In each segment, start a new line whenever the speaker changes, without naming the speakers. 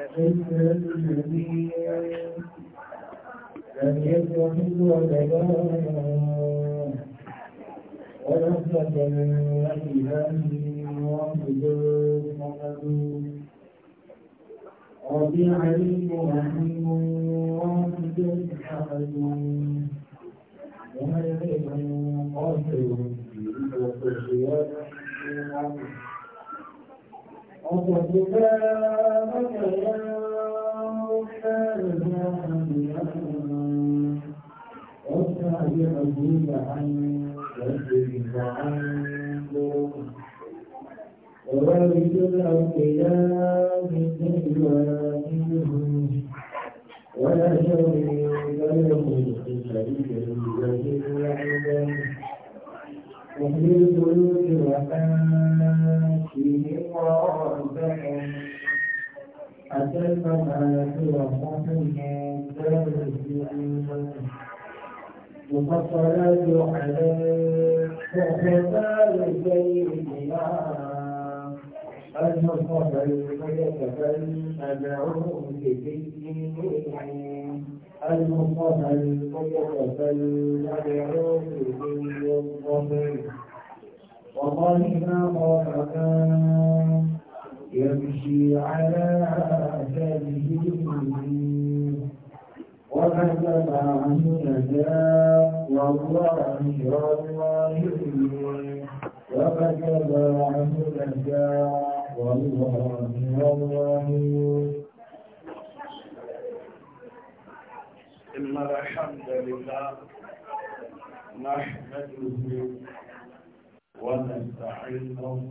لم يتخذ ولدا ورحمة وإلهه وحده صمد
ربي عليم رحيم
واحد أحد ومن قاتل في الوقت وقد جاءك يا محمد واتبع سبيل عن وجهك عنه ووالد الأولياء من والده ولا شريك له في سبيله وجهه وفي البيوت وأنفسهم وراء لهم أتلك الآية وقومهم كانوا يؤمنون وفصلت عليه فكذلك يؤمنون المصطفى المتكفل أدعوه بدينه المصطفى المتكفل أدعوه بدينه وظلم ما ضربنا يمشي على أثره وكتب عنه نجاة والله والله وكتب عنه نجاة والله والله
إن الحمد لله نحمده ونستعينه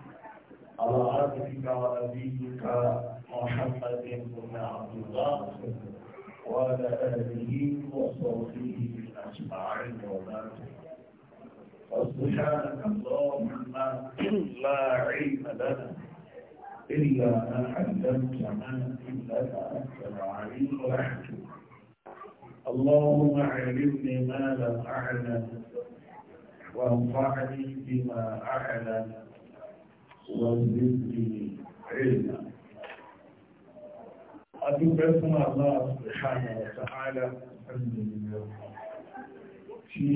على عبدك ونبيك محمد بن عبد الله وعلى آله وصحبه أجمعين وبارك وسبحانك اللهم لا علم لنا
إلا ما علمتنا إنك أنت العليم الحكيم اللهم علمني ما لم أعلم وانفعني بما أعلم وزدني
علما adúgbẹ́ fún Allah subhanahu wa ta'ala tí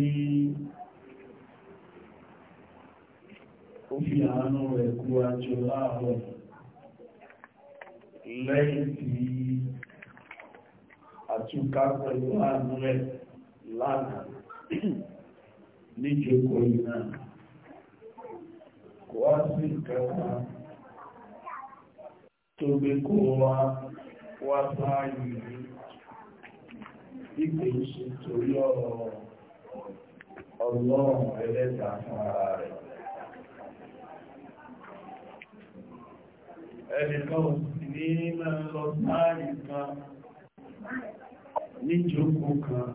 ó fi àánú rẹ̀ kú àjò láàrọ̀ pẹ̀lú àánú rẹ̀ lánàá níjẹ́kọ̀ọ́ ìnáà وفكرة تبكوا وفعي ìpèsè tori ọ̀rọ̀ ọlọ́run ẹlẹ́ta fún ní máa lọ sáàrì kan níjókòó kan,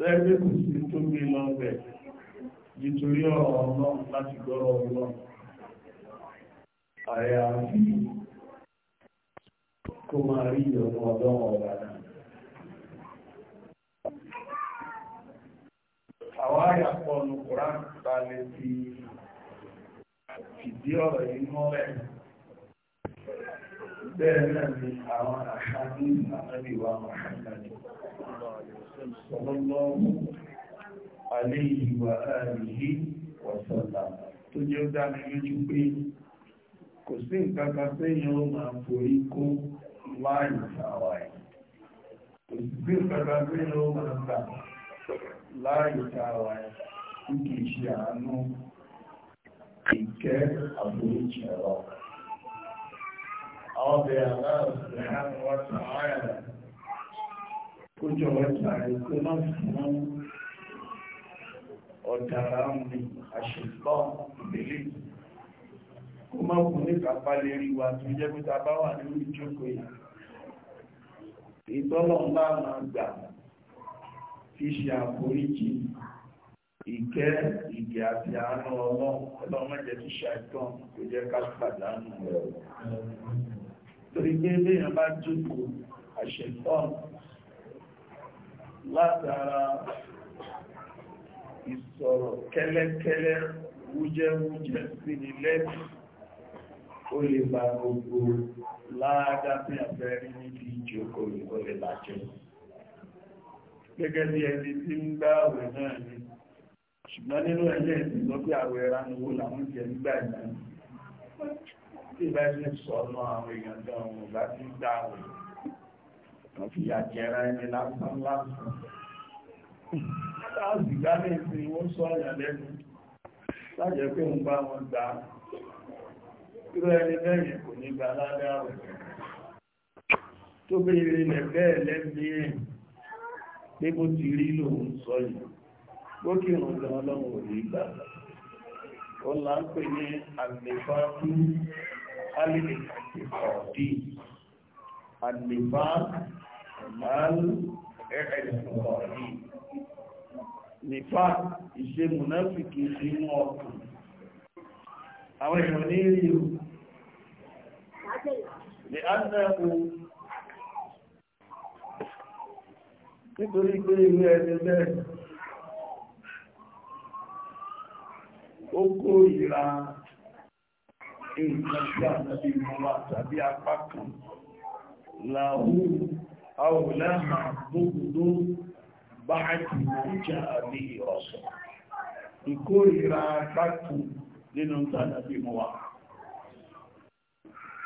lẹ́gbẹ́ tó gbé lọ́gbẹ̀ẹ́. nítorí ọ̀rọ̀ ọlọ́run láti gbọ́rọ̀ ọlọ́run ààrẹ àti kó
máa rí ìyọ̀nà ọlọ́run ọ̀rọ̀ náà
àwọn àyàpọ̀ ọ̀nà kòrán balẹ̀ ti fìdí ọ̀rọ̀ yìí mọ́lẹ̀ bẹ́ẹ̀ náà ni àwọn àṣà ní ìsànlẹ̀ ìwà mọ̀ṣánlẹ̀ aléyìí wà áàrìhí wọ̀sọ̀lá tó jẹ́ ó dámi lójú pé kò sí nǹkan kan sẹ́yìn ó máa forí kó láì sàwàì kò sí nǹkan kan sẹ́yìn ó máa gbà
láì sàwàì tí kìí ṣe àánú ìkẹ́ àforíjì ẹ̀rọ
àwọn bẹ̀rẹ̀ aláàbẹ̀ àwọn wọ́n sàwàì rẹ̀
kó jọ wọ́n sàwàì kó má fún
ọ̀dàrà mi àṣìkọ́ ìbílẹ̀ kó má kú ní kápá lè rí wa tó jẹ́ pé ta bá wà nínú ìjókòó yìí ìtọ́lọ̀ ńlá máa gbà fi ṣe àforíjì ìkẹ́ ìgẹ̀ àti àánú ọlọ́run ọlọ́mọ̀jẹ́ tí ṣàìtàn kò jẹ́ ká pàdánù rẹ̀ torí pé léèyàn bá jókòó àṣẹ̀tàn látara ìsọ̀rọ̀ kẹ́lẹ́kẹ́lẹ́ wújẹ́wújẹ́ sí ni lẹ́tì ó lè bá gbogbo láàdá tí a fẹ́ rí níbi ìjókòó ó lè bàjẹ́ gẹ́gẹ́ bí ẹni tí ń gbá àwẹ̀ náà ni ṣùgbọ́n nínú ẹ̀lẹ́ ìsìn lọ bí àwẹ̀ ránú owó làwọn jẹ nígbà ìgbà tí bá ṣe sọ̀nà àwọn èèyàn gan-an wọn bá ti gbá àwẹ̀ wọ́n fi yà jẹ́ra ẹni lásán lásán láàrín ìgbàlẹ̀ ìsìn wọ́n sọ àyàlẹ́nu lájẹ́ pé ń bá wọn gbà irú ẹni lẹ́yìn kò ní gbà ládá rẹ̀ tó béèrè rẹ̀ bẹ́ẹ̀ lẹ́bìnrin pé bó ti rí lòun sọ yìí gbókìrùn gan ọlọ́run ò gbà ó là ń pè ní àlèfáàkú alìkàkìkọ̀ọ̀dì àlèfáàkù màálù ẹ̀ẹ́dẹ̀kọ̀ọ̀dì nífà ìṣe mùnáfìkì inú ọkàn àwọn èèyàn ní rí o lè ánàkù nítorí pé irú ẹni bẹ́ẹ̀ ó kó ìra nǹkan tí a nàbí mọ́lá tàbí apá kan làwọn àwòlẹ́ àbúgbùdó bá ìjà àbí ọ̀sọ̀ ìkórìíra apákan nínú tàbí mú wa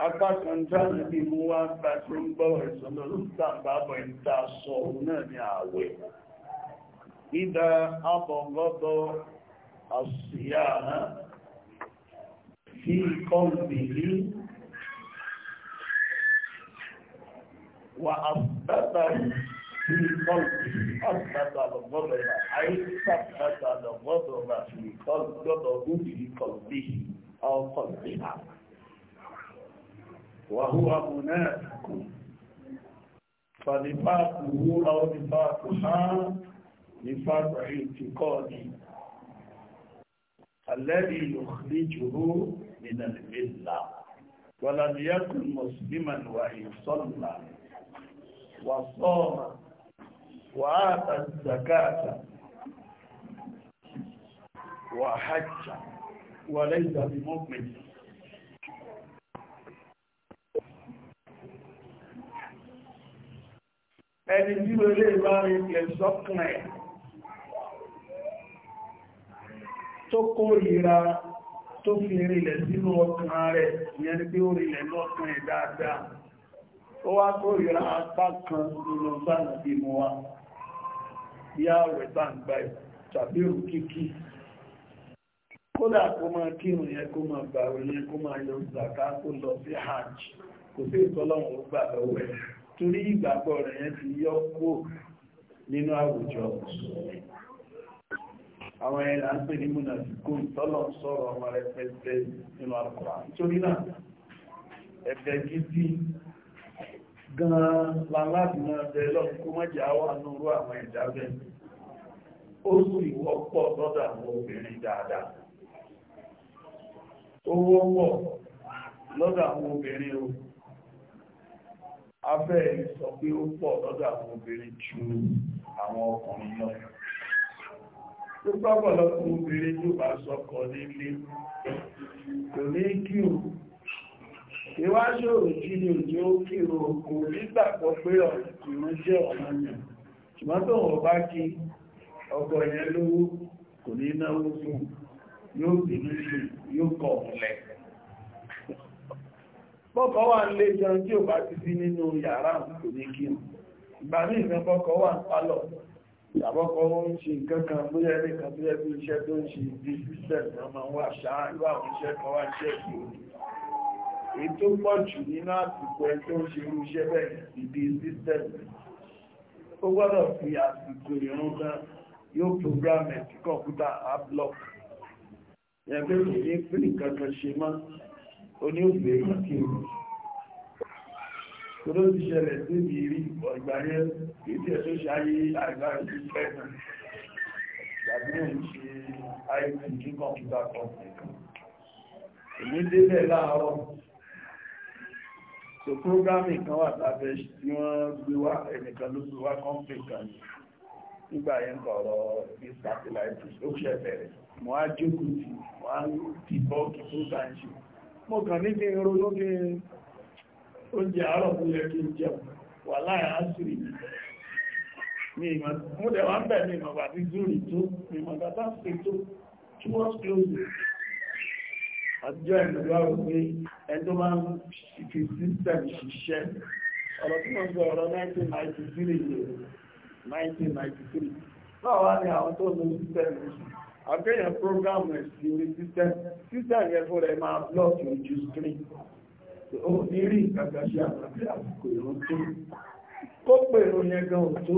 apákan tàbí mú wa gbà tó ń bọ́ ìsọ̀lọ́ tàbábọ̀ ìta sọ náà ní ààwẹ̀ ìdá abọ̀gọ́dọ̀ àṣìyà fi kọ́mbìlì في قلبه أثبت الغضب حيث ثبت الغضب في قلب في قلبه أو قلبها وهو منافق فنفاقه أو نفاقها نفاق اعتقادي الذي يخرجه من الملة ولم يكن مسلما وإن صلى وصام وآتى الزكاة وحج وليس بمؤمن ẹni tí ó lè bá rí ẹ̀sọ́kùn ẹ̀ tó kó ìra tó fi rílẹ̀ sínú ọkàn rẹ̀ ìyẹn ni pé ó rílẹ̀ lọ́kàn dáadáa ó wá kó ìra apá kan nínú bá nàbí mọ́ wa Ya weta gba ń Tabi ẹ̀ tàbí òun kíkí kódà kó máa kírun yẹn kó máa gbà si kó máa yọ zàká kó lọ sí hajj kò sí ìtọ́lọ́run ó gbà lọ́wọ́ ẹ̀ torí ìgbàgbọ́ rẹ̀ yẹn ti yọ kúrò nínú àwùjọ àwọn ẹ̀rọ à ń pè ní sọ̀rọ̀ ọmọ gan láláàbì máa bẹ lọ́pù kó má jà wà núrú àwọn ẹ̀dá bẹ́ẹ̀ ó sì wọ́pọ̀ lọ́dọ̀ àwọn obìnrin dáadáa ó àwọn obìnrin o abẹ́ sọ pé ó pọ̀ lọ́dọ̀ àwọn obìnrin ju àwọn ọkùnrin lọ tó pápọ̀ lọ́pù obìnrin yóò bá sọkọ nílé kò ní ìwájú òjì ni òjì ó kírò kò nígbàgbọ́ pé ọ̀rùn jẹ́ ọ̀ranyàn ṣùgbọ́n tó wọ́n bá kí ọgọ́ yẹn lówó kò ní náwó fún yóò bínú sí yóò kọ̀ ọ̀lẹ̀ bọ́kọ̀ wà ń lé jẹun tí ò bá ti sí nínú yàrá kò ní kí ìgbà ní ìfẹ́ bọ́kọ̀ wà ń pálọ̀ ìyàbọ́kọ̀ ó ń ṣe nǹkan kan tó yẹ nìkan tó yẹ èyí tó pọ̀ jù nínú àsìkò ẹ tó ń ṣe irú iṣẹ́ bẹ́ẹ̀ ìdí system ó gbọ́dọ̀ fi àsìkò ìrún kan yóò program ẹ̀ sí kọ̀ǹpútà ablock ẹgbẹ́ kò ní pé nǹkan ṣe mọ́ oní òfin ìgbàkí o tó ló ti ṣẹlẹ̀ sí ibi rí ọ̀gbà yẹn kì í tiẹ̀ tó ṣe ayé àìbára sí fẹ́ẹ̀nà tàbí ò ń ṣe it ní kọ̀ǹpútà láàárọ̀ so programming kan wà lábẹ́ tí wọ́n gbé wá ẹnìkan ló gbé wá conflict kan ní nígbà yẹn kọ̀rọ̀ bí satellite ó ṣe bẹ̀rẹ̀ mo á jókòó tí mo á ti bọ́ kí tó bá ń ṣe mo kàn ní kí n ronú kí oúnjẹ àárọ̀ tó yẹ kí n jẹun wà láàrin àṣírí ní ìmọ̀ mo dẹ̀ wá ń bẹ̀ ní ìmọ̀ bàbí zúrì tó ìmọ̀ bàbá ṣe tó tí wọ́n ṣe àtijọ́ ìlúwà wípé ẹni tó máa ń fi system ṣiṣẹ́ ọ̀rọ̀ tí wọ́n sọ ọ̀rọ̀ 1993 yìí 1993 náà wá ní àwọn tó lo system àgbéyàn program rẹ̀ sí orí system system yẹn fún rẹ̀ máa block ojú screen ó ní rí ìkàgbà ṣe àtàbí àsìkò ìrún tó kó pèrò yẹn gan ò tó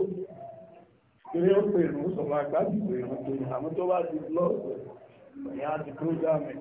torí ó pèrò sọ̀rọ̀ àgbà àsìkò ìrún tó àmọ́ tó bá ti block ẹ̀yà àti program rẹ̀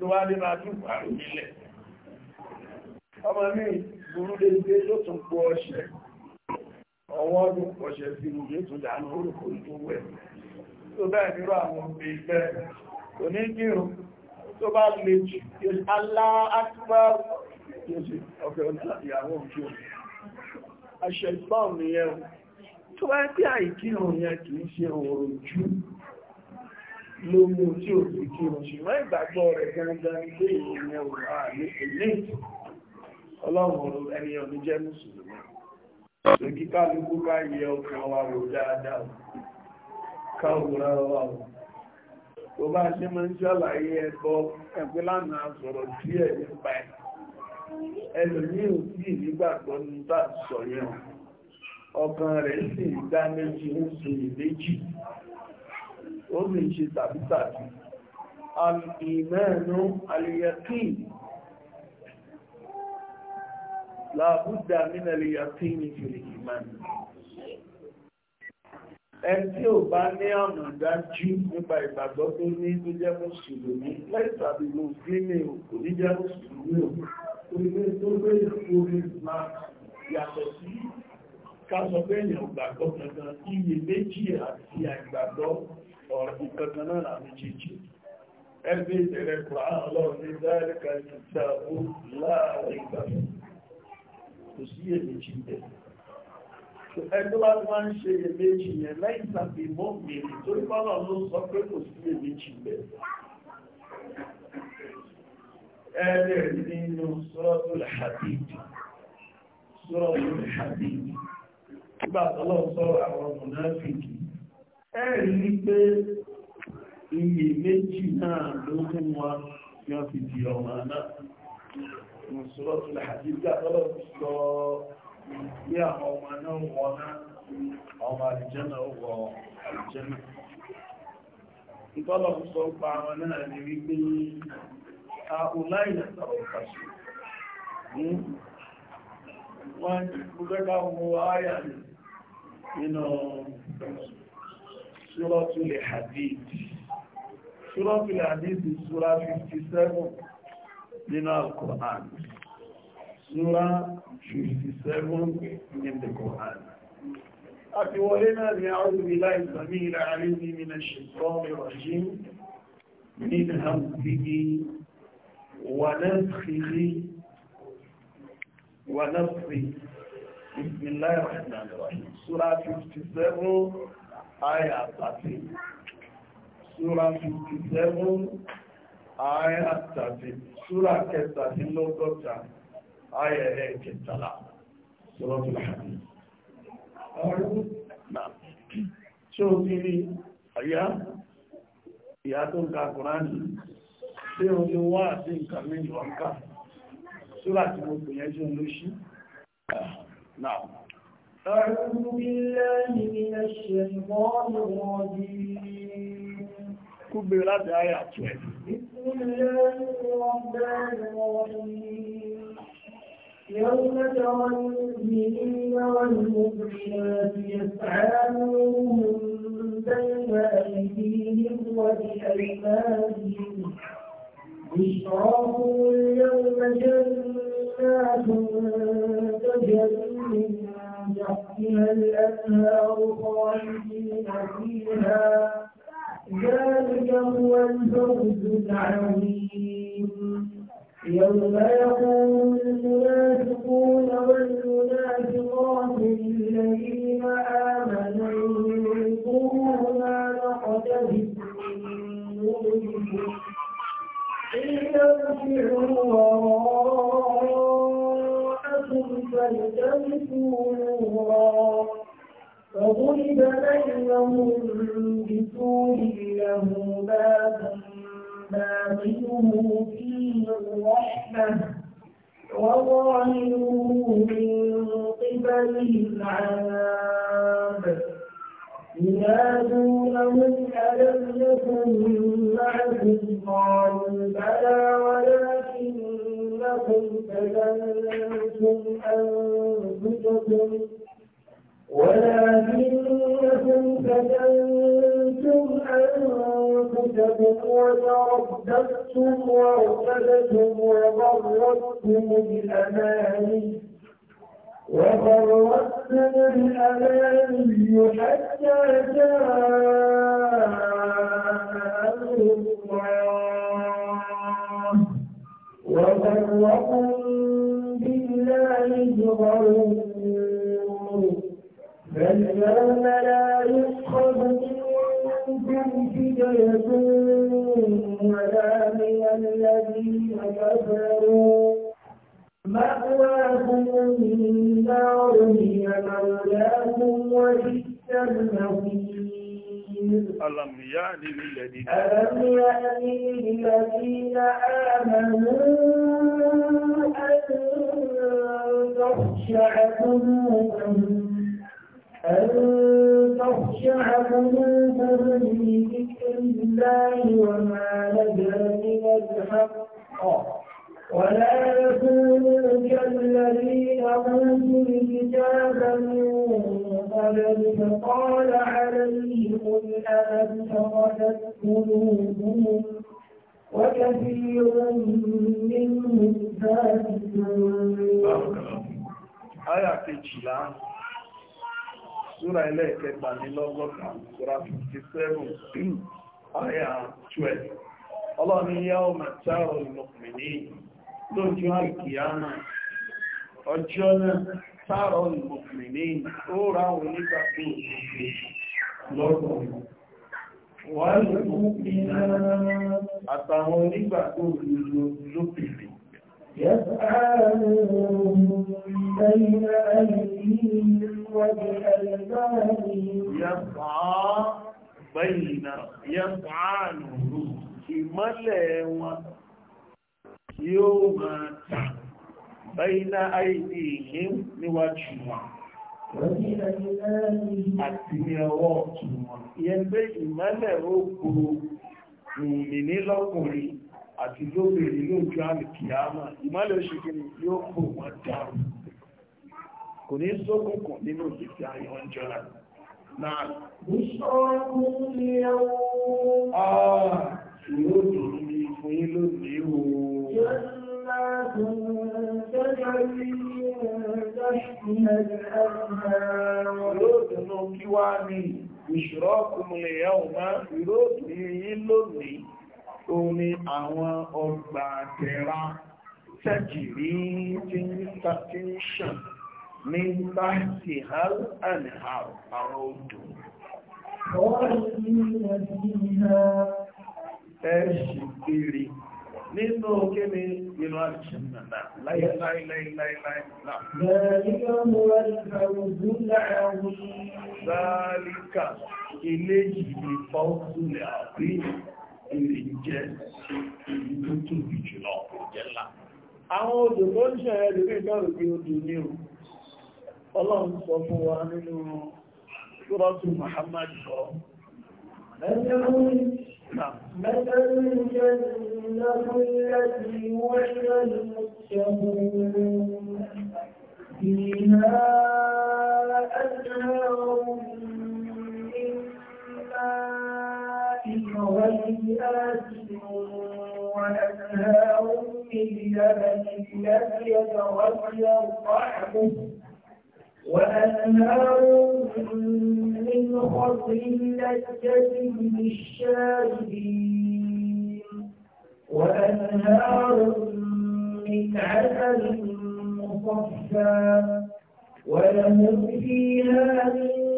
tó wá lé máa tún pàrò nílẹ̀ ọmọ mi burú lè gbé tó tún pọ̀ ọṣẹ ọwọ́ ọdún pọ̀ṣẹ̀ sí ìwé tó dánú orúkọ tó wẹ̀ tó bẹ́ẹ̀ nírò àwọn òbí bẹ́ẹ̀ kò ní kírun tó bá lè jù aláàtúbá yóò ọ̀fẹ́ ìyàwó òjú aṣẹ ló tí ò kí o ṣùgbọ́n ìgbàgbọ́ rẹ̀ gangan ilé ìrìnlẹ̀ òwúrọ̀ àmì ilé ọlọ́run ẹni ọdún jẹ́ mùsùlùmí lókí kálukú ká yẹ ọkàn wa rò dáadáa ká òwúrọ̀ wa tó bá ṣe máa ń ṣàlàyé ẹbọ ẹgbẹ́ lánàá sọ̀rọ̀ díẹ̀ nípa ẹ̀ ẹlòmíì ò ọkàn rẹ̀ sì dá méjì ó lè ṣe tàbí tàbí al-imanu al-yaqin la budda min al-yaqin fil-iman ẹni tí ò bá ní ọ̀nà dájú nípa ìgbàgbọ́ tó ní tó jẹ́ mùsùlùmí láìsàbí mú gíní ní òkú ní tó gbé ìfúrí máa yàtọ̀ gbàgbọ́ kankan iye méjì àti àìgbàgbọ́ ọ̀rọ̀ kankan náà àmì jíjì ẹgbẹ́ ìbẹ̀rẹ̀ kùrán ọlọ́run ní záríkà ìtìta ó láàrin ìgbà kò sí èméjì bẹ̀ ẹgbẹ́ bá ti máa ń ṣe èméjì yẹn lẹ́yìn tàbí mọ́ mèrè torí bọ́lọ̀ ló sọ pé kò sí èméjì bẹ̀ ẹgbẹ́ ẹ̀rí wípé iye méjì náà ló fún wa tí wọ́n fi di ọmọ náà mùsùlọ́tùlẹ̀ àwọn náà hmm? wọ́n náà ọmọ àlìjẹ́nà wọ àlìjẹ́nà wọ́n áyà nínú سورة الحديث سورة الحديث سورة 57 من القرآن سورة 57 من القرآن Quran. أتولنا لأعوذ بالله السميع العليم من الشيطان الرجيم من همته ونفخه ونفخه بسم الله الرحمن الرحيم سورة 57 àyà tàbí ṣúra 57 àyà tàbí ṣúra kẹtàdínlọ́gọ́ta àyà ẹ̀ kẹtàlá ṣọ́rọ̀ tó láàrín ọ̀rún náà ṣe ó ti rí àyá ìyá tó ń ka kùránì tí ó ti wá àti nǹkan méjì wọn ká ṣúra tí mo pè yẹn ṣe lóṣí náà أعوذ بالله من الشيطان الرجيم كبرت آية 12
بسم الله الرحمن الرحيم يوم ترى المؤمنين والمؤمنات يسعى نورهم بين أيديهم وبأيمانهم بشراهم اليوم جنات تجري من تحتها الأنهار خالدين فيها ذلك هو الفوز العظيم يوم يقول المنافقون والمنافقات للذين آمنوا وضرب بينهم بسور له باب باطنه فيه الرحمة وظاهره من قبله العذاب ينادونهم ألم يكن معكم قالوا بلى ولكنكم كذبتم أنفسكم ولكنكم فتنتم أنفسكم وتربصتم وارتدتم وغرتكم الأماني وغرتكم الأماني حتى جاء أمر الله وغركم بالله غرور فاليوم لا يؤخذ منكم فدية ولا من الذين كفروا مأواكم النار هي مولاكم وبئس المصير ألم يعني للذين ألم يعني للذين آمنوا أن تخشع قلوبهم أن تخشع قلوبهم لذكر الله وما نزل من الحق ولا يكونوا كالذين أوتوا الكتاب من قبل فقال عليهم الأمد فقدت قلوبهم وكثير منهم فاسقون.
آية 12 súra ẹlẹ́ẹ̀kẹtàlélọ́gọ́ta súra 57 àyà 12 ọlọ́ni yá ọ mẹ́tàrọ lójú àìkìyàmà ọjọ́ náà tààrọ ìlọ́pìnì ó ra nígbà tó lọ́rọ̀ wọ́n lè mú ìlànà àtàwọn onígbàgbọ́ òjò lópìnì
يسعى بين أيديهم
وبأيمانهم يسعى بين يسعى نور ìmọ́lẹ̀ wọn yóò máa tà bẹ́ẹ̀nà àìdí ìhé níwájú wọn àti ní ọwọ́ ọ̀tún wọn ìyẹn pé ìmọ́lẹ̀ ó kúrò ní lọ́kùnrin àti lóbìnrin ní òkè àmìkìyàmà ìmọ́lẹ̀ òṣèkiri yóò kò wọ́n dáhùn kò ní sókùnkùn nínú ìgbésí ayé wọn jọra náà ìṣọ́kùn ni ẹwọ́n àà yóò dùn ní fún yín lónìí o yóò dùn ìró dùn lónìí omi àwọn ọgbà àtẹ̀rà tẹ́jìrí tí ń ṣàn ní bá ti hàl àni àwọn odò. Ẹ̀ṣì kiri nínú òkè ní inú àṣìṣẹ́ náà láìláìláìláìláì náà. Bẹ́ẹ̀ríkà ilé yìí fọ́ sílẹ̀ àbí èrè jẹ́ èyí tó tóbi jùlọ òjẹ́ ńlá. Àwọn odò tó ń ṣẹ̀rẹ̀ lórí ìdọ́rù pé ó ní o. Ọlọ́run sọ fún wa nínú Sọ́rọ́tù Muhammad sọ.
مثل الجنة التي وعد المتقون فيها وسيئات وأنهار من لبن لم يتغير طعمه
وأنهار
من خمر لذة للشاربين وأنهار من عسل مصفى ولهم فيها من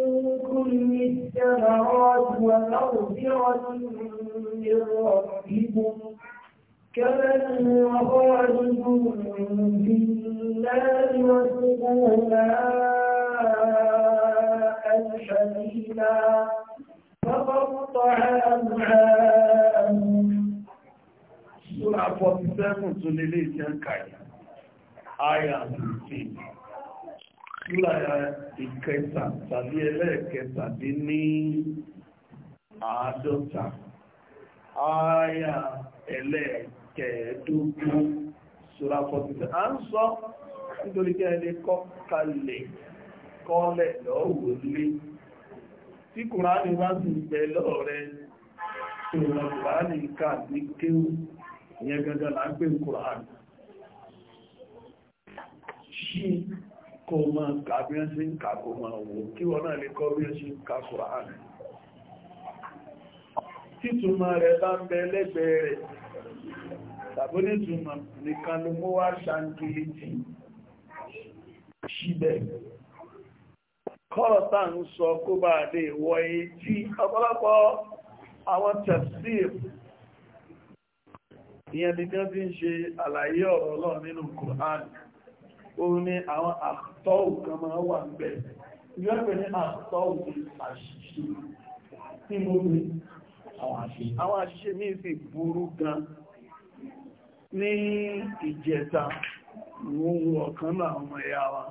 كل السماوات ومغفرة من ربكم كمن وخالد في النار وسقوا ماء حميما فقطع
أمعاءهم سورة 47 تلليل تنكاية آية 15 Súra ìkẹta tàbí ẹlẹ́ẹ̀kẹta dín ní àádọ́ta. Ááyà ẹlẹ́ẹ̀kẹẹ̀dógún Súra 47. À ń sọ nítorí kí ẹni kọ́ kalẹ̀ kọ́lẹ̀ lọ́wọ́ lé. Tí Kùránì wá sí ìgbẹ́ lọ́rẹ, ìwọ̀n Kùránì ká ní kéwù, ìyẹn gangan kó mọ́ kàbíyànsí ń kà kó mọ́ wò kí wọ́n náà lè kọ́ bíyànsí ń kà Kùránì títúmọ̀ rẹ̀ bá ń bẹ lẹ́gbẹ̀ẹ́ rẹ̀ tàbí nítúmọ̀ nìkan ló mú wá ṣàǹkìlì jì síbẹ̀ kọ́rọ̀tà ń sọ kó bá lè wọ etí ọ̀pọ̀lọpọ̀ àwọn tafsir ìyẹn nìkan tí ń ṣe àlàyé ọ̀rọ̀ Ọlọ́run nínú Kùránì òun ni àwọn àtọ́wù kan máa wà ń bẹ̀. ìgbẹ́pẹ̀ ní àtọ́wù àṣìṣe tí mo ní àwọn àṣìṣe ní ìsì burú gan ní ìjẹta ìwọ̀n ọ̀kan náà ọmọ ẹ̀yà wa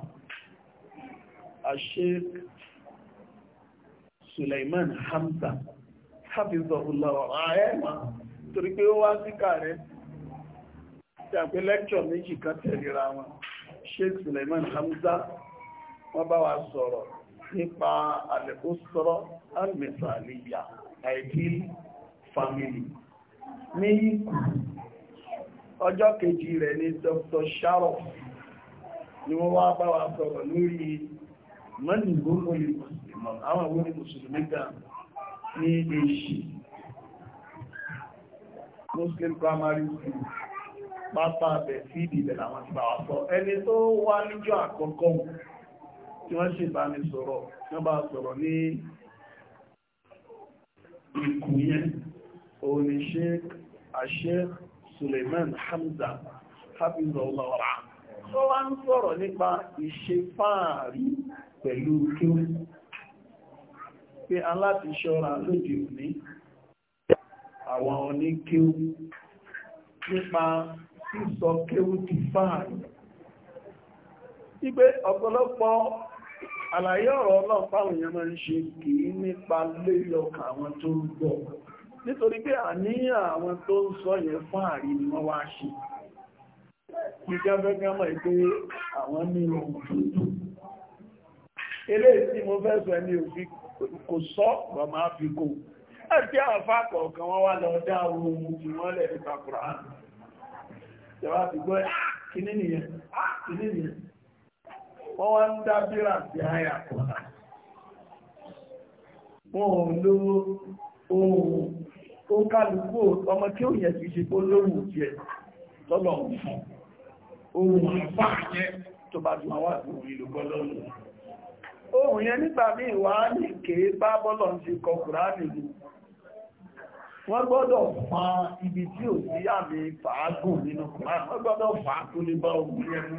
Sheikh Suleiman Hamza Hafizahullah ààrẹ́mà torí pé ó wá síkà rẹ̀ tàbí lẹ́kṣọ̀ méjì kan tẹ̀lera wọn Sheikh Suleiman Hamza wọ́n bá wa sọ̀rọ̀ nípa àlẹ́kọ́sọ́rọ̀ alìmẹ̀sàlìyà ideal family ní ọjọ́ kejì rẹ̀ ní Dr. Sharof ni wọ́n wá bá wa sọ̀rọ̀ lórí mọ́nì gbogbo àwọn àwọn mùsùlùmí gan ní èṣì Muslim primary school pápá bẹ̀ sí ìdìbẹ̀ làwọn ti bá wa sọ ẹni tó wá níjọ́ àkọ́kọ́ tí wọ́n ṣe bá mi sọ̀rọ̀ wọ́n bá sọ̀rọ̀ ní ìkù yẹn òun ni sheikh asheikh suleiman hamza hafizullah ọ̀rà tó wá ń sọ̀rọ̀ nípa ìṣefáàrí pẹ̀lú kí ó pé aláti ṣọ́ra lóde nípa sísọ kéwú ti fáàrí ibẹ̀ ọ̀pọ̀lọpọ̀ àlàyé ọ̀rọ̀ ọlọ́pàá èèyàn máa ń ṣe kìí nípa lélọ́kà àwọn tó ń gbọ́ nítorí pé àníyàn àwọn tó ń sọ yẹn fáàrí ni wọ́n wá ṣe ìjọbẹ́gbẹ́mọ̀ ìpé àwọn ní ohun tuntun ilé tí mo fẹ́ sọ ní òfin kò sọ wọ́n máa fi kò ẹ̀fẹ́ àfáàkọ̀ọ̀kan wọ́n wá lọ dá ohun tí wọ́n lẹ̀ nípa kùránù ìjọba ti gbọ́ ah, kíní nìyẹn ah, kíní nìyẹn wọ́n wá ń dá bírà sí àyà kọ́ wọn ò lówó ohun tó ń kálukú ọmọ tí ó yẹ ti ṣe kó lóhùn jẹ tọ́lọ̀ fún ohun àfáà jẹ́ tó bá jù àwọn àti òun ìlú bọ́lọ́lù ohun yẹn nígbà míì wà á ní kéé bá bọ́lọ̀ ń ṣe kọkùrá nìlú wọ́n gbọ́dọ̀ fa ibi tí ò sí àmì fàágùn nínú kùránì wọ́n gbọ́dọ̀ fa tó lè bá ogun ẹnu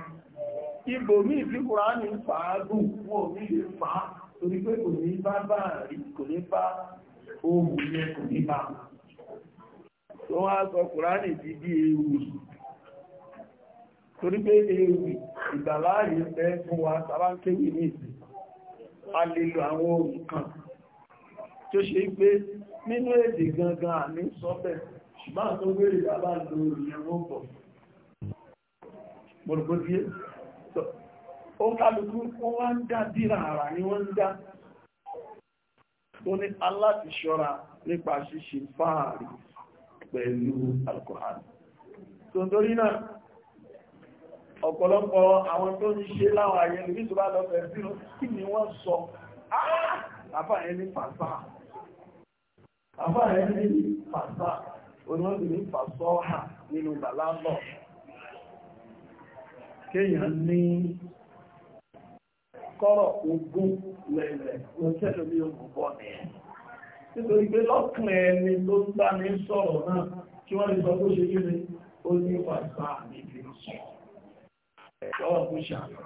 ibò mí ìfí kùránì fàágùn wọ́n mí lè fa torí pé kò ní bá bá rí kò ní bá ohun yẹ kò ní bá tó wá sọ kùránì ti bí ewu torí pé ewu ìgbàláàyè fẹ́ fún wa sábà kéwì ní ìsìn a lè lo àwọn ohun kan tí ó ṣe pé nínú èdè gangan àmì sọ́bẹ̀ ṣùgbọ́n tó wéèrè bàbá lo ìyẹn wọ́n bọ̀ mọ̀rọ̀gbọ́díé ó kálukú wọ́n wá ń dá dírà ara ni wọ́n ń dá tó ní aláti ṣọ́ra nípa ṣíṣe fáàrí pẹ̀lú alkọ̀hálì tó ń torí náà ọ̀pọ̀lọpọ̀ àwọn tó ń ṣe láwọn ayẹlú nítorí bá lọ́fẹ̀ẹ́ sí kí ni wọ́n sọ àfáàyẹ ní fàfáà àbá rẹ̀ ní fàṣà oníwọ́n ní fàṣọ́hà nínú bàlábọ̀ kéèyàn ní kọ́rọ̀ ogún lẹ̀lẹ̀ lọ́sẹ̀lẹ̀ ní ogun bọ́ ní ẹ̀ nítorí pé lọ́kàn ẹni tó ń bá ní sọ̀rọ̀ náà kí wọ́n lè sọ bó ṣe kí ni ó ní fàṣà níbi sọ ẹ̀ṣọ́ ọ̀gbọ́n ṣàlọ́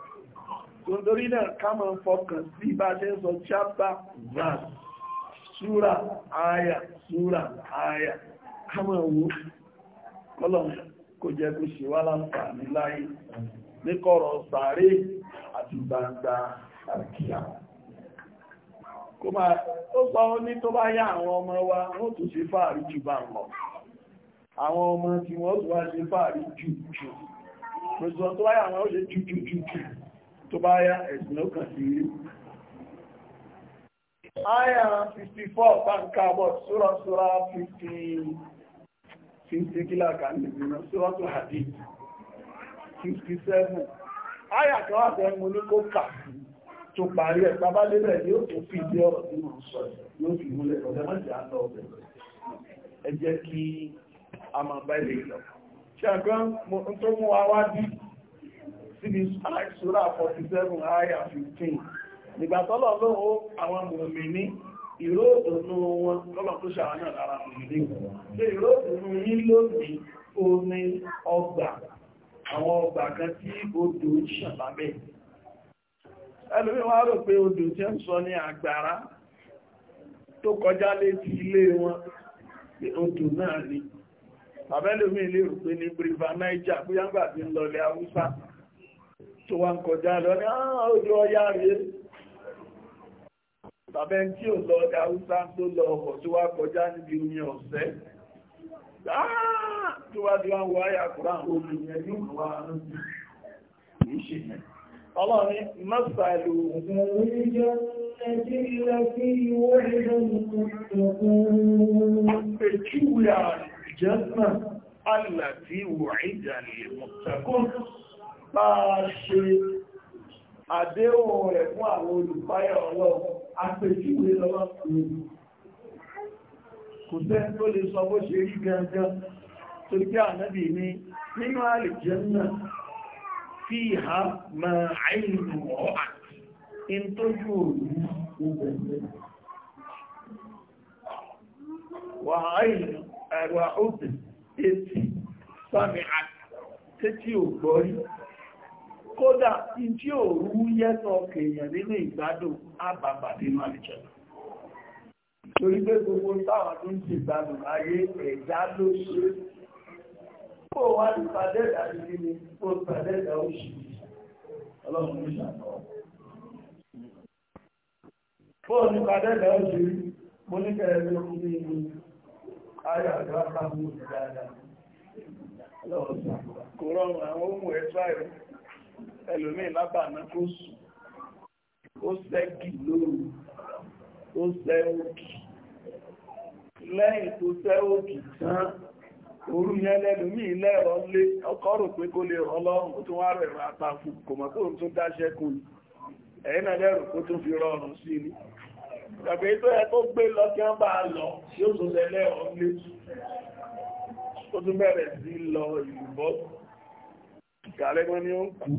torí náà ká máa fọkàn sí bá súra àyà súra àyà kámọ̀ owó kọ́lọ̀m kò jẹ́ kó ṣe wá láǹfààní láyé ní kọ̀rọ̀ sàárè àti gbangba àkíyà kó máa ó sọ ní tó bá yá àwọn ọmọ wa wọ́n tún ṣe fàárí jù bá lọ àwọn ọmọ tí wọ́n tún wá ṣe fàárí jù jù pẹ̀sùn tó bá yá ó ṣe jù jù jù tó bá yá ẹ̀sìn ó kàn sí rí Aya 54 tanka bọ̀ Súra Súra 50 50 kílá kan nìbìnà Súra tó Hadid 57. Aya ka ọ tẹ́ mú ní kó kà sí tó parí ẹ̀ bàbá lébẹ̀ yóò tó fi ìdí ọ̀rọ̀ tí wọ́n sọ yóò fi múlẹ̀ ọ̀dẹ́ má jẹ́ àlọ́ ọ̀bẹ̀. Ẹ jẹ́ kí a máa bá ilé lọ. Ṣé àgbọn wa wá bí síbi Súra 47 Aya 15. nígbà tọ́lọ̀ lóhun àwọn mùmìnì ìró òdùnú wọn tọ́lọ̀ tó ṣàwọn náà lára mùmìnì ṣe ìró òdùnú yí lónìí omi ọgbà àwọn ọgbà kan tí odò ṣàn lábẹ́ ẹlòmí wá rò pé odò tí ń sọ ní àgbàrá tó kọjá létí ilé wọn odò náà ni tàbẹ́lòmí lè rò pé ní briva niger bóyá gbà tí ń lọlẹ̀ haúsá tó wá ń kọjá lọ ní àwọn ah, odò ọyá rèé tàbí ẹni tí ò lọ ọdẹ haúsá tó lọ tó wá kọjá níbi omi ọ̀sẹ́ ah! tó wá di wá yà àwọn obìnrin ẹni wà ní ṣe ọlọ́rin ṣe àdéhùn rẹ̀ fún àwọn olùpáyà ọlọ́run àpèjúwe lọ́wọ́ kò tẹ́ tó lè sọ bó ṣe rí gangan tó jẹ́ ànábì ní nínú àlìjẹ́nà fi ha ma àìlú ọ̀há in tó jù wà àìlú ẹ̀rọ òbí etí sami àti tẹ́tí ògbọ́rí kódà tí ò rú yẹ́tọ̀ kèèyàn nínú ìgbádùn àbàbàdé náà ìjọba torí pé gbogbo táwọn tó ń ti gbádùn ayé ẹ̀dá ló ṣe kó wá ní pàdẹ́dà sí ni kó pàdẹ́dà ó ṣì ọlọ́run ní ṣàtọ̀ kó ní ó mo ní kẹrẹ́lẹ́ ó ní ìlú ayé àjọ ẹlòmí lábàáná kó sùn ó sẹ́gì lóru ó sẹ́ òkì lẹ́yìn tó sẹ́ òkì tán orú yẹn lẹ́lòmí lẹ́rọ lé ọkọ̀ rò pé kó lè rọ lọ́rùn ó tún wá rẹ̀ rà àtàkù kò mọ̀ kóhùn tó dáṣẹ́ kù ẹ̀yìn náà lẹ́rù kó tún fi rọrùn sí ni ìgbàgbé tó yẹ kó gbé lọ kí wọ́n bá lọ yóò tún lẹ́lẹ́rọ lé ó tún bẹ̀rẹ̀ sí lọ ìlú bọ́ ìkàlẹ́gbọ́n ni ó ń kú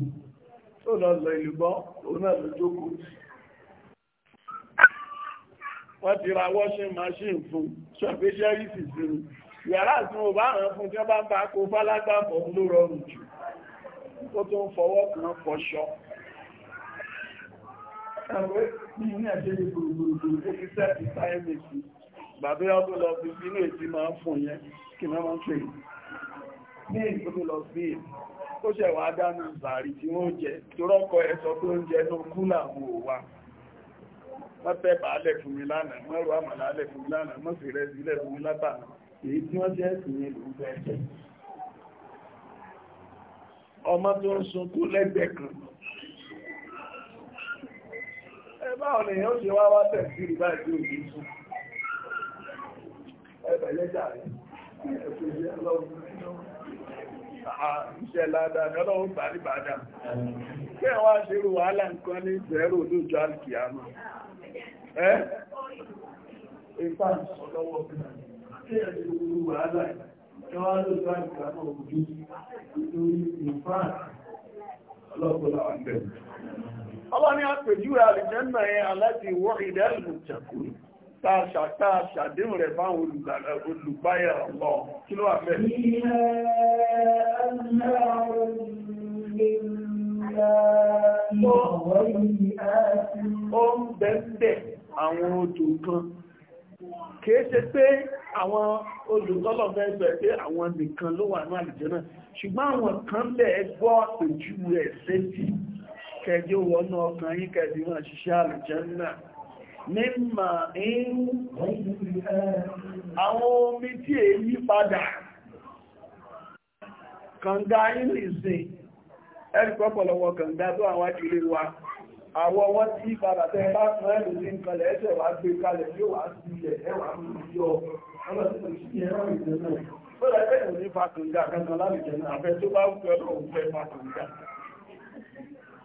tó lọ lọ ìlú gbọ́ òun náà ló jókòó wọ́n ti ra washing machine fún ṣọ́pẹ́ṣẹ́rì sì sí ni yàrá tí mo bá rán fún tí wọ́n bá ń bá kó fálágbàbọ̀ ló rọrùn jù tó tó ń fọwọ́ kan fọṣọ Bàbá ọdún lọ fi sínú ètí máa fún yẹn, kì máa máa ń pè ní ìgbótó lọ sí ètí. ó ṣẹ̀wà dánú ìbàrí tí wọ́n jẹ tó rọ́kọ ẹ̀sọ́ tó ń jẹ ló kú làwọn ò wá wọ́n fún mi lánàá na àmàlà álẹ̀ fún mi lánàá wọ́n sílẹ̀ fún mi látàná èyí tí wọ́n jẹ́ sí ni ló fẹ́ ọmọ tó ń sunkún lẹ́gbẹ̀ẹ́ kan ẹ báwo iṣẹ́ ládàá ni ọlọ́run gbà ní bàdà kí ẹ̀ wá ṣerú wàhálà nǹkan ní zero lójú alìkìyàmà ẹ́ ìfà ìṣọ́lọ́wọ́ kí ẹ̀ ṣe gbogbo wàhálà kí wá lójú alìkìyàmà òjú nítorí ìfà ọlọ́pọ̀lọ́ àgbẹ̀ ọlọ́ni àpèjúwe àlìjẹ́nà yẹn aláti wọ́ ìdẹ́lùmùtàkùn táa ṣàdéhùn rẹ̀ fáwọn olùgbáyà lọ kí ló wà fẹ́ ó àwọn odò kan kìí ṣe pé àwọn àwọn nìkan ló wà ní àlùjànnà ṣùgbọ́n àwọn kan lẹ̀ gbọ́ ìjú rẹ̀ sétí kẹjọ wọnú ọkàn yín kẹjọ ṣiṣẹ́ àlùjànnà náà mímọ̀ ẹ̀rù àwọn omi tí èyí padà kànga ìrìnsìn ẹ̀rì pọ́pọ̀lọwọ kànga tó àwọn ajúlé wa àwọ wọ́n tí padà tẹ́ bá fún ẹ̀rù sí nǹkanlẹ̀ ẹ̀ṣẹ̀ wá gbé kalẹ̀ yóò wá sí ilẹ̀ ẹwà yọ ọlọ́sí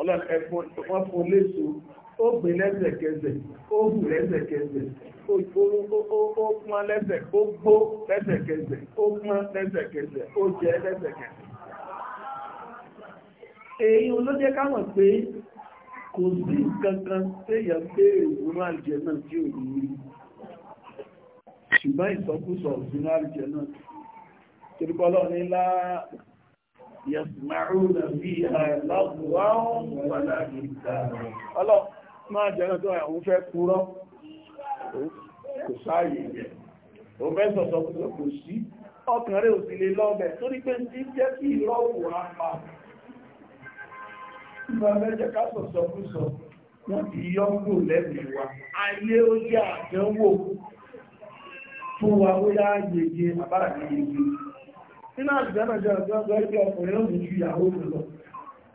ọlọ́pàá fún léṣo ó gbé lẹ́sẹ̀kẹsẹ̀ ó hù lẹ́sẹ̀kẹsẹ̀ ó pọ́n lẹ́sẹ̀ ó gbó lẹ́sẹ̀kẹsẹ̀ ó pọ́n lẹ́sẹ̀kẹsẹ̀ ó jẹ lẹ́sẹ̀kẹsẹ̀ èyí olóde káwọn pé kò sí kankan téèyàn béèrè ìwúrò àjẹ náà tí ò ní rí ṣùgbọ́n ìsọkúsọ ìwúrò àjẹ náà torípọ́lọ́ ní láà يسمعون فيها لغوا ولا كتابا الله máa jẹ́rọ tó àwọn fẹ́ kúrọ́ kò sáàyè jẹ́ o fẹ́ sọ̀sọ̀ púpọ̀ kò sí ọkàn rẹ̀ òsì lè lọ́bẹ̀ torí pé ní jẹ́ kí ìrọ́wò apá ìgbà mẹ́jẹ́ ká sọ̀sọ̀ púpọ̀ wọ́n ti yọ́gbò lẹ́bí wa ayé ó jẹ́ àdánwò fún wa ó yá yege abára yege nínú àjẹ́nà jẹ́ ọjọ́ ẹgbẹ́ ọkùnrin òun ju ìyàwó lọ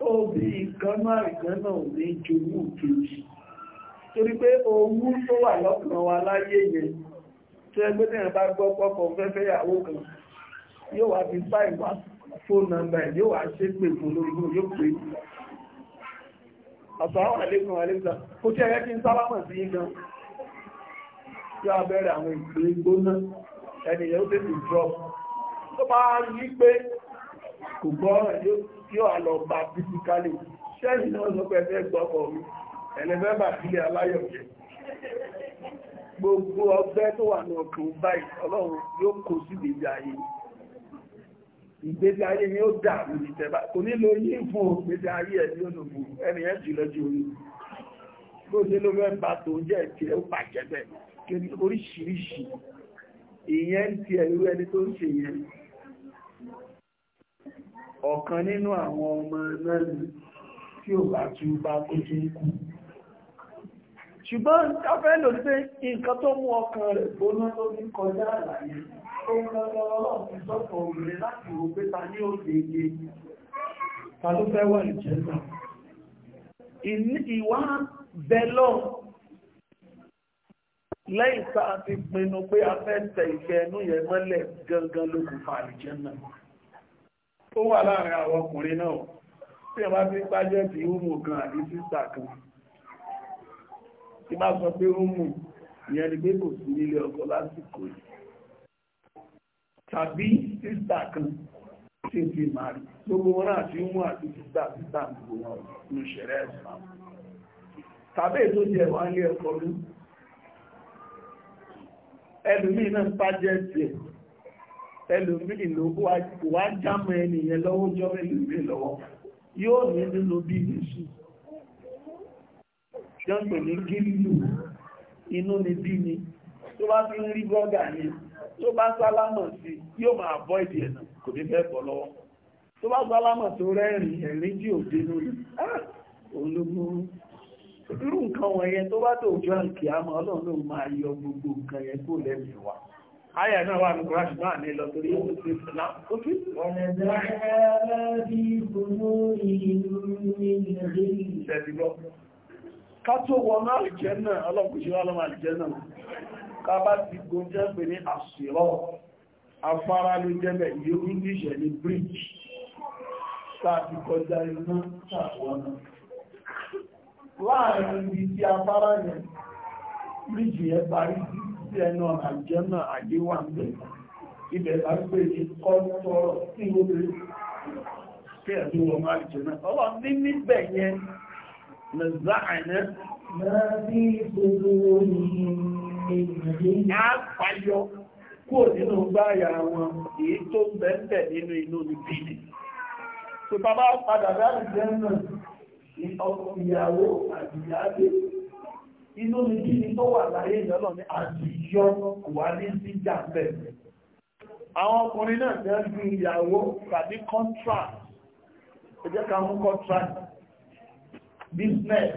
òbí nǹkan máa ìkan ò ní jowú kejì torí pé owú tó wà lọ́kàn wa láyé yẹn tó ẹgbẹ́ tí wọ́n bá gbọ́ pọ́pọ̀ fẹ́fẹ́ ìyàwó kan yóò wá fi bá ìwà yóò ṣe sí tó bá rí pé kò gbọ́ yóò àlọ́ bá fisikálì ṣẹ́yìn náà sọ pé ẹgbẹ́ gbọ́kọ̀ mi ẹlẹ́fẹ́ bà sílẹ̀ aláyọ̀ jẹ́ gbogbo ọgbẹ́ tó wà ní ọkùn báyìí ọlọ́run yóò kó sí ìgbésí ayé ìgbésí ayé ni ó dà lórí tẹ́bá kò nílò yí fún ìgbésí ayé ẹ̀ ní olùgbò ẹnìyàn jùlọ jù orí bó ṣe ló mẹ́ba tó jẹ́ ti ẹ̀ ó bàjẹ́ bẹ́ẹ̀ oríṣiríṣi ìyẹn ti ẹ̀ ẹni tó ń ṣe yẹn ọ̀kan nínú àwọn ọmọ náà tí ò bá tún bá kó tí ń kú ṣùgbọ́n káfẹ́ lò pé nǹkan tó mú ọkàn rẹ̀ gbóná tó ní kọjá àlàyé tó ń lọ́lọ́ ọlọ́run sọ́tọ̀ obìnrin láti lẹ́yìn tá ti pinnu pé a fẹ́ ìfẹ́ ẹnu yẹn mọ́lẹ̀ gangan ló fa ìjẹ́ náà ó wà láàrin àwọn ọkùnrin náà tí wọ́n bá fi pàjẹ́tì húmù kan àbí sísà kan tí bá sọ pé húmù ìyẹn ni pé kò sí nílé ọkọ lásìkò yìí tàbí sísà kan tí ti màrí gbogbo wọn àti húmù àti sísà sísà gbogbo wọn ní ṣẹ̀rẹ̀ ẹ̀sán tàbí ètò jẹ wà nílé ọkọ lú ẹlòmíì náà pàjẹ́tì ẹ̀ ẹlòmíì ló wá jámọ́ ẹnìyẹn lọ́wọ́ jọ ẹlòmíì lọ́wọ́ yóò ní nínú bí nìṣù jọ́pẹ̀ ní gílù inú ni bí ni tó bá fi ń rí bọ́gà ni tó bá sálámọ̀ sí yóò máa bọ́ ìdí ẹ̀nà kò ní fẹ́ bọ́ lọ́wọ́ tó bá sálámọ̀ tó rẹ́rìn ẹ̀rín tí ò dénú rí ológun ah! irú nǹkan wọ̀nyẹn tó bá tó jọ àkíyàmọ́ ọlọ́run máa yọ gbogbo nǹkan yẹn kó lẹ́mìí wa Ayẹ̀ náà wà ní Kùránì náà ní lọ torí ó ti fi náà ó fi. Ká tó wọ náà àlìjẹ́ náà, ọlọ́pùsí wá lọ́mọ àlìjẹ́ náà. Ká bá ti gúnjẹ́ pé ní àṣírọ́, afárá ló jẹ́bẹ̀ yóò ní ìṣẹ̀lẹ̀ bridge, tàbí kọjá iná tàwọn náà láàrin ibi tí afárá yẹn bíríjì yẹn parí sí sí ẹnu àjẹ́mà àdíwà ń bẹ̀. Ibẹ̀ bá ń pè ní kọ́ntọ́ sí obìnrin kí ẹ̀dù wọn máa jẹ náà. Ọwọ́ ní níbẹ̀ yẹn, Mẹ̀zá àìná. Máa bí gbogbo ìrìn àpáyọ kúrò nínú gbáyà wọn èyí tó ń bẹ̀ẹ̀ nínú inú níbi ni. Tó bàbá padà láti jẹ́ náà, ìyàwó àdìyàdé inú mi kí ni tó wà láyé ìyọ́lọ̀ ní àjíyọ́ kò wá ní sí jàmbẹ̀ àwọn ọkùnrin náà jẹ́ ju ìyàwó tàbí contract ẹ jẹ́ ká mú contract business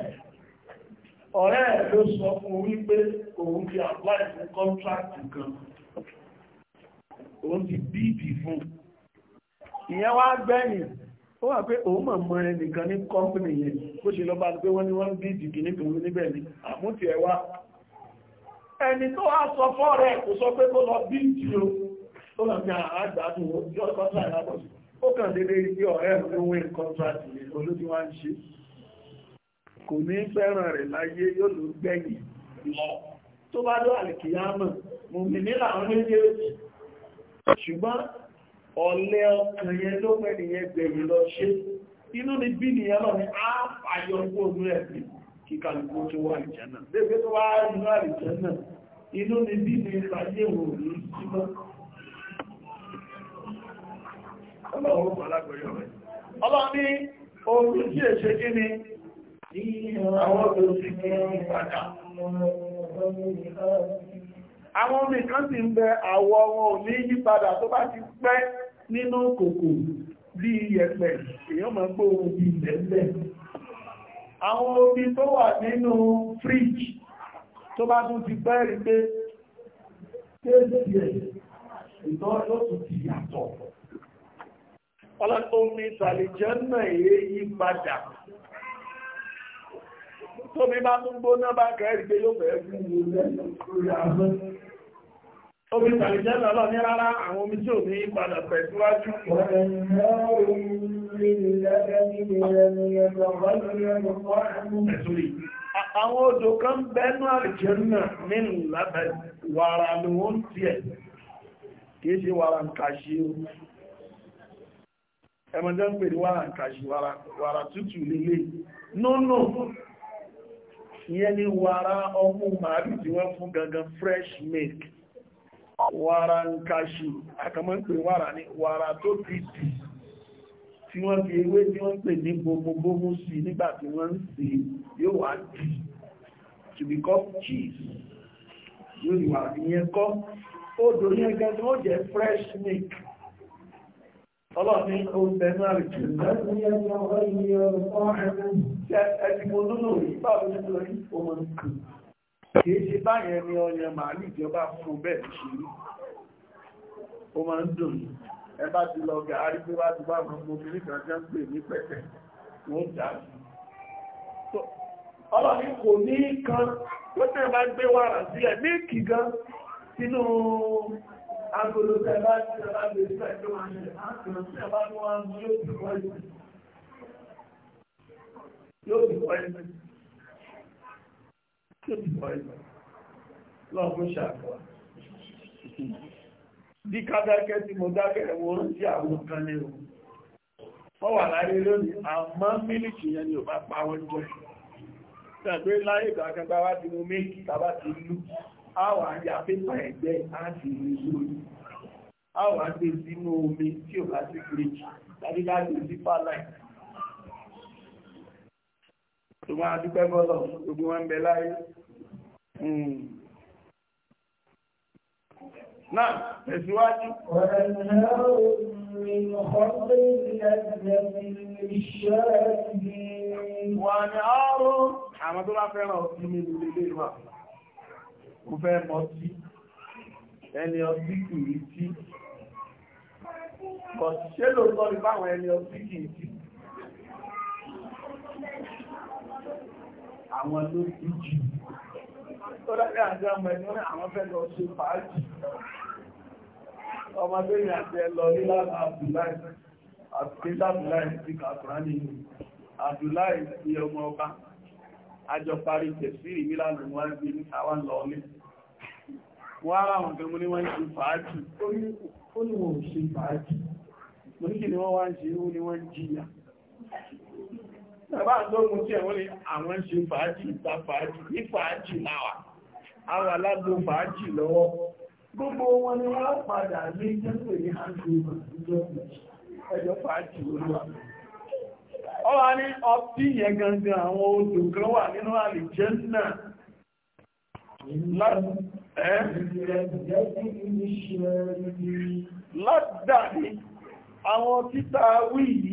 ọ̀rẹ́ ẹ̀ ló sọ fún wípé òun ti apply fún contract kan òun ti bíìdì fún ìyẹn wá gbẹ̀yìn ó wà pé òun mọ̀ mọ́ ẹnìkan ní kọ́mpìnì yẹn bó ṣe lọ bá pé wọ́n ní wọ́n bí ìdìkì nítorí níbẹ̀ ni àmúti ẹ̀ wá ẹni tó wá sọ fọ́ rẹ̀ kò sọ pé kó lọ bí ìdí o tó lọ fi àgbàdùn ó yọ kọ́ńtà ìyàbọ̀ ó kàn dédé ibi ọ̀rẹ́ ló wé kọ́ńtà olóòtú wá ń ṣe kò ní fẹ́ràn rẹ̀ láyé yóò ló gbẹ̀yìn lọ tó bá dọ́ àlìkìyàmọ̀ mùmìnira àwọn méjèèjì ṣùgbọ́n ọ̀lẹ́ ọkàn yẹn ló pẹ̀lú yẹn gbẹ̀rù lọ ṣe inú ni bí nìyàn lọ ní àpàyọ gbogbo ẹ̀bí kíkà lùkú tó wà ìjẹ́nà lébé tó wá inú àìjẹ́nà inú ni bí ní ìsàyé wò ní símọ́ àwọn omi kan sì ń bẹ àwọ̀ wọn ò ní yípadà tó bá ti pẹ́ nínú kòkò bí iyẹ̀pẹ̀ èèyàn máa gbọ́ ohun bí ilẹ̀ àwọn omi tó wà nínú fridge tó bá tún ti pẹ́ rí pé kéèsì ẹ̀ ìtọ́ yóò tún ti yàtọ̀ ọlọ́tọ́mí sàlìjẹ́ náà èé yí padà tómi bá tún gbóná bá kẹ́rì pé yóò fẹ́ fún ìwò lẹ́nu Omi tàbíjẹ́ lọ́lọ́ ní rárá àwọn omi tí ò ní padà pẹ̀síwájú. Àwọn odò kan bẹ́nu àrìjẹ́nà nínú lábẹ́ wàrà ni wọ́n ti ẹ̀. Kìí ṣe wàrà ń kàṣí o. Ẹmọ̀jẹ́ ń pè ní wàrà ń kàṣí wàrà tútù lélẹ̀. Nínú ìyẹn ni wàrà ọmú màálù tí wọ́n fún gangan fresh milk. Wara ń kaṣù àkàmọ́ ń pè wàrà ní tó ti tí wọ́n fi ewé tí wọ́n pè ní gbogbogbò sí nígbà tí wọ́n ń sè yóò wá dì to become cheese yóò wà ìyẹn kọ́ ni ó jẹ́ fresh milk ọlọ́ni oúnjẹ náà rí jù lẹ́yìn ẹni mo lúlò rí báwo nítorí kìí ṣe báyẹn ni ọyàn màálù ìjọba fún bẹ́ẹ̀ ṣe rí ó máa ń dùn ẹ bá ti lọ gàárí pé bá ti bá mọ ọmọ obìnrin kan jẹ́ ń pè ní pẹ̀tẹ̀ wọ́n dà sí ọlọ́ni kò ní kan tó tẹ́ bá gbé wàrà sí ẹ̀ ní kì gan sínú agolo tẹ́ bá ti tẹ́ bá lè fẹ́ tó máa ṣe àkùnrin tẹ́ bá ní wọ́n yóò dùn wọ́n yóò dùn wọ́n lọ́gbọ́n ṣàkọ́ bí kádákẹ́ tí mo dákẹ́ ẹ̀wọ̀n rántí àwọn kan ní o wọ́n wà láyé lónìí àmọ́ mílìkì yẹn ni ò bá pa wọ́n jẹ́ tẹ̀gbé láyé ìgbàkẹgbà wá ti mú méjì tàbá ti lú àwà àyà pépà ẹ̀gbẹ́ àti ìrìnlórí àwà gbé e sínú omi tí ò bá sí fíríjì tàbí láti e sí pálàì tó máa dúpẹ́ bọ́lọ̀ gbogbo wọn ń bẹ láyé. Hmm. Náà, tẹ̀síwájú. Wà ní ọrún àwọn tó bá fẹ́ràn ọtí ní ìlú ilé wà. Mo fẹ́ mọ sí ẹni ọtí kìí tí. Kọ̀ ṣé lóòótọ́ ni báwọn ẹni ọtí kìí tí àwọn ló bí jù tó dákẹ́ àti ọmọ ẹni wọ́n àwọn fẹ́ lọ ṣe fàájì ọmọ tó yìn àti ẹlọ nílá Abdullahi àtìkẹ́sà Abdullahi ti kàkùrá ní Abdullahi ti ọmọ ọba àjọ parí tẹ̀sírì nílànà wọ́n ń gbé ní àwọn lọ́ọ́lẹ́ wọ́n ara wọn kan mú ní wọ́n ṣe fàájì ó ní wọ́n ń ṣe fàájì mo ní kí ni wọ́n wá ń ṣe ó ní wọ́n jìyà Bàbá àdógún tí ẹ̀wọ́n ni àwọn ṣe fàájì ìta fàájì ní fàájì láwà. Àwọn aládùn fàájì lọ́wọ́. Gbogbo wọn ni wọ́n padà ní jẹ́pẹ̀ ní àjòmọ̀ ẹjọ́ fàájì olúwa. Ó wá ní ọtí yẹn gangan àwọn odò kan wà nínú àlìjẹ́ náà. Lọ́dà ni àwọn títà wíyí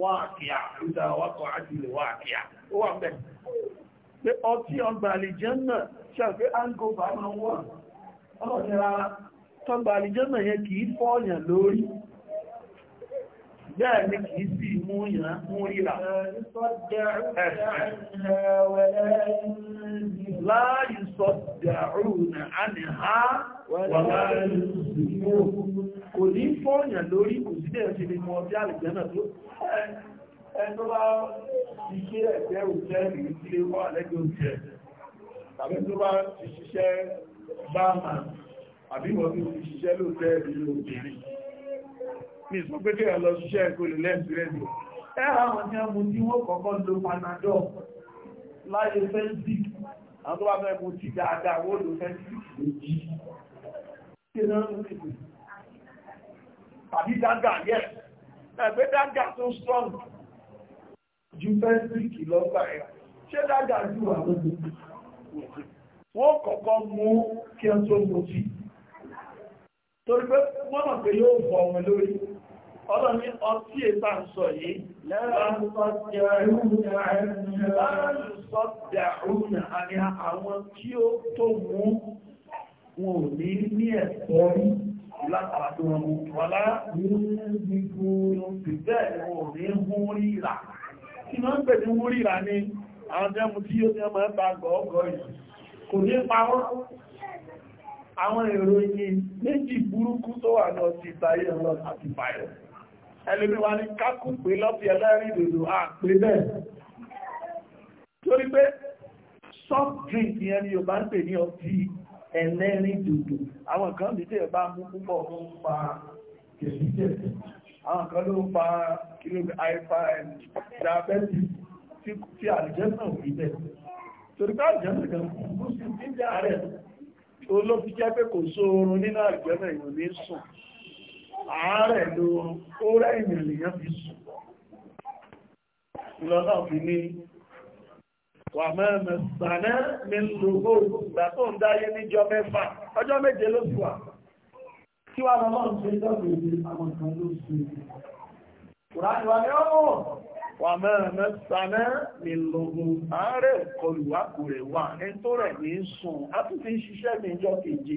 wáàkíà ìdá wákọ̀ àjílè wáàkíà ó wà bẹ̀. pé ọtí ọgbà àlìjẹ́nà ṣàfẹ́ angova ma wọ́n ọlọ́dẹ rárá tọgbà àlìjẹ́nà yẹn kìí fọ́ọ̀yàn lórí bẹ́ẹ̀ ni kìí sí mú yàn kò ní fọ́ọ̀yàn lórí kò sí bẹ̀rẹ̀ ṣe lè mọ ọdí àlìjẹ́nà tó ẹnu bá ṣiṣẹ́ ẹ̀fẹ́ òṣẹ́ ìrìnlẹ̀ wọ́n àlẹ́gbẹ̀ òṣẹ́ tàbí tó bá ti ṣiṣẹ́ báàmà àbí wọ́n ti ṣiṣẹ́ lóòtẹ́ ìlú obìnrin mi kíná ń rìnrìn tàbí dágà yẹ ẹgbẹ́ dágà tó strong ju fẹ́síkì lọ́gbà ẹ̀ ṣé dágà ju àwọn wọ́n kọ́kọ́ mú kí ẹ tó mú sí torí pé wọ́n mọ̀ pé yóò fọ́ ọmọ lórí ọ̀dọ̀ ní ọtí ètà ń sọ yìí lẹ́rọ sọ́dẹ̀ àwọn tí ó tó mú wọn ò ní ní ẹ̀kọ́ rí látara tó wọn mú wọlá ní gbogbo ìbẹ́ wọn ò ní hún ríra kí wọ́n ń pè ní hún ríra ní àwọn jẹ́mu tí ó jẹ́ máa bá gọ́ọ̀gọ́ yìí kò ní pawọ́ àwọn ìròyìn méjì burúkú tó wà lọ sí ìtayé lọ àti báyọ̀ ẹlùmí wa ní kákù pé lọ́pì ẹlẹ́rìn ìdòdò àpé bẹ́ẹ̀ torí pé soft drink yẹn ni Yorùbá ń pè ní ọtí ẹlẹ́rìn dòdò àwọn kan bí tí ẹ bá mú púpọ̀ mú pa kìrìjẹ̀sì àwọn kan ló pa kìrìjẹ̀ àìfà ìdábẹ́sì tí àlìjẹ́sàn ò rí bẹ̀ torí bá àlìjẹ́sàn kan kú sí níjà rẹ̀ olófi jẹ́ pé kò sóorun nínú àlìjẹ́sàn ìwò ní sùn àárẹ̀ ló ó rẹ̀ ìrìnlẹ̀yàn fi sùn lọ́nà fi ní wà mẹ́mẹ́ sànà mi ń lò ó ìgbà tó ń dáyé níjọ́ mẹ́fà ọjọ́ méje ló sì wà kí wà lọ́wọ́ ń ṣe lọ́gbẹ̀ẹ́ àwọn kan ló ṣe Kùránì wà ní ọmọ wà mẹ́rẹ̀mẹ́ sànẹ́ ní lọ́gbọ̀n ààrẹ kọlùwákù rẹ̀ wà ní tó rẹ̀ ní sùn a tún fi ń ṣiṣẹ́ ní ìjọ keje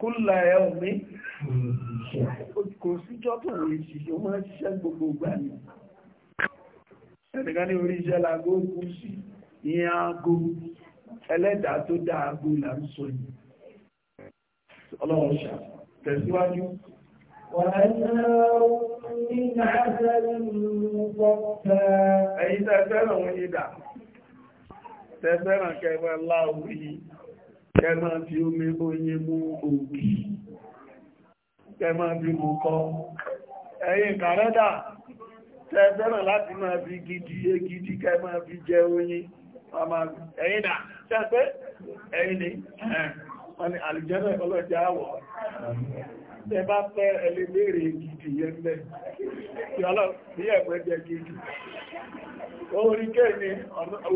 kúlẹ̀ ẹ̀ọ̀mí kò síjọ́ tó rí ṣiṣẹ́ ṣiṣẹ́ gbogbo gbà ní ẹnìkan ní orí iṣẹ́ lágó gúúsì ìyẹn aago ẹlẹ́dà tó dá aago là yìí ọlọ́run tẹ̀síwájú Ẹ̀yin tẹ́fẹ́ràn wọn yìí dà, tẹ́fẹ́ràn kẹfẹ́ láwùí, kẹmọ́ fi omi oyin mú òkì, kẹmọ́ tẹ́ fẹ́ràn láti máa fi gidi egidi ká máa fi jẹ oyin ẹ̀yìn náà tẹ́ pé ẹ̀yìn ni wọ́n ni àlùjẹ́nà ọlọ́jà wọ̀ tẹ́ bá fẹ́ ẹlẹ́gbẹ̀rẹ̀ gidi yẹn mẹ́ tí ọlọ́pẹ́ jẹ gidi orí kẹ́ni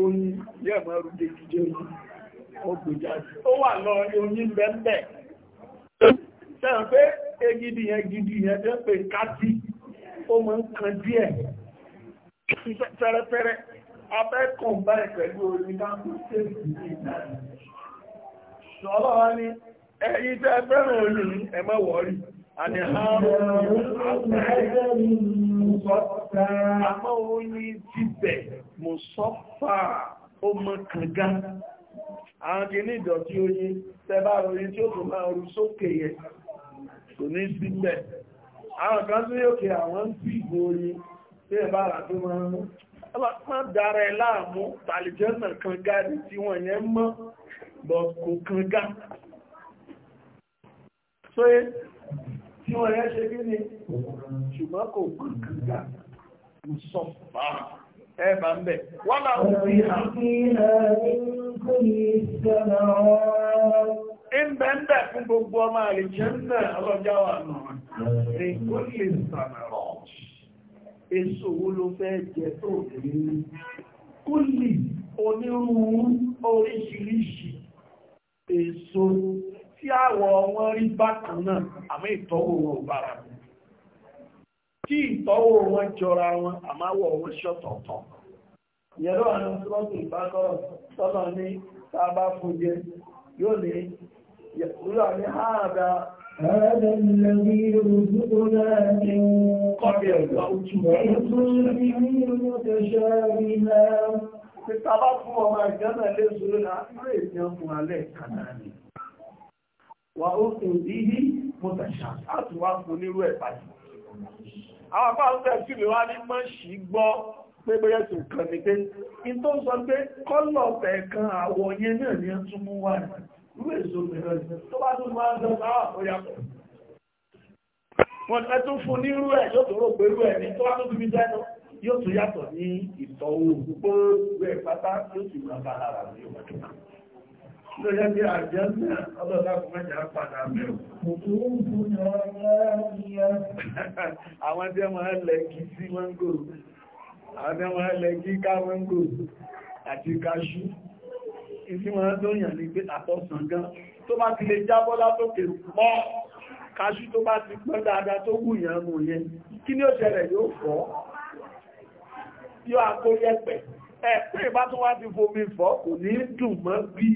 oyin yẹ́ mọ́ rú gidi jẹ́ oyin ó gbèjáde ó wà lọ oyin bẹ́ẹ̀ bẹ́ẹ̀ tẹ́ pé egidi yẹn gidi yẹn tẹ́ pé kátí ó mọ́ ń kan díẹ̀ fẹ́rẹ́fẹ́rẹ́ abẹ́kùn báyìí pẹ̀lú orin dákùn sí ọlọ́wọ́ ni ẹ̀yí tẹ́ fẹ́ràn olùrí ẹ̀mọ́ wọ̀rí àni àárùn àmọ́ orin jíbẹ̀ mùsọ́fà ó mọ́ kànga àwọn kìíní ìdọ̀tí oyin tẹ́bá orin tí ó tún máa rú sókè yẹ kò ní síbẹ̀ àwọn kan tó yóò kí àwọn ń bí ìgbòrí tí ẹ bá rà tó máa ń máa dára ẹ láàmú tàlìjọ́nà kan gá ní tí wọ́n yẹn mọ́ bọ̀ kò kan gá sóyé tí wọ́n yẹn ṣe kí ni ṣùgbọ́n kò kan gá ń sọ ẹ bá ń bẹ̀ wọ́n làwọn fi ìbẹ̀ẹ̀bẹ̀ fún gbogbo ọmọ àlìjẹ́nà ọlọ́jáwà náà ní kó lè sàmẹ̀rọ̀ èso owó ló fẹ́ jẹ tó rí kó lè onírúurú oríṣiríṣi èso tí àwọ̀ wọn rí bákan náà àmì ìtọ́wò wọn ò bára tí ìtọ́wò wọn jọra wọn àmáwọ̀ wọn ṣọ̀tọ̀ọ̀tọ̀ yẹ̀rọ àwọn ọmọ ìbákọ̀ tọ́lọ ní tá fún jẹ yóò ní يقولون هذا هذا الذي رزقنا من قبل وأتمعتم به متشابها Ìtàbáfún ọmọ ìjọ́nà lè ṣúrú láàrín ìjọ́ fún alẹ́ kanáà ni. Wà ó kùn bí i mọ́tàṣà, á tún wá fún onírú ẹ̀pàdì. Àwọn apá ń fẹ́ sí ní mọ́ sí gbọ́ pé bóyẹ́ tó kàn ní pé, in tó sọ pé kọ́lọ̀ fẹ̀ kan àwọ̀ yẹn náà ni ó tún mú wà Wọ́n ẹ tún fún nírú ẹ̀ yóò tó rò pé ẹ̀ ní tó wá tó fi fi jẹ́nu yóò tún yàtọ̀ ní ìtọ̀ òògùn pé ẹ̀ pátá yóò sì máa bá lára ní ọmọ tó máa. Lọ́jọ́ bí àjẹ́ náà, ọlọ́dá kò mẹ́jà padà mẹ́rù. Àwọn àwọn ìfíwọ̀n tó yàn ní pé àtọ́sàn gan tó bá ti lè jábọ́ látókè mọ́ kaṣú tó bá ti pẹ́ dáadáa tó wù yàn mú yẹn kí ni ó ṣẹlẹ̀ yóò fọ́ yóò akóyẹ̀pẹ̀ ẹ̀pẹ́ ìbá tó wá ti fomi fọ́ kò ní dùn mọ́ bí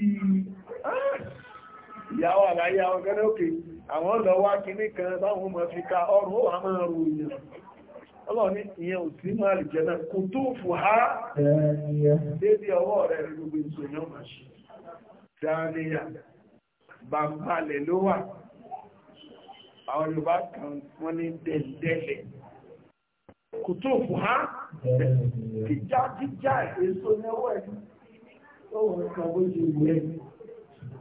ìyàwó àláyé àwọn gẹ́lẹ́ òkè àwọn lọ wá kinní kan báwọn mọ̀ fi ka ọrùn ó wà máa rò yàn ọlọ́run ní ìyẹn ò sí máa lè jẹ́nà kò tó fò há dédé ọwọ́ rẹ̀ rí gbogbo èso yẹn máa ṣe dáníyà bàbálẹ̀ ló wà àwọn Yorùbá kan wọ́n ní dẹ̀ndẹ̀lẹ̀ kò tó fò há jíjá jíjá èso yẹn wẹ̀ tó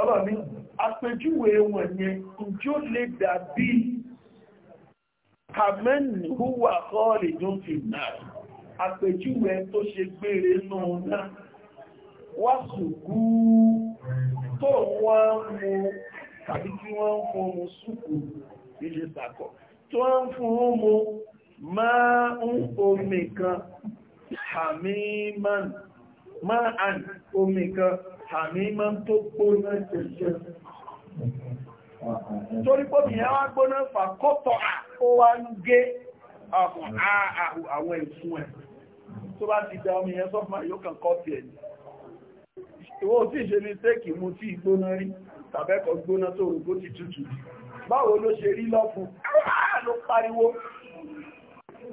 Ọlọ́ni, àpèjúwe wọn yẹn, ǹjẹ́ ó lè dàbí Kàmẹ́nì húwà kọ́ọ̀lì tó fi náà. Àpèjúwe tó ṣe gbére náà wá sùkú tó wọ́n mú tàbí tí wọ́n ń fún oòrùn sùkú ilé sàkọ̀. Tó ń fún oòrùn máa ń omi kan hamiman ma'an omi kan hamiman tó gbóná jẹjẹ torí pọ́ bìyàn wá gbóná fà kọ́tọ̀ à ó wá ń gé àwọn ìfún ẹ̀ tó bá ti da omi yẹn sọ́fún yóò kàn kọ́ ti ẹ̀ ìwọ tí ṣe ní tẹ́kì mú tí gbóná rí tàbẹ́kọ̀ gbóná tó rògbó ti tútù báwo ló ṣe rí lọ́fún pariwo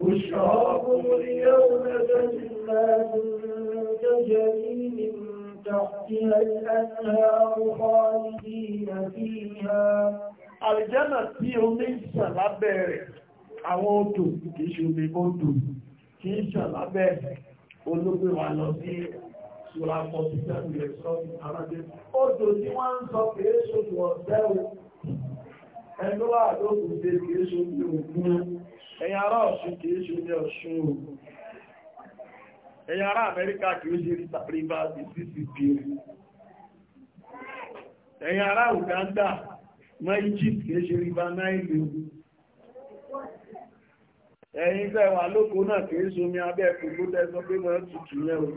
بشراكم اليوم جنات تجري من تحتها الأنهار خالدين فيها Àlìjánà tí omi ń àwọn odò kìí ṣe omi ń ṣàn olóògbé wa lọ sí ṣùgbọ́n àpọ̀síṣẹ́ ìrẹ̀ sọ́ọ̀tì arájẹ́. Odò tí wọ́n ń sọ kìí ṣòdò ọ̀tẹ́ ẹ̀yin ará ọ̀ṣun kìí ṣe ní ọ̀ṣun ogun ẹ̀yin ará amẹ́ríkà kìí ṣe rí tàbíbá sí ccp ẹ̀yin ará uganda mọ́ egypt kìí ṣe rí bá náìlì ogun ẹ̀yin tẹ́ wà lóko náà kìí ṣe omi abẹ́ kòkó tẹ́sọ pé wọ́n tutù yẹn o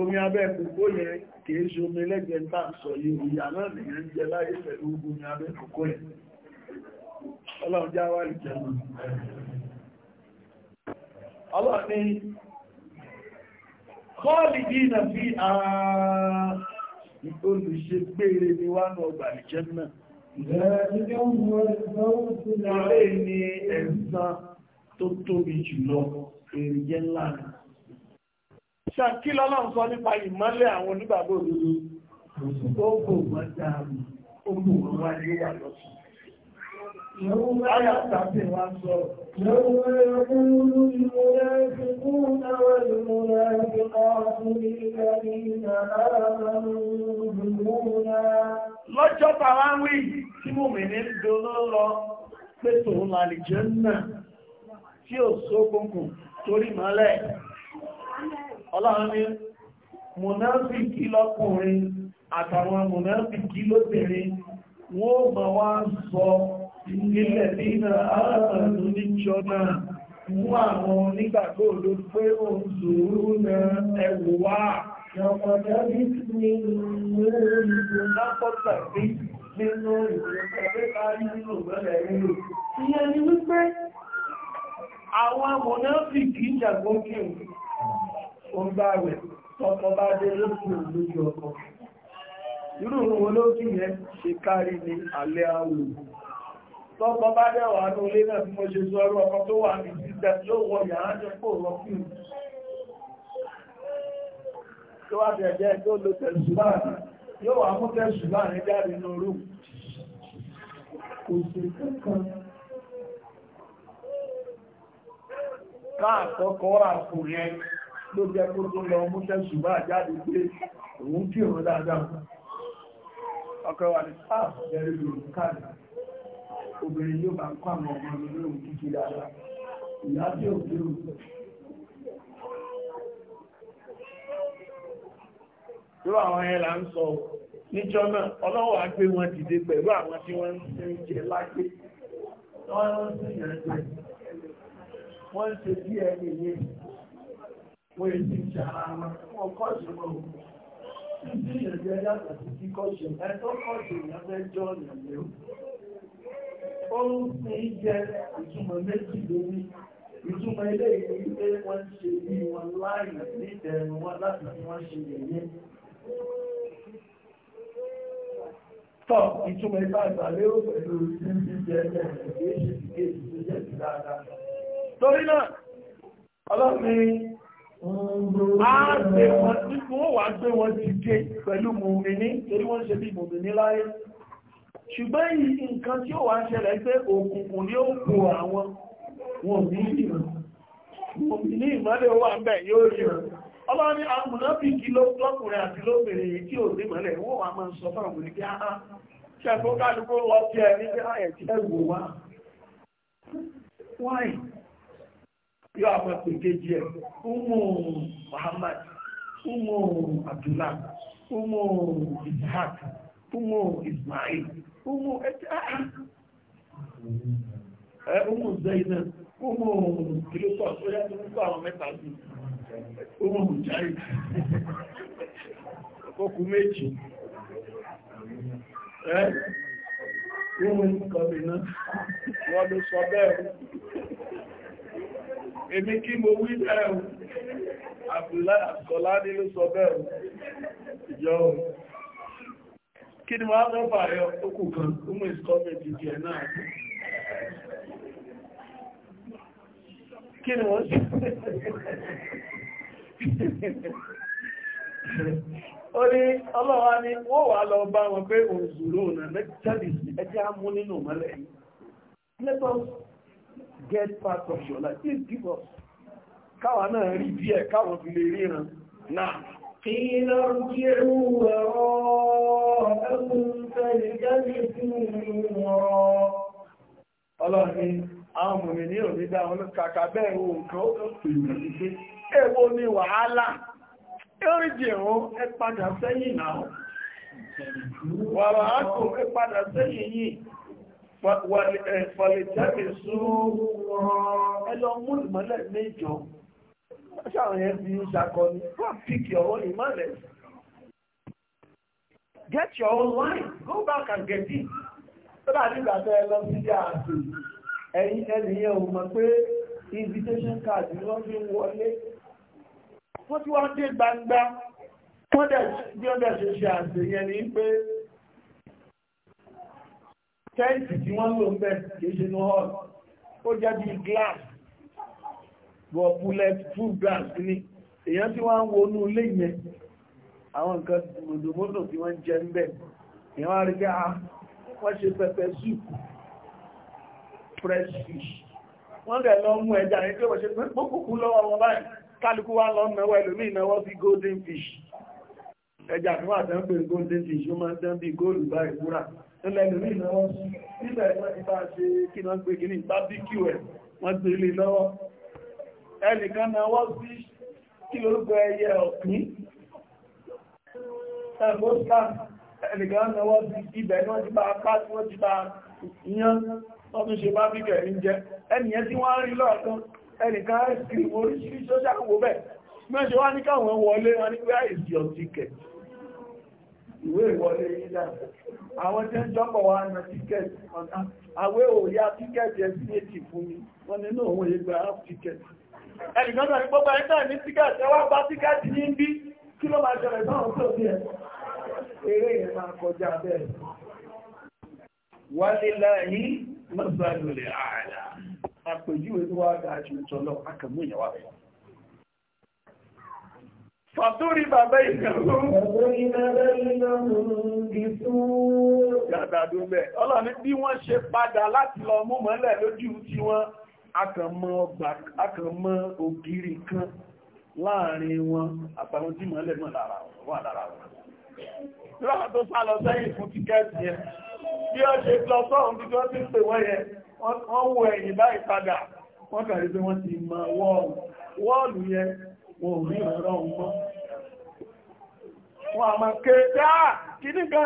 omi abẹ́ kòkó yẹn kìí ṣe omi lẹ́gbẹ̀ẹ́ tá sọ yìí ìyá náà nìyẹn jẹ láyé pẹ̀lú ogun omi abẹ́ kòkó yẹn Ọlọ́run já wà lè jẹun ọlọ́run ní kọ́ọ̀lì dínà bí i olùṣe gbére ní wánú ọgbà ìjẹ́ náà Ilé ni ẹ̀san tó tóbi jùlọ èrìjẹ́ ńlá rẹ̀. Ṣàkí lọ́nà ń sọ nípa ìmọ́lẹ̀ àwọn onígbàgbọ́ òdodo, ó gbò wọ́n dáa, ó gbò wọ́n wáyé wà lọ́sùn. يوم يقول
المنافقون والمنافقات
للذين آمنوا انظرونا lọ́jọ́ tàwa ń wí tí mo mì ní dúró lọ pé tòun làlìjẹ́ náà tí ò sókùnkùn torí mọ́lẹ̀ ọlọ́run ní mùnáfìkì lọ́kùnrin àtàwọn mùnáfìkì lóbìnrin wọ́n mọ̀ wá sọ nílẹ̀ nínà ààrùn níjọ náà mú àwọn onígbàgbọ́ ló pé òun sòrú náà ẹwù wá Nínú ìrìnlẹ̀ láyé nínú ìrìnlẹ̀ nínú.
Ìyẹn ni wípé
àwọn mọ̀náfìkì jàgbókè òun bá rẹ̀ tọ́kọ bá dé lókù lójú ọkọ̀. Irú òun olóòkì yẹn ṣe kárí ní alẹ́ àwòrán. tọ́gbọ́n bá dẹ̀wà ní na náà tí mo ṣe sọ ọrọ̀ ọkọ̀ tó wà ní títẹ̀ tí wọ yàrá jẹ́ pò tó wá bẹ̀ẹ̀jẹ́ tó lo wà ní ló jẹ́ kó tó lọ mú jáde pé òun kí òun dáadáa ọkọ̀ wà ní sáà káàkiri obìnrin yóò bá kọ́ àwọn ọmọ mi lóòrùn kíkí dáadáa ìyá tí ò kí àwọn ẹ̀ là ń sọ níjọ́ náà ọlọ́wọ́ á gbé wọn dìde pẹ̀lú àwọn tí wọ́n ń jẹ lágbé wọ́n ń ṣe bí ẹni yẹn wọ́n yẹ ti ṣàrà wọn kọ́ ìṣòro títí ìrìnàjò ẹ̀dá àti kíkọ́ ìṣòro ẹ̀tọ́ kọ́ ìṣòro ẹ̀fẹ́ jọ́ ọ̀nà lẹ́wọ̀ ó ń fún jẹ ìtumọ̀ méjì lórí ìtumọ̀ ilé ìwé wípé wọ́n ṣe bí wọn láì ní ìdẹ̀rù wọn láti fi wọ́n ṣe yẹ̀yẹ́ tọ́ ìtumọ̀ ìbá ìgbàlérò pẹ̀lú ìsinjẹ́ ẹgbẹ̀rẹ̀ ìgbéṣẹ́ ìgbéṣẹ́ ìgbéṣẹ́ ìdáadáa torí náà ọlọ́pìn ààbẹ̀ wọn tí wọ́n wà gbé wọn ti dé pẹ̀lú mòmìnì torí wọ́n ṣe bí mòmìnì láyé ṣùgbọ́n yìí nǹkan tí ó wà ṣẹlẹ̀ pé òkùnkùn ni ó kò àwọn wọn ní ìrìn ní ìmọ́lẹ̀ owó àmẹ́ yóò ríran ọlọ́ni àmùnáfíkì lọ́kùnrin àti lóbìnrin tí ò ní mọ́lẹ̀ owó wa máa sọ fún àwọn umu Ismail umu ẹ ah, ah. eh, umu Zainab umu kìlúkọ̀ tó yá tó ń kọ́ àwọn mẹ́ta sí umu Mujahid kókù méjì ẹ́ eh, umu kọ̀bìnà wọ́n ló sọ bẹ́ẹ̀ èmi kí mo wí bẹ́ẹ̀ Abdullahi Abdullahi ló sọ bẹ́ẹ̀ ìjọ kí ni wọ́n lọ bà yọ okù kan ọmọ ìsọ́mẹ̀tì jẹ náà kí ni wọ́n ṣe ó ní ọlọ́wà ní wọ́n wà lọ bá wọn pé nà ẹjẹ́ amú nínú let us get part of your life please give us káwa náà rí díẹ̀ káwọn fi lè ríran náà قيل ارجعوا وراءكم فالتمسوا نورا ọlọ́rin àwọn ní òmìdá wọn kàkà bẹ́ẹ̀ ohun kan ó ni wàhálà ẹ̀rìnjẹ̀ ohun ẹ padà sẹ́yìn náà wàrà ákò ẹ padà sẹ́yìn yìí sún mú ìmọ́lẹ̀ méjọ ṣáwọn yẹn ti ń ṣakọni go and pick your own imamẹ̀ get your own wine go back and get it tó bá nígbà tẹ́ ẹ lọ sí ààtò ẹ̀yìn ẹnìyàn ò mọ̀ pé invitation card ni wọ́n fi ń wọlé wọ́n tí wọ́n dé gbangba wọ́n dẹ̀ bí wọ́n dẹ̀ ṣe ṣe àṣẹ yẹn ni pé tẹ́ǹtì tí wọ́n lò ń bẹ̀ kìí ṣe ní hall ó jẹ́ bí glass wọ bullet proof glass ní èyàn tí wọ́n ń wọnú ilé yẹn àwọn nǹkan mọ̀dọ̀mọ́dọ̀ tí wọ́n jẹ ń bẹ̀ èyàn wá rí pé a ah, wọ́n ṣe pẹpẹ soup fresh fish wọ́n dẹ̀ lọ mú ẹja ní pé wọ́n ṣe pẹ́pọ́kùkù lọ́wọ́ wọn báyìí kálukú wá lọ mẹ́wọ́ ẹlòmí ìnáwó sí golden fish ẹja tó wà tán pé golden fish ó máa ń tán bí góòlù báyìí wúrà ẹlẹ́lòmí ìnáwó sí níbẹ̀ wọ́n ti bá ṣe kí wọ́n gbé kí ní barbecue ẹ̀ wọ́n gbé lé lọ́wọ́ ẹnìkan náà wọ́n sí kí lórúkọ ẹyẹ ọ̀pín ẹgbóṣán ẹnìkan náà wọ́n sí ibẹ̀ ni wọ́n ti bá apá tí wọ́n ti bá yán wọ́n tún ṣe bá bíkẹ̀ ń jẹ ẹnìyẹn tí wọ́n rí lọ́ọ̀kan ẹnìkan kìrì oríṣiríṣi sọ́ṣà wò bẹ́ẹ̀ mẹ́ṣe wá ní káwọn wọlé wọn ní pé àìsí ah, ọ̀tíkẹ̀ ìwé ìwọlé ìdá àwọn tí ń jọ́pọ̀ wá na tíkẹ̀tì àwẹ́ òòyà tíkẹ̀tì ẹ̀sí méjì fún mi wọ́n nínú òun ìgbà áàpù tíkẹ̀tì ẹnìkanà ní gbogbo ẹ̀ta ní tíkàtì ẹwà bá tíkàtì ní bí kí ló máa ṣẹlẹ̀ náà tó bí ẹ̀ eré yẹn máa kọjá bẹ́ẹ̀ wálélá yìí Fàtórí bàbá ìgbàlóhùn. Fàtórí bàbá Ọlọ́ni bí wọ́n ṣe padà láti lọ mú mọ́lẹ̀ lójú tiwọn, akànmọ́ ògiri kan láàrin wọn àtàwọn tí mọ́ lẹ́mọ̀ wà lára wọn lọ́wọ́ tó sá lọ sẹ́yìn fún tíkẹ́ẹ̀tì yẹn bí ó ṣe lọ sọ́run bí tó ti ń pè wọ́n yẹn wọ́n wo ẹ̀yìn báyìí padà wọ́n kàrí pé wọ́n ti mọ wọ́ọ̀lù wọ́ọ̀lù yẹn wọn ò rí ọ̀rọ̀ mọ́ wọn àmà kéèké à kí ní kan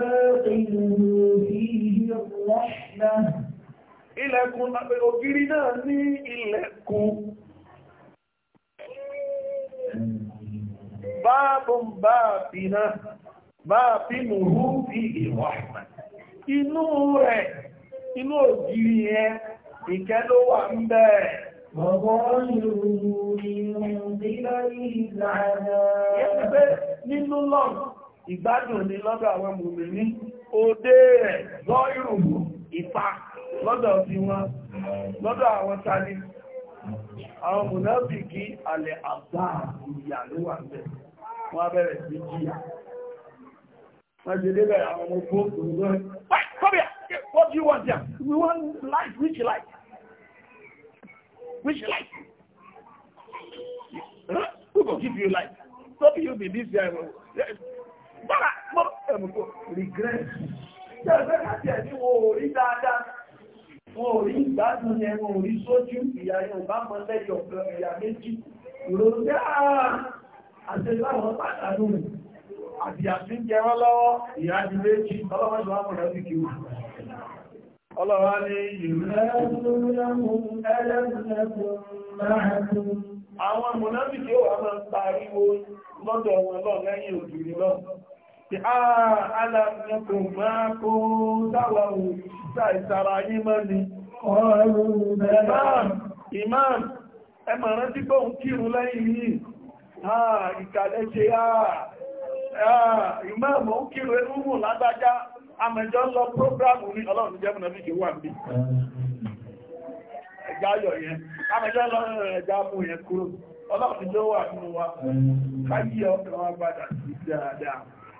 باطل فيه الرحمة ilẹ̀kùn ògiri náà ní ilẹ̀kùn báàbùn báàbìnà báàbìnù hú bí ìwọ̀hùn inú rẹ̀ inú ògiri yẹn ìkẹ́ ló wà ń bẹ́ẹ̀ Nínú lọ́nà ìgbádùn ní lọ́dọ̀ àwọn mùmìnì òde rẹ̀ lọ́ ìrùgbò ìpa lọ́dọ̀ sí wọn lọ́dọ̀ àwọn tani àwọn mùnábì kí alẹ́ àbá ìyà ló wà bẹ̀ wọ́n bẹ̀rẹ̀ sí jíyà wọ́n ti débẹ̀ àwọn ọmọ ogun lọ́rẹ̀ come here what do you want we want life which life which life huh? who will give you life no be you be this guy gbọ́ra gbọ́ra ẹ̀mùkọ́ regret ṣẹ́fẹ́ àti ẹ̀mí wọn ò rí dáadáa wọn ò rí ìgbádùn yẹn wọn ò rí sójú ìyá yẹn ò bá mọ lẹ́yọ̀ ìyá méjì ìròyìn pé ah, àti láwọn pàtàkì rẹ̀ àti àti jẹ wọ́n lọ́wọ́ ìyá di méjì ọlọ́wọ́ ìlú àmọ̀ rẹ̀ kìí ọlọ́wọ́ ní ìlú àwọn mọ̀lẹ́bí tí ó wà máa ń pariwo lọ́dọ̀ wọn lọ́ lẹ́yìn òjò pé alámiyàkùn máa kó sáwàwò ìsára yí mọ́ ni imam ẹmọ̀ rántí kó ń kírun lẹ́yìn yìí a ìkàlẹ̀ ṣe àà imam ó kírun ẹrùmù lágbájá àmẹ́jọ lọ prógrámù ní ọlọ́run jẹ́ mọ̀nà fíjì yẹn yẹn nínú wa káyí padà sí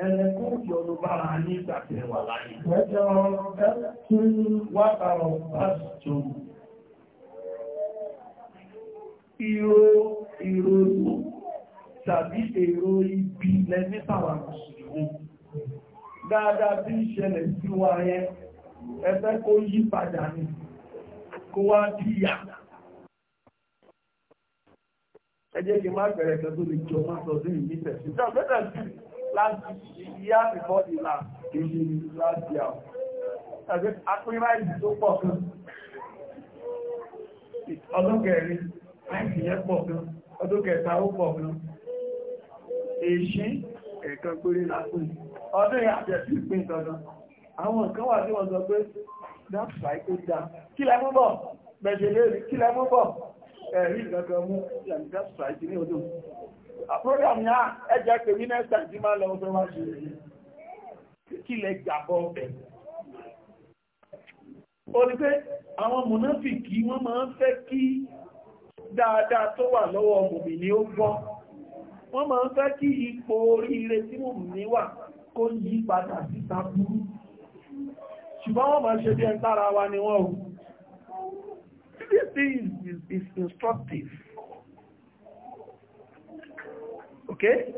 ẹ̀rẹ̀kú yọnu bára ní ìgbàtẹ̀ wà láyé. Ẹjọ́ ẹ̀kún wátàrọ̀ pàṣẹjọ. Ìró ìrònú tàbí èrò ibi lẹ́ní tàwà mùsùlùmí. Dáadáa bí ìṣẹ̀lẹ̀ sí wa yẹ, ẹgbẹ́ kó yí padà ní, kó wá díyà. Ẹ jẹ́ kí máa bẹ̀rẹ̀ kẹ́ tó lè jọ máa sọ sí ìmítẹ̀ sí láti ìyá ìbọ́ ìlà èyí láti àwọn. Tàbí apínrá ìdí tó pọ̀ kan. Ọdún kẹrin, láìsí yẹ pọ̀ kan. Ọdún kẹta ó pọ̀ kan. Èṣí ẹ̀kan péré lápín. Ọdún ìyàjẹ̀ sí ìpín dandan. Àwọn nǹkan wà tí wọ́n sọ pé, that's why ó dá. Kí lẹ mú bọ̀? Bẹ̀ṣẹ̀ lè rí, kí lẹ mú bọ̀? Ẹ̀rí ìgbàgbọ́ mú, that's why ti ní ọdún program yá ẹjẹ́ pèmí next time máa lọ ọ̀fẹ́ wá ṣe kí lẹ gbàbọ̀ ọ̀bẹ̀ ó ní pé àwọn mùnáfìkì wọ́n máa ń fẹ́ kí dáadáa tó wà lọ́wọ́ mùmí ni ó gbọ́ wọ́n máa ń fẹ́ kí ipò oríire tí mùmí wà kó yí padà síta burú ṣùgbọ́n wọ́n máa ṣe bí ẹn tára wa ni wọ́n o this thing is, is, is instructive Okay?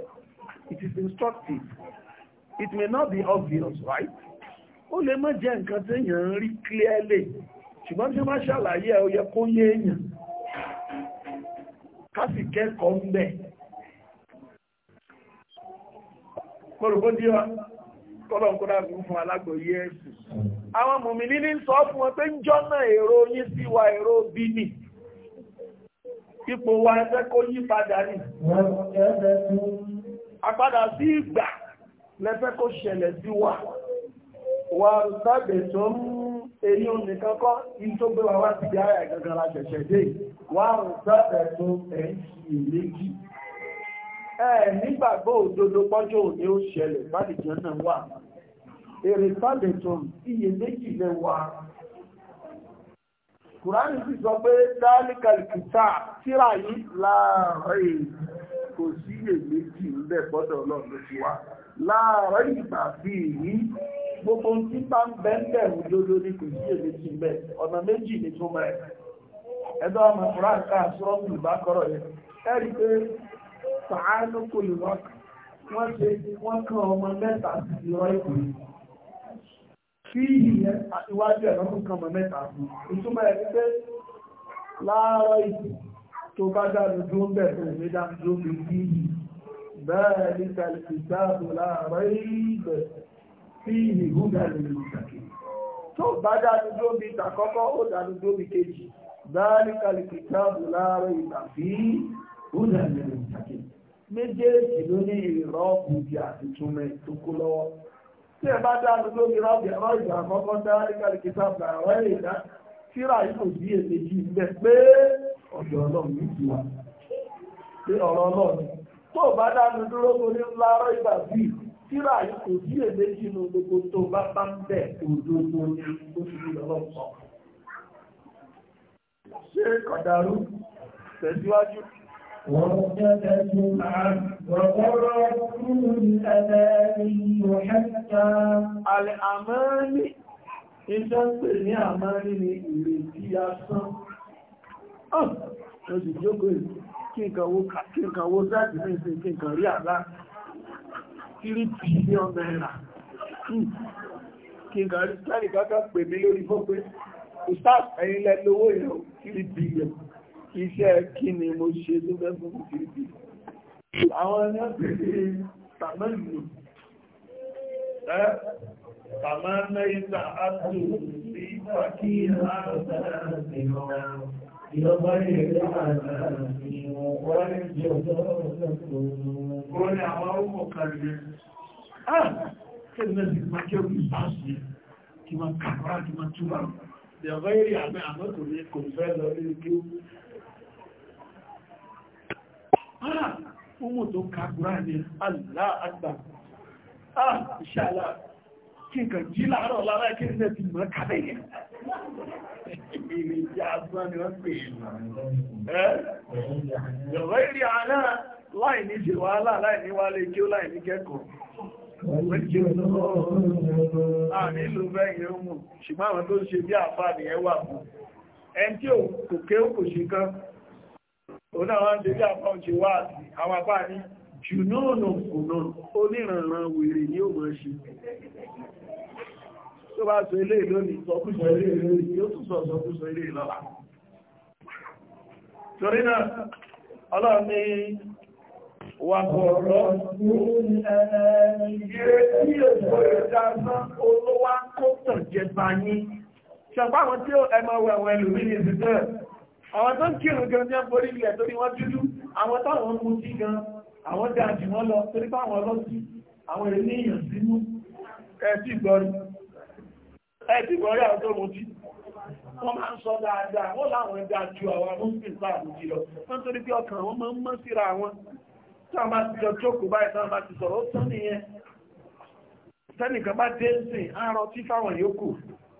It is instructive. It may not be obvious, right? Ó lè má jẹ́ nǹkan tí èèyàn ń rí clearly. Ṣùgbọ́n tí wọ́n ṣàlàyé ẹ̀ ó yẹ kó yé èèyàn. Kásì kẹ́kọ̀ọ́ ń bẹ̀. Kọ́lùkọ́ dí wa, kọ́lọ̀ kó dábìí fún alágbòye ẹ̀sìn. Àwọn mùmí ní ní sọ fún wọn pé ń jọ́nà èrò yín sí wa èrò bí nì ipò wa ẹgbẹ́ kó yí padà ní àpadà sí ìgbà lẹ́fẹ́ kó ṣẹlẹ̀ sí wa wà sábẹ̀ tó ń èyí nìkan kọ́ in tó gbé wa wá sí ìdí ara ìgangan la ṣẹ̀ṣẹ̀ dé wà sábẹ̀ tó ẹ̀ ń ṣe nígbàgbọ́ òdodo pọ́jọ́ òní ó ṣẹlẹ̀ bá kùránì sì sọ pé dáálíkàlìkìtà tíra yìí láàárẹ̀ kò sí èméjì ń bẹ̀ gbọ́dọ̀ ọlọ́run ló ti wá láàárẹ̀ ìgbà fi èyí gbogbo tí bá ń bẹ́ ń bẹ̀rù lódó ní kò sí èméjì ń bẹ̀ ọ̀nà méjì ní tó mẹ́ ẹ̀dọ́ ọmọ kùránì ká sọ́ọ̀mù ìbákọ́rọ̀ yẹn ẹ̀rí pé sàánú kò lè wọ́n kan ọmọ mẹ́ta sí ìrọ́ ìkùnrin kí ìyẹn àtiwájú ẹ̀lọ́kùn kan mọ̀ mẹ́ta ìtumọ̀ ẹ̀ ní pé láàárọ̀ ìtù tó bá dáadọ́ tó ń bẹ̀ tó ní dáadọ́ fi kí yìí bẹ́ẹ̀ ní kàlùkìtàbù láàárọ̀ ìbẹ̀ sí ìhúgbẹ̀lẹ̀ ìtàkì tó bá dáadọ́ tó bí ìtàkọ́kọ́ ó dáadọ́ tó bí kejì tí ẹ bá dáadọ́ lórí rọ́bì ẹ̀rọ ìgbà àkọ́kọ́ dárí kálíkì sábà àwọn ìdá tíra ìlú bí èméjì bẹ pé ọ̀dọ̀ ọlọ́run ní tiwa pé ọ̀rọ̀ ọlọ́run tó bá dáadọ́ dúró lórí lárọ́ ìgbà bí tíra yìí kò sí èméjì nu gbogbo tó bá bá ń bẹ̀ òdodo ní oṣù ọlọ́run sọ. ṣé kọ̀dàrú tẹ̀síwájú وارتدت وقرأت الأماني حتى وَحَتَّى الْأَمَانِ ń pè ní àmárí ni ìrètí asán. Ọ́n, ah, ó sì jókòó kí nǹkan wo sáàtì ní ìsìn kí nǹkan rí àlá. Tírí bílíọ̀n náírà. Kí nǹkan rí sáàrì kákà pè mí lórí fọ́ pé, Ustaz lówó ìrọ̀ tírí bílíọ̀n iṣẹ́ kí ni mo ṣe tó fẹ́ fún fìdí àwọn ẹ̀yàn ti ṣe tàmẹ́lù ẹ́ tàmẹ́lẹ̀ ìta àtò sí pàkí Ìjọba ìrẹ̀lẹ́ àti ìwọ̀n ìjọba ọ̀pọ̀lọpọ̀. Ó ní àwọn ọmọ kan rí. Ah! Kí ni mẹ́sì máa jẹ́ òkú ìbáṣì kí máa kàkọ́rá kí máa túbà. Ìjọba ìrẹ̀ àmẹ́ àmọ́ kò ní kò fẹ́ lọ ní ikú ah ọmọ tó ka Kùránì Allah Akbar ah inshallah kí n kàn jí láàárọ̀ lára kí n ti mọ̀ kàdé yẹn ìrìn ìjà asán ni wọ́n pè é ìrọ̀ ìrì àná láì ní ṣe wàhálà láì ní wálé kí ó láì ní kẹ́kọ̀ọ́ Ànílùú bẹ́yìn ó ṣùgbọ́n àwọn tó ṣe bí àfáà nìyẹn wà fún. Ẹn tí ò kò kéó ṣe kan, òun náà wọ́n dédé àpá òjì wá àti tó bá sọ ilé ìlónìí sọkúsọ ilé ìlónìí yóò tún sọ sọkúsọ ilé ìlọ́la torí náà ọlọ́run ní wà bọ̀rọ̀ ṣe pàwọn tí ó ẹmọ wẹ̀wẹ̀ lórí ìsìnkú àwọn tó ń kírun gan ní ọgbórí ilẹ̀ torí wọ́n dúdú àwọn táwọn mú sí gan àwọn dá jù wọ́n lọ torí fáwọn ọlọ́sí àwọn èrè ní èèyàn sínú ẹ̀ẹ́tì gbọ́rí ẹ̀ẹ́tì gbọ́rí àwọn tó mú sí wọ́n máa ń sọ dáadáa wọ́n láwọn dá ju àwọn amúsùn sáà mú sí lọ wọ́n torí pé ọkàn wọn máa ń mọ́ síra wọn tí wọ́n bá ti jọ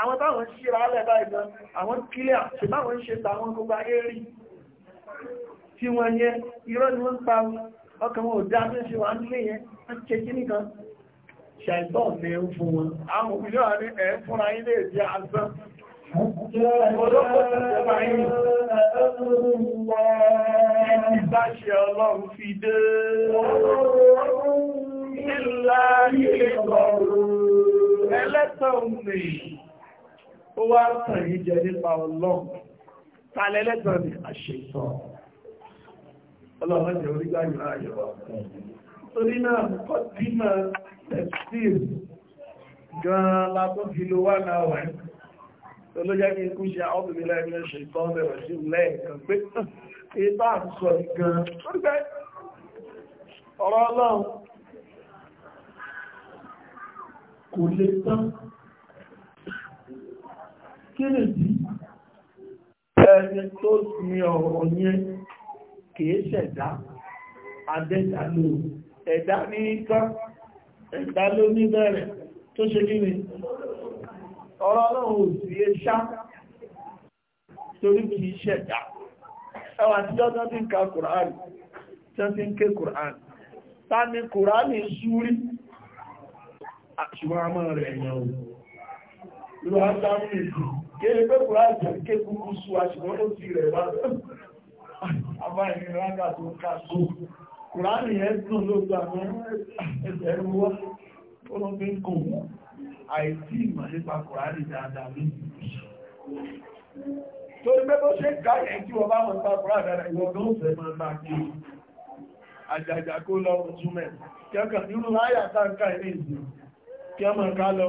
àwọn táwọn ń ṣíra alẹ́ báyìí gan àwọn kílẹ̀ ṣe báwọn ń ṣe tàwọn gbogbo ayé rí tí wọ́n yẹ irọ́ ni wọ́n ń pa ọkàn wọn ò dá tó ṣe wà nílé yẹn ṣe kí nìkan ṣàìtọ́ ní ń fún wọn àwọn òbílẹ̀ wà ẹ̀ fúnra ilé ìdí ó wá tàn yí jẹ nípa ọlọ́run tàlẹ́lẹ́tàn ni àṣetàn ọlọ́run jẹ́ orígbà yóò ayọ̀ torí náà kọ́ dímọ̀ tẹ̀síìl gan-an látó fi ló wà náà wà olójẹ́ ní ikú ṣe àwọn ṣe ìtàn kí ni ẹni tó mi ọ̀rọ̀ yẹn kìí ṣẹ̀dá adẹ́dá ló ẹ̀dá ní ẹ̀dá ló ní bẹ̀rẹ̀ tó ṣe ni ọ̀rọ̀ ọlọ́run ò sí eṣá torí kìí ṣẹ̀dá ẹwà tí ọjọ́ tí ń ka kùránì tí ó ta kùránì a rẹ̀ ló wá dámú ìlú kéèrè pé kò rájẹ̀ ké kúrú sú àṣìwọ́n ó ti rẹ̀ wá àbá ìrìn rága tó ká tó kùránì ẹ̀dùn ló gbà mọ́ ẹ̀sẹ̀ ẹ̀rùwá tó lọ fi ń kò mọ́ àìsí ìmọ̀ nípa kùránì dáadáa ní torí pé bó ṣe káyẹ̀ tí wọ́n bá mọ̀ nípa kùránì dáadáa ìwọ̀n tó ń fẹ́ máa bá kí àjàjà kó lọ mọ̀ túmẹ̀ kẹ́kọ̀ọ́ nínú láyà táǹkà ilé ìsìn kí ọmọ ká lọ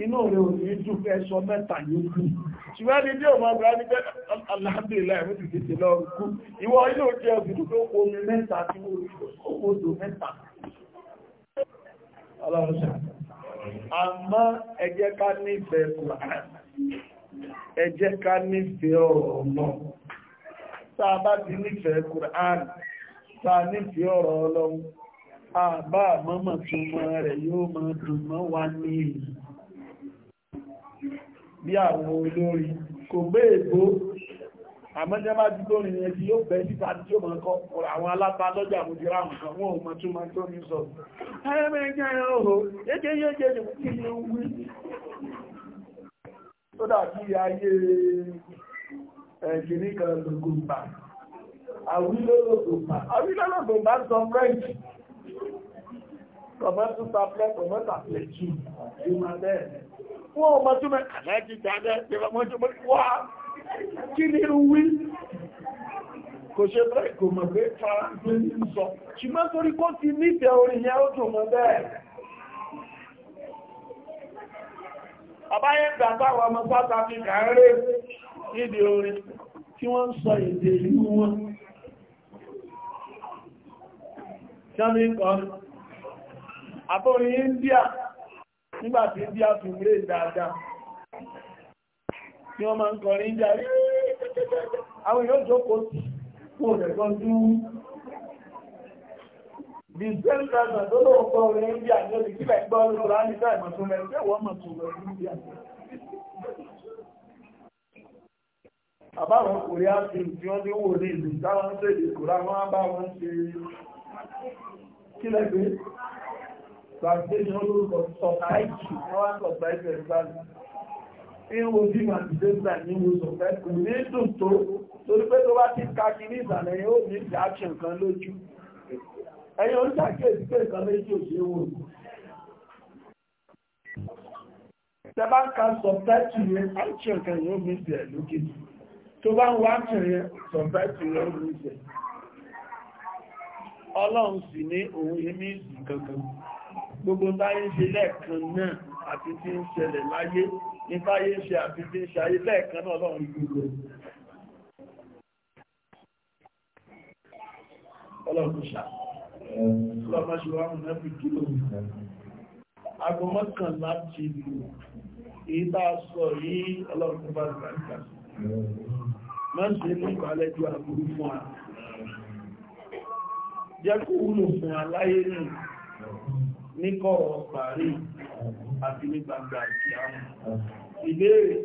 inú rẹ̀ ò ní jù fẹ́ sọ mẹ́ta yókù ṣùgbọ́n ní bí ọmọ ọgbà ní alhamdulillah ẹ̀mí ti tètè lọ kú ìwọ inú jẹ́ ọ̀gbìn tó kó omi mẹ́ta tí ó kó odò mẹ́ta ọlọ́rọ̀ṣà àmọ́ ẹ jẹ́ ká nífẹ̀ẹ́ kùránà ẹ jẹ́ ká nífẹ̀ẹ́ ọ̀rọ̀ náà tá a bá ti nífẹ̀ẹ́ kùránà tá a nífẹ̀ẹ́ ọ̀rọ̀ ọlọ́run àbá àmọ́mọ̀ tó mọ́ rẹ̀ yóò máa dùn mọ́ wa ní èyí bí àwọn olórí kò gbé ègbó àmọ́jẹ́bá ti tó rìn ẹ̀sì yóò bẹ̀ síta tí ó mọ̀ kọ́ àwọn aláta lọ́jà àmójúra nǹkan wọn ò mọ̀ tó máa tó ní sọ ẹ̀rẹ́mẹ́jẹ́ ẹ̀rọ ẹ̀kẹ́ yóò jẹ́ ìwúkí ní wí tó dàbí ayé ẹ̀kìní kan lògùnbà àwílọ́lọ́gùnbà sọ french kọ̀mọ́tún wọ́n ọmọ tó mẹ́ àlájí dáadáa ìjọba mọ́ tó mọ́ wá kí ni wí kò ṣe bẹ́ẹ̀ kò mọ̀ pé fara gbé ní sọ ṣùgbọ́n torí kó ti nífẹ̀ẹ́ orin yẹn ó dùn mọ́ bẹ́ẹ̀ àbáyé gbà táwọn ọmọ South Africa nígbà tí bí a fi rè dáadáa tí wọ́n máa ń kọrin ń járe àwọn èèyàn jókòó sí fún òdẹ̀gbọ́n tí wú the tó lóò kọ́ orin India ní orí kílẹ̀ gbọ́ lóòrò ánìsá ìmọ̀tún rẹ̀ tí ẹ̀wọ́n mọ̀ tó lọ India ń
tẹ̀lé kòrá
translation olórúkọ sọ̀táìkì wọ́n wá sọ̀táìkì ẹ̀rù bá lù ìwò bí ma ti dẹ́gbà ní ìwò sọ̀táìkì ní dùn tó torí pé tó bá ti káàkiri ní ìsàlẹ̀ yóò ní ìdáṣẹ̀ nǹkan lójú ẹ̀yìn oníṣàkíyèsí pé nǹkan méjì ò ṣe wò tẹ bá ń ka sọ̀táìkì yẹn áṣẹ̀ nǹkan yóò mí ìsẹ̀ lókè tó bá ń wá áṣẹ̀ yẹn sọ̀táìkì yóò mí ìsẹ̀ ọlọ́run sì ní òun yìí mí ìsìn gbogbo táyé ṣe lẹ́ẹ̀kan náà àti tí ń ṣẹlẹ̀ láyé ní táyé ṣe àti tí ń ṣayé lẹ́ẹ̀kan náà lọ́rùn gbogbo ọlọ́pùsà ọlọ́pàṣíwáhùn lẹ́bí kílò agbọn mọ́kànlá ti lò èyí tá a sọ yìí ọlọ́pùpá ìgbàlẹ́gbà máa ń ṣe ní ìgbàlẹ́jọ́ àbúrú fún wa jẹ́ kó wúlò fún aláyé ní kọ̀rọ̀ pàrí àti ní gbangba àti àwọn ìbéèrè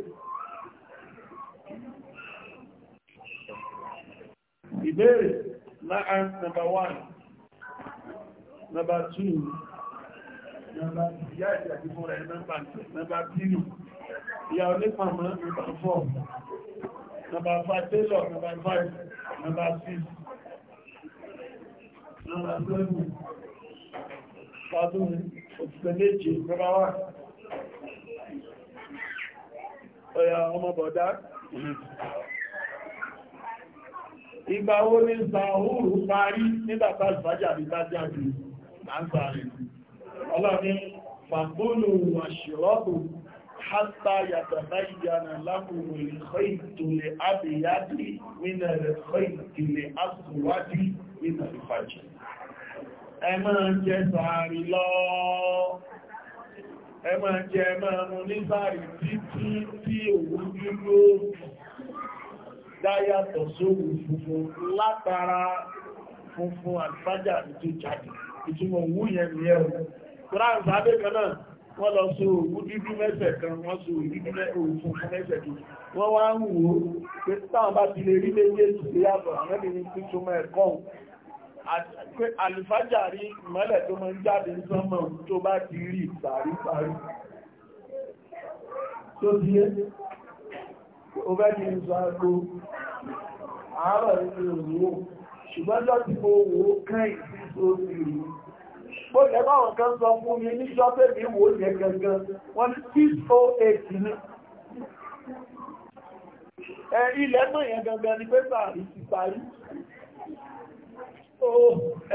ìbéèrè láà number one number two number ìyá ìjàdí fún rẹ̀ number three ìyá onípàmọ́ number four number five taylor number five number six number seven ọdún òtùtẹ̀ méje rọ́bá wà ọ̀yà ọmọ bọ̀dá ìgbà wo ni zahúrù parí nígbàtà ìfàjà bí bá jáde láńsàrí ọlọ́ni fàgbónù wàṣírọ́bù hátà yàtàbá ìyànà lákùnrin ìkọ́ ìtòlẹ̀ àbìyàdì nínú ẹ̀rẹ̀kọ́ ìtòlẹ̀ àtùwádìí nínú ìfàjì ẹ máa jẹ sàárì lọ ẹ máa jẹ ẹ máa mú ní sàárì títí tí òun dúró dáyàtọ̀ sóhun funfun látara funfun àlùfájà tó jáde ìtumọ̀ òwú yẹn ni ẹ̀ kúrán sábẹ́ kan náà wọ́n lọ so òwú dúdú mẹ́sẹ̀ kan wọ́n so òwú funfun mẹ́sẹ̀ kan wọ́n wá ń wò ó pé alìfájàrí ìmọ́lẹ̀ tó mọ́ ń jáde sánmọ̀ tó bá ti rí ìparí parí tó ti yé o bẹ́ ní ìsọ agbó àárọ̀ nínú òwúrò ṣùgbọ́n jọ ti mo wò ó kẹ́yìn sí tó ti rí bó jẹ́ báwọn kan sọ fún mi níjọ́ pé mi oh ilẹ̀ náà yẹn gangan ni pé parí ti parí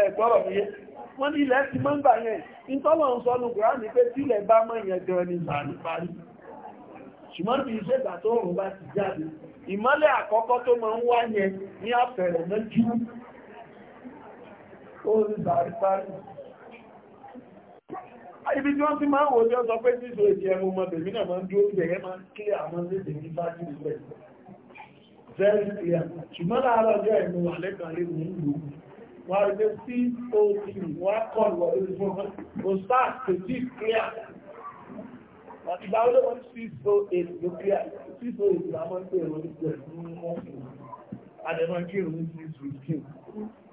ẹ̀gbọ́rọ̀ mi yé wọ́n ní ilẹ̀ ti mọ́ ń gbà yẹn ìtọ́lọ̀ ń sọ ní pé tí ilẹ̀ bá mọ́ yẹn gan ni bàrí parí ṣùgbọ́n bí iṣẹ́ ìgbà tó rùn bá ti jáde ìmọ́lẹ̀ àkọ́kọ́ tó máa ń ibi tí wọ́n ti máa ń wò jọ sọ pé síso èdè ẹmu ọmọ náà máa ń dúró máa ń kí àwọn ní bá jù very clear ṣùgbọ́n láàárọ̀ ọjọ́ ẹ̀mú wọ́n rí pé cop wọ́n kọlù wọ́n lórí fún wọn kò sáà kò tí clear àti ìgbà olówó ní six oh eight ló clear six oh eight làwọn ń pè é lórí pẹ̀lú mọ́fù àdẹ̀mọ́ kírun ní six fifteen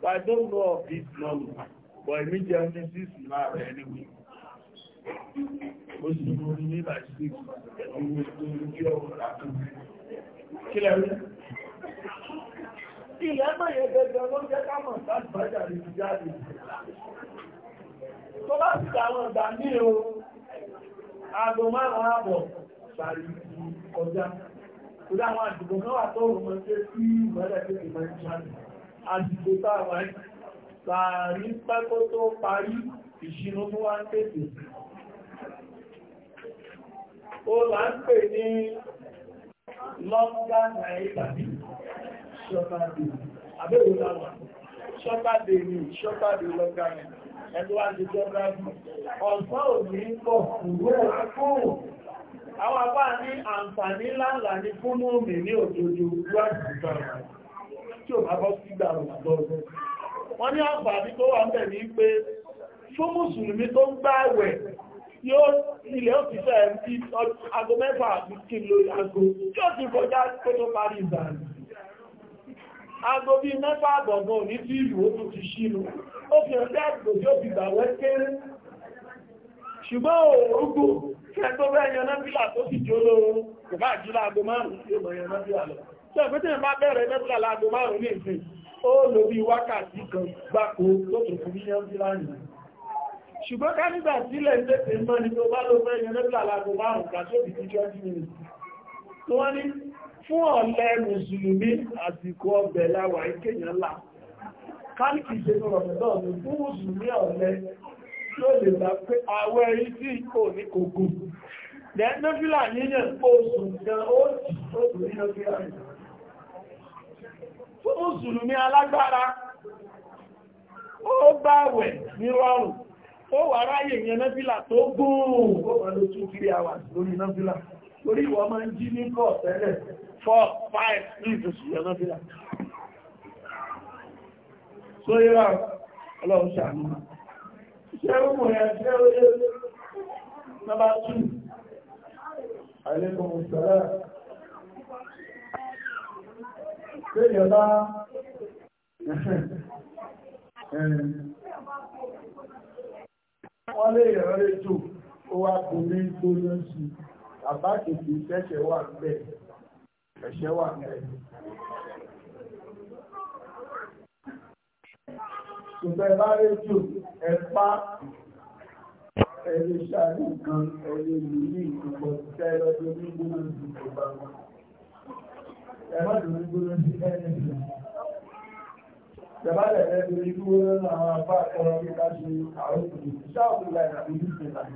but I don't know of this number but èmi jẹ́ ọdún six láàrẹ̀ anyway ó sì mú ní nígbà six pẹ̀lú ìwé tó ń kí ọ̀rọ̀ àtúntò kílẹ̀ rí ilẹ̀ mẹ́yẹ gẹ́gẹ́ ló jẹ́ kámọ̀ sáàbájà lè fi jáde tó bá ti dáwọn ìgbà ní o aago márùn-ún ààbọ̀ sàrí kọjá kò dáwọn àdìgbò náà wà tó rùn mọ́ sí sí ìmọ́lẹ̀ tó ti mọ́ ṣọ́tàdé àbẹ́wò láwọn ṣọ́tàdé ní ṣọ́tàdé lọ́gbàmì ẹgbẹ́ wá ti jọ́gbàmì ọ̀sán ò ní pọ̀ kúrò àkóò àwọn apá ní àǹfààní láńlá ní fún mọ́mì ní òjòjò lọ́gbàmì tí ò bá bọ́ sí gbà ọ̀gbọ̀n wọ́n ní àǹfààní tó wà ń bẹ̀ ní pé fún mùsùlùmí tó ń gbá ẹ̀wẹ̀ yóò ilẹ̀ òfìsẹ́ ẹ̀ ti ago mẹ́fà àti aago bíi mẹ́fà àbọ̀gbọ̀n òní tí ìlú ó tún ti ṣínu ó fi hàn sí àgbò tí ó fi gbà wẹ́ kéré ṣùgbọ́n òórùgbò kẹ́ tó fẹ́ yan nẹ́fìlà tó sì jó lóorun kò bá jí láago márùn-ún sí èmọ̀ yan nẹ́fìlà lọ tó ẹ̀fẹ́ tí wọ́n bá bẹ̀rẹ̀ nẹ́fìlà láago márùn-ún ní ìsìn ó lò bí wákàtí kan gbáko tó tún fún yíyan sí láàyè ṣùgbọ́n ká nígbà sílẹ̀ ń tètè lọ fún ọ̀lẹ́ mùsùlùmí àsìkò ọbẹ̀ láwà ìkéyàn là káàkì ṣe rọ̀mọ̀dọ́ ní fún mùsùlùmí ọ̀lẹ́ tó lè bá pé àwẹ̀ ìtí ìkò ní kòkò lẹ́nọ́fílà níyàn oṣù gan ó ó ní nọ́fílà torí ìwọ máa ń jí ní gọ̀ tẹ́lẹ̀ 4 5 minutes ìyẹ̀nà fílà tó yíra ọlọ́run ṣàánú ṣe ó mọ̀ ṣe ó yẹ nọ́bá 2 àìlẹ́kùn sọ́lá pé wọ́n lè yọ̀rọ̀ ètò ó wá kò ní gbóná sí bàbá kìí ṣẹ́ṣẹ̀ wà bẹ̀ ẹ̀ṣẹ̀ wà bẹ̀ ṣùgbọ́n bá rédíò ẹ̀pá ẹ̀lẹ́ ṣàrí nǹkan ẹ̀lẹ́ ìlú ìgbùgbọ̀ tẹ́ lọ́dún ní gbóná sí ìjọba wọn ẹ̀mọ́dún ní gbóná sí ẹ̀ẹ́sì Ìjọbálẹ̀ ẹgbẹ̀rẹ̀ ìlú orin àwọn àbá ọ̀rọ̀ kíká ṣe àwọn ìpìlẹ̀ ṣáàpù láìra ìlú ìpìlẹ̀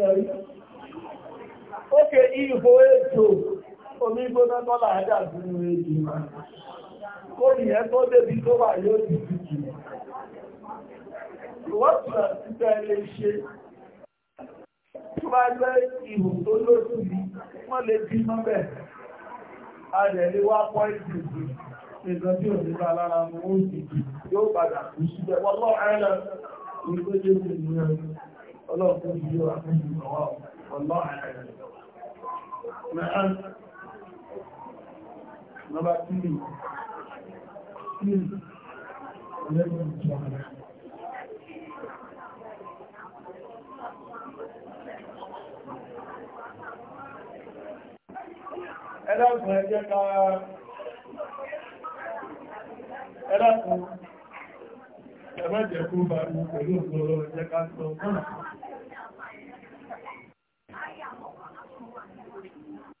ìtẹ̀rí. Ókè ihò ètò omi gbóná tọ́lá àjá sínú èdè máa. Kó nìyẹn tó débi tó wà yóò ti dìkì. Ìwọ́sùn àtúntẹ̀ lè ṣe. Tó bá jẹ́ tó lóṣù yìí, wọ́n lè bí mọ́bẹ̀. A rẹ̀ lé wá pọ́ìntì nǹkan tí ò ní bá lára mú yóò padà kú síbẹ̀. Wọ́n lọ́ ọlọ́run tó yí wa fún ìrọ̀wọ́ ọlọ́run àìrẹ̀ Number three, please, let me join. ẹlẹ́kùn ẹjẹ́ ká ẹlẹ́kùn ẹmẹ́jẹ̀kú bá ní pẹ̀lú ọ̀pọ̀lọ́ ẹjẹ́ ká sọ fún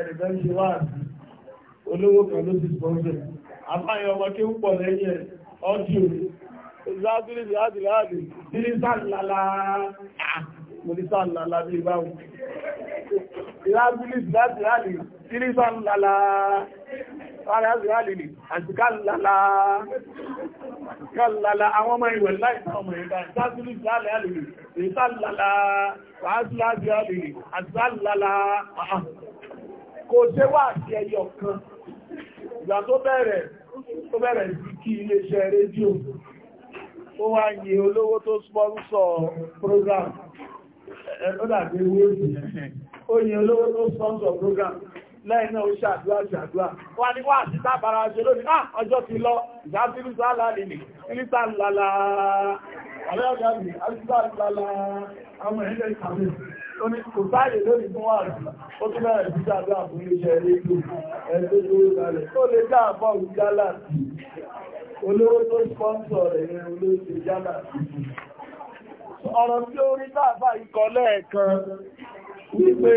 ẹnìkan ṣe wá àti olówó kan ló ti sponsor àbáyọ ọmọ kí ń pọ̀ lẹ́yìn ẹ̀ ọdí òní láàbírí láàbí láàbí bírí sáàlálá mọ̀lí sáàlálá bí ìbáhùn láàbírí láàbí láàbí bírí sáàlálá láàbí láàbí àti káàlálá kò ṣe wà sí ẹyọ kan ìgbà tó bẹ̀rẹ̀ tó bẹ̀rẹ̀ sí kí iléeṣẹ́ rédíò tó wá yí olówó tó spọ́nsọ̀ program ó wéèdì ó yí olówó tó spọ́nsọ̀ program lẹ́yìn náà ó ṣàdúrà ṣàdúrà wà ní wà sí tábàrà ṣe lónìí náà ah, ọjọ́ ti lọ kò sáàyè lórí fún wà rí ó tún bẹ̀rẹ̀ sí jàdó àfún iléeṣẹ́ rédíò ẹgbẹ́ tó ń e kalẹ̀ tó lè dá àbọ̀ jálà sí olówó tó sponsor rẹ̀ ní olóṣèlú jálà sí ọ̀rọ̀ tí ó rí láàbà ikọ̀ lẹ́ẹ̀kan wípé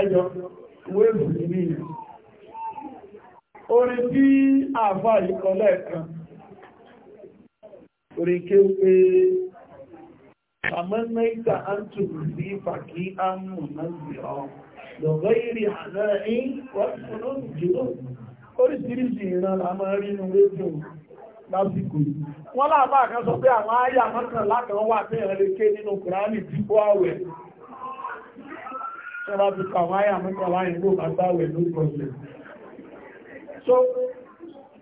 ẹjọ́ wéèbù ní orí tí àbá ikọ̀ lẹ́ẹ̀kan orí kéwé فمنيت أن تبذي فكيئا منذرا لغير حناء وحنون جنون oríṣiríṣi ìran la máa rí inú rédíò lásìkò yìí wọ́n láàbá kan sọ pé àwọn àyà mọ́kànlá kan wà tí ìran lè ké nínú kùránì tí kó àwẹ̀ ṣẹlá àwọn àyà mọ́kànlá ìgbò ló pọ̀lẹ̀ so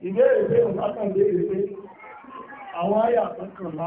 ìbéèrè pé òun látàlẹ́ ìrẹ́ àwọn àyà mọ́kànlá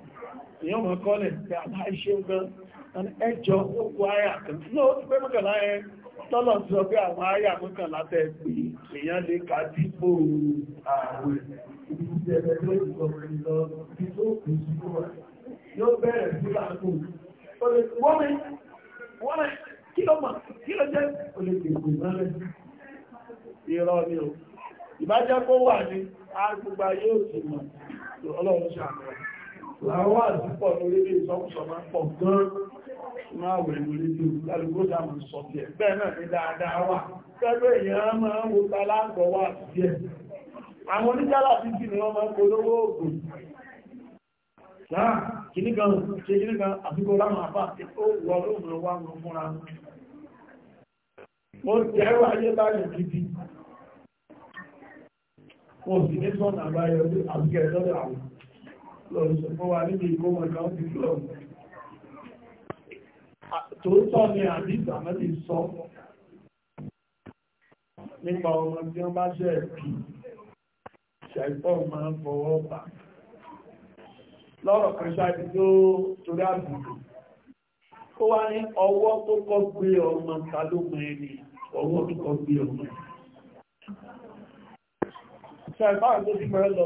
èyàn mọ̀ kọ́lẹ̀ pé aláìṣẹ́ gan ẹjọ́ òkú àyà kan ló ti pé mọ́kànlá ẹ tọ́lọ̀ sọ pé àwọn àyà mọ́kànlá tẹ́ pé èyàn lè ká dípò ààwẹ̀ yóò bẹ̀rẹ̀ sí láàkù kí ló mọ̀ kí ló jẹ́ olùgbègbè mọ́lẹ̀ ìrọ̀ ni o ìbájẹ́ kó wà ní agbègbè yóò ti mọ̀ ọlọ́run ṣàmọ̀ làwọn àdúpọ̀ lórílẹ̀ ìsọ́kùsọ̀ máa pọ̀ gan máa wẹ̀ lórí tí lálùgbò sáàmù sọ bí ẹ̀ bẹ́ẹ̀ náà ní dáadáa wà pẹ̀lú èèyàn máa ń wo talágbọ̀ wà sí ẹ̀ àwọn oníjálà ti jì ní wọ́n máa ń polówó ògùn kìníkan ṣe kìníkan àfikò láwọn àbá ó wọ lóògùn wà ń fúnra mo jẹ́rọ ayé báyìí gidi mo sì ní sọ́nà àbáyọ àbúkẹ́ lọ́dọ̀ àwọn lọ nípa ọmọ tí wọ́n bá ṣe ẹ̀bí ṣàìpọ̀ máa ń fọwọ́ bà lọ́rọ̀ kan ṣáàbí tó torí àbùkù ó wá ní ọwọ́ tó kọ́ gbé ọmọ tàlómọ ẹni ọwọ́ tó kọ́ gbé ọmọ ṣàìpọ̀ àti tó ti mẹ́rẹ́ lọ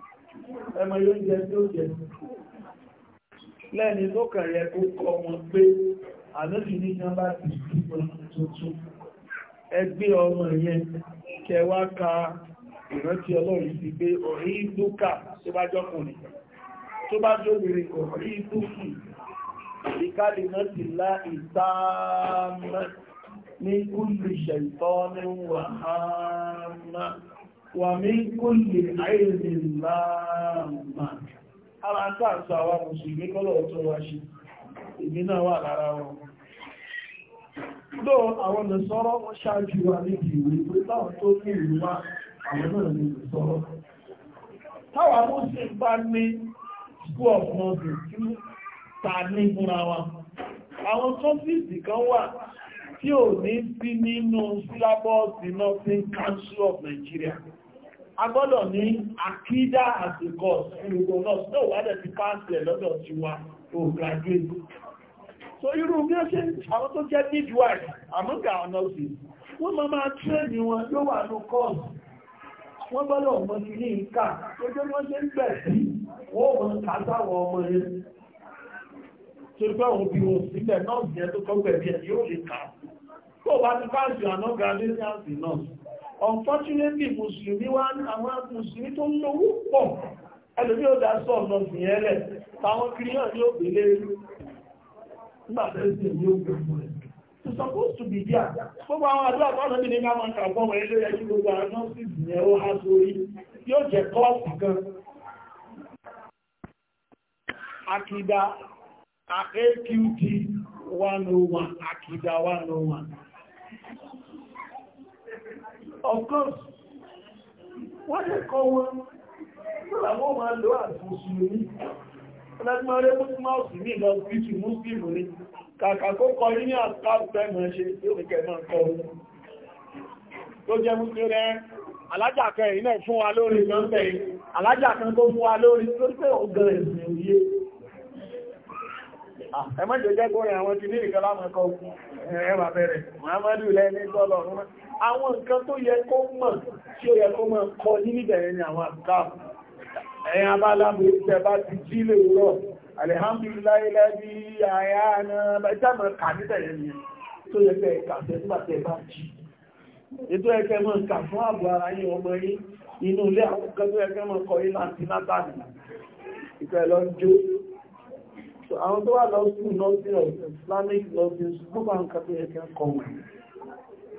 ẹmọ yóò jẹ tí ó jẹ lẹ́ni tó kẹ̀rẹ̀ kó kọ wọn pé àlójì ní jẹ́ bá ti dúpọ̀ tuntun ẹgbẹ́ ọmọ yẹn kẹwa ka ìrántí ọlọ́run ti gbé orí dúkà tó bá jọkùnrin tó bá jóbìnrin orí dúkì ìkálì náà ti lá ìtààmà ní kúlù ìṣẹ̀ntọ́ ní wàhálà ومن كل عيد لامة ara ń tàà sọ àwọn mùsùlùmí kọ́lọ̀ tó wá ṣe ìbí náà wà lára wọn ló àwọn nìsọ́rọ̀ wọ́n ṣáájú wa níbi ìwé pé táwọn tó ní ìlú wá àwọn náà ní nìsọ́rọ̀ school of nursing tí ta ní fúnra wa àwọn kọ́fíìsì kan wà tí ò ní sí nínú sílábọ́ọ̀sì nursing council of Nigeria agbọ́dọ̀ ní àkídá àsìkò ìrùgbò náà tó wà dẹ̀ ti pàṣẹ lọ́dọ̀ ti wà tó graduate so irú bí ó ṣe àwọn tó jẹ́ midwife amúgà ọ̀nà sí wọ́n máa máa tírẹ́nì wọn ló wà ní kọ́ọ̀sì wọ́n gbọ́dọ̀ ọmọ sí ní ìka tó jẹ́ wọ́n ṣe ń bẹ̀ sí wọ́n mọ̀ kásáwọ̀ ọmọ yẹn tó gbẹ́ òun bí wọn sílẹ̀ náà jẹ́ tó kọ́ pẹ̀lú ẹ̀ yóò lè kà tó bá ti pàṣẹ àná graduate náà unfortunately mùsùlùmí wá àwọn mùsùlùmí tó ń lówó pọ̀ ẹlòmí ò dá sọ ọ̀nà sí ẹlẹ̀ táwọn kìrìyàn ní òbílẹ̀ nígbàtẹ́sì ní òbílẹ̀ It's supposed to be there. Gbogbo àwọn àdúrà bí ní gbogbo gan. Akida AQT 101, Akida 101. of course wọ́n lè kọ́ wọn láwọn ọmọ lọ àti mùsùlùmí ọlọ́gbọ́nrẹ́ mọ́sí ní lọ sí ti mùsùlùmí ní kàkà kó kọ ní ní àtàbẹ̀mọ̀ ṣe yóò fi kẹ̀mọ̀ kọ́ tó jẹ́ mùsùlùmí alájàkẹ́ iná fún wa lórí lọ́pẹ̀ alájàkẹ́ tó fún wa lórí tó tẹ́ ọgbọ̀n ẹ̀sìn òye ẹmọ́jẹ̀jẹ́ kó rẹ̀ àwọn ti ní ìkọlámọ́kọ́ ẹwà bẹ̀rẹ̀ mọ́hàmọ́dù lẹ́ni tọ́lọ̀ àwọn nǹkan tó yẹ kó mọ̀ tí ó yẹ kó mọ̀ kọ ní níbẹ̀rẹ̀ ni àwọn àbúkà ẹ̀yìn abálábò ìṣẹ́ bá ti jí lè rọ̀ alihamdulilayi lẹ́bí àyà náà bẹ́jàmọ̀ kà níbẹ̀rẹ̀ ni tó yẹ kẹ́ ẹ̀kà tẹ́ nígbà tẹ́ bá jí ètò ẹ̀kẹ́ mọ̀ kà fún ààbò ara yín ọmọ yín inú ilé àwọn kan tó ẹ̀kẹ́ mọ̀ kọ sí ìlọ́sìn islamic lọ́sìn gbogbo àwọn kan tó yẹ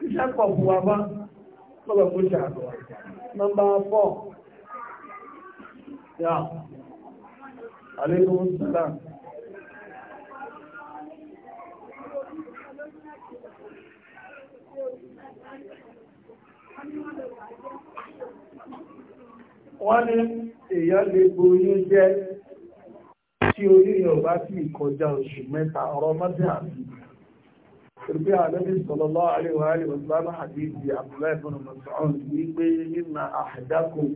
iṣẹ́ pọ̀ bù wá bá lọ́gbà kó ṣe àgbà nọ́mbà fọ́ yà àlékún sílá wọ́n ní èèyàn lè gboyún jẹ́ tí orí yóò bá sì kọjá oṣù mẹ́ta ọ̀rọ̀ mọ́dé àti Ìrùbí àdẹ́bí sọ̀lọ́lọ́ àríwá àríwá ìsìlámà àdíjì àbúlẹ́bùn Mùsùlùmí wípé nínà àdákùn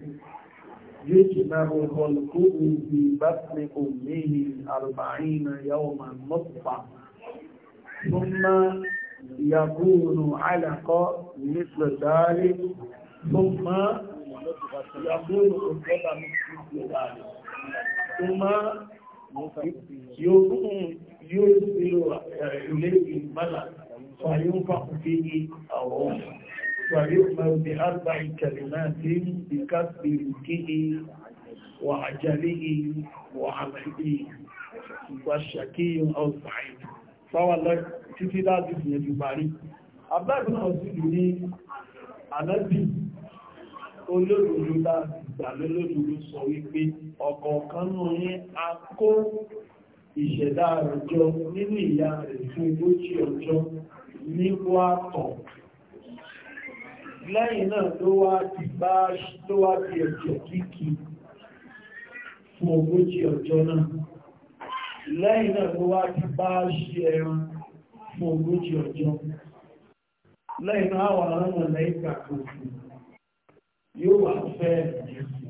yóò ṣe náà ọ̀rọ̀lùkú ìbí bá ti òmìnirí àrùbáyìn yàwó máa mọ́pàá. Súnmá ìyàkúrù àlàkọ́ nípò dárí, súnmá yóò sílò ilé ìgbàlá فينفق فيه الروح ويؤمر بأربع كلمات بكسب رزقه وعجله وعمله والشقي أو سعيد فوالله títí láti fi ẹ̀dù parí. Abẹ́bùn náà sí ní Ànábì olóòrùn láti ìgbà lólóòrùn sọ wípé ọ̀kọ̀ọ̀kan ìṣẹ̀dá ọjọ́ nínú ìyá rẹ̀ fún ogójì ọjọ́ ní wátọ̀. Lẹ́yìn náà ló wá di bá tó wá di ẹ̀jẹ̀ kíkì fún ogójì ọjọ́ náà. Lẹ́yìn náà ló wá di bá ṣe ẹran fún ogójì ọjọ́. Lẹ́yìn náà àwọn arámọ̀ lẹ́yìn kàkòkò yóò wà fẹ́ ẹ̀jẹ̀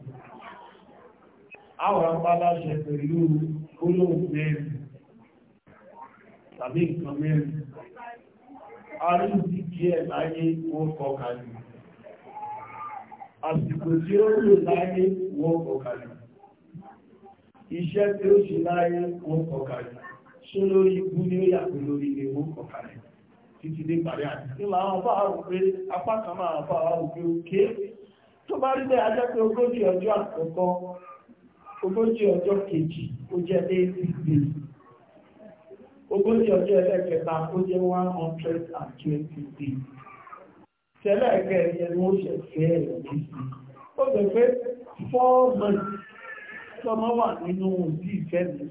àwọn apáláṣẹ pẹ̀lú olóhùn tàbí nǹkan mẹ́rin arúgbí díẹ̀ láyé wọ́n kọkàlù àsìkò tí ó lò láyé wọ́n kọkàlù iṣẹ́ tí ó ṣe láyé wọ́n kọkàlù ṣó lórí ikú ní ó lórí ilé wọ́n kọkàlù títí dé parí àti tó bá ogójì ọjọ́ kejì ó jẹ́ 80 days ogójì ọjọ́ ẹlẹ́kẹta ó jẹ́ 120 days tẹ́lẹ̀kẹ́ ẹ̀yẹ ni ó ṣe fẹ́ ẹ̀rọ ní sí ó bẹ̀ pé 4 months tọmọ wà nínú òbí ìfẹ́ mi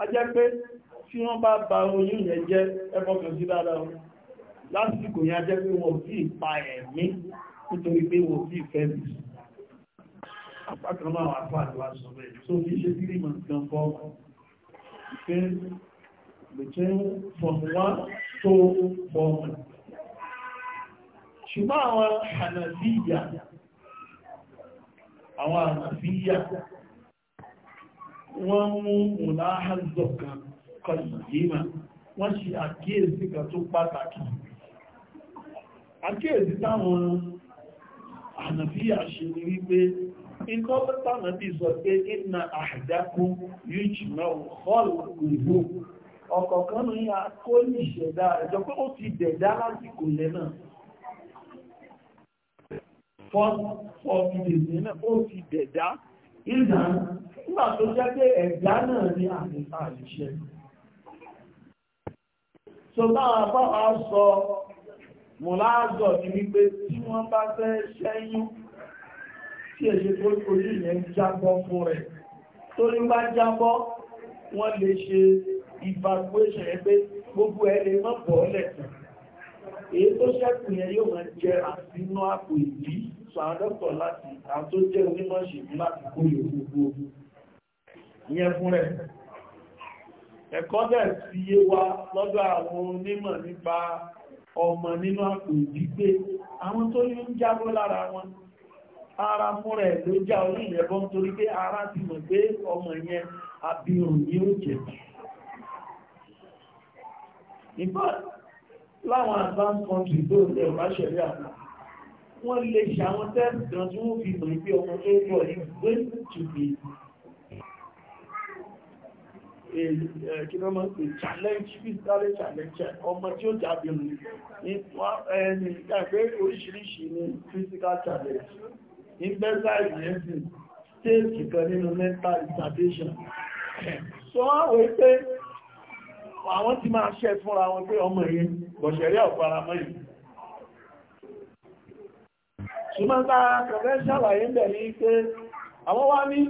a jẹ́ pé tí wọ́n bá ba oyún yẹn jẹ́ ẹbọ́kàn sí dáadáa lásìkò yẹn jẹ́ pé wọ́n bí ìpa ẹ̀mí nítorí pé wọ́n bí ìfẹ́ mi sí apákanlá àwọn apáàdùwà sọ bẹ́ẹ̀ tó fi ṣe three months gan fọ́ọ̀mù pé between from one to four months ṣùgbọ́n àwọn ànàfíyà àwọn ànàfíyà wọ́n mú mùláhàzọ̀ kan kọlìyìmá wọ́n ṣe àkíyèsí kan tó pàtàkì àkíyèsí táwọn ànàfíyà ṣe ní wípé iná tọ́nà bí sọ pé iná àdákú yújùmọ́ ọ̀họ́lùkùnrù ọ̀kọ̀kan ní a kó ní ìṣẹ̀dá ẹjọ́ pé ó ti dẹ̀dá lásìkò lẹ́ náà fọ́nfọ́nfẹ́ náà ó ti dẹ̀dá ìlànà nígbà tó jẹ́ pé ẹ̀dá náà ní àmì wípé tí wọ́n bá fẹ́ ṣẹ́yún tí èṣe tó orí yẹn jábọ́ fún rẹ̀ tó ní bá jábọ́ wọ́n lè ṣe evacuation ẹgbẹ́ gbogbo ẹ lè mọ́ bọ́ọ̀lẹ̀ èyí tó ṣẹ́kù yẹn yóò máa jẹ́ àtinú àpò ìdí sọ àwọn dọ́kítọ̀ láti àwọn tó jẹ́ onímọ̀ ṣèlú láti kó yòó gbogbo yẹn fún rẹ̀ ẹ̀kọ́ bẹ̀ ti yé wa lọ́dọ̀ àwọn onímọ̀ nípa ọmọ nínú àpò ìdí pé àwọn tó ní ń jábọ́ lára wọn ara múra ẹ̀ ló já orí ìrẹ̀bọ́ nítorí pé ara ti mọ̀ pé ọmọ yẹn abirùn ní ó jẹ̀ nígbà láwọn advanced country tó lẹ̀ ọ̀bá ṣẹ̀rí àmà wọ́n lè ṣe àwọn tẹ́ẹ̀sì kan tí wọ́n fi mọ̀ pé ọmọ tó pọ̀ ní going to be kí máa ń pè challenge physically challenge ọmọ tí ó jábìrì ní ẹni ìgbà pé oríṣiríṣi ní physical challenge ìgbẹ́sáìdì ẹ̀sìn stéèkì kan nínú mental retardation so àwọn pé àwọn ti máa ṣẹ́ fúnra wọn pé ọmọ yẹn bọ̀ṣẹ̀rí ọ̀paramọ́ yìí ṣùgbọ́n tá professional àyè ń bẹ̀ ní pé àwọn wá ní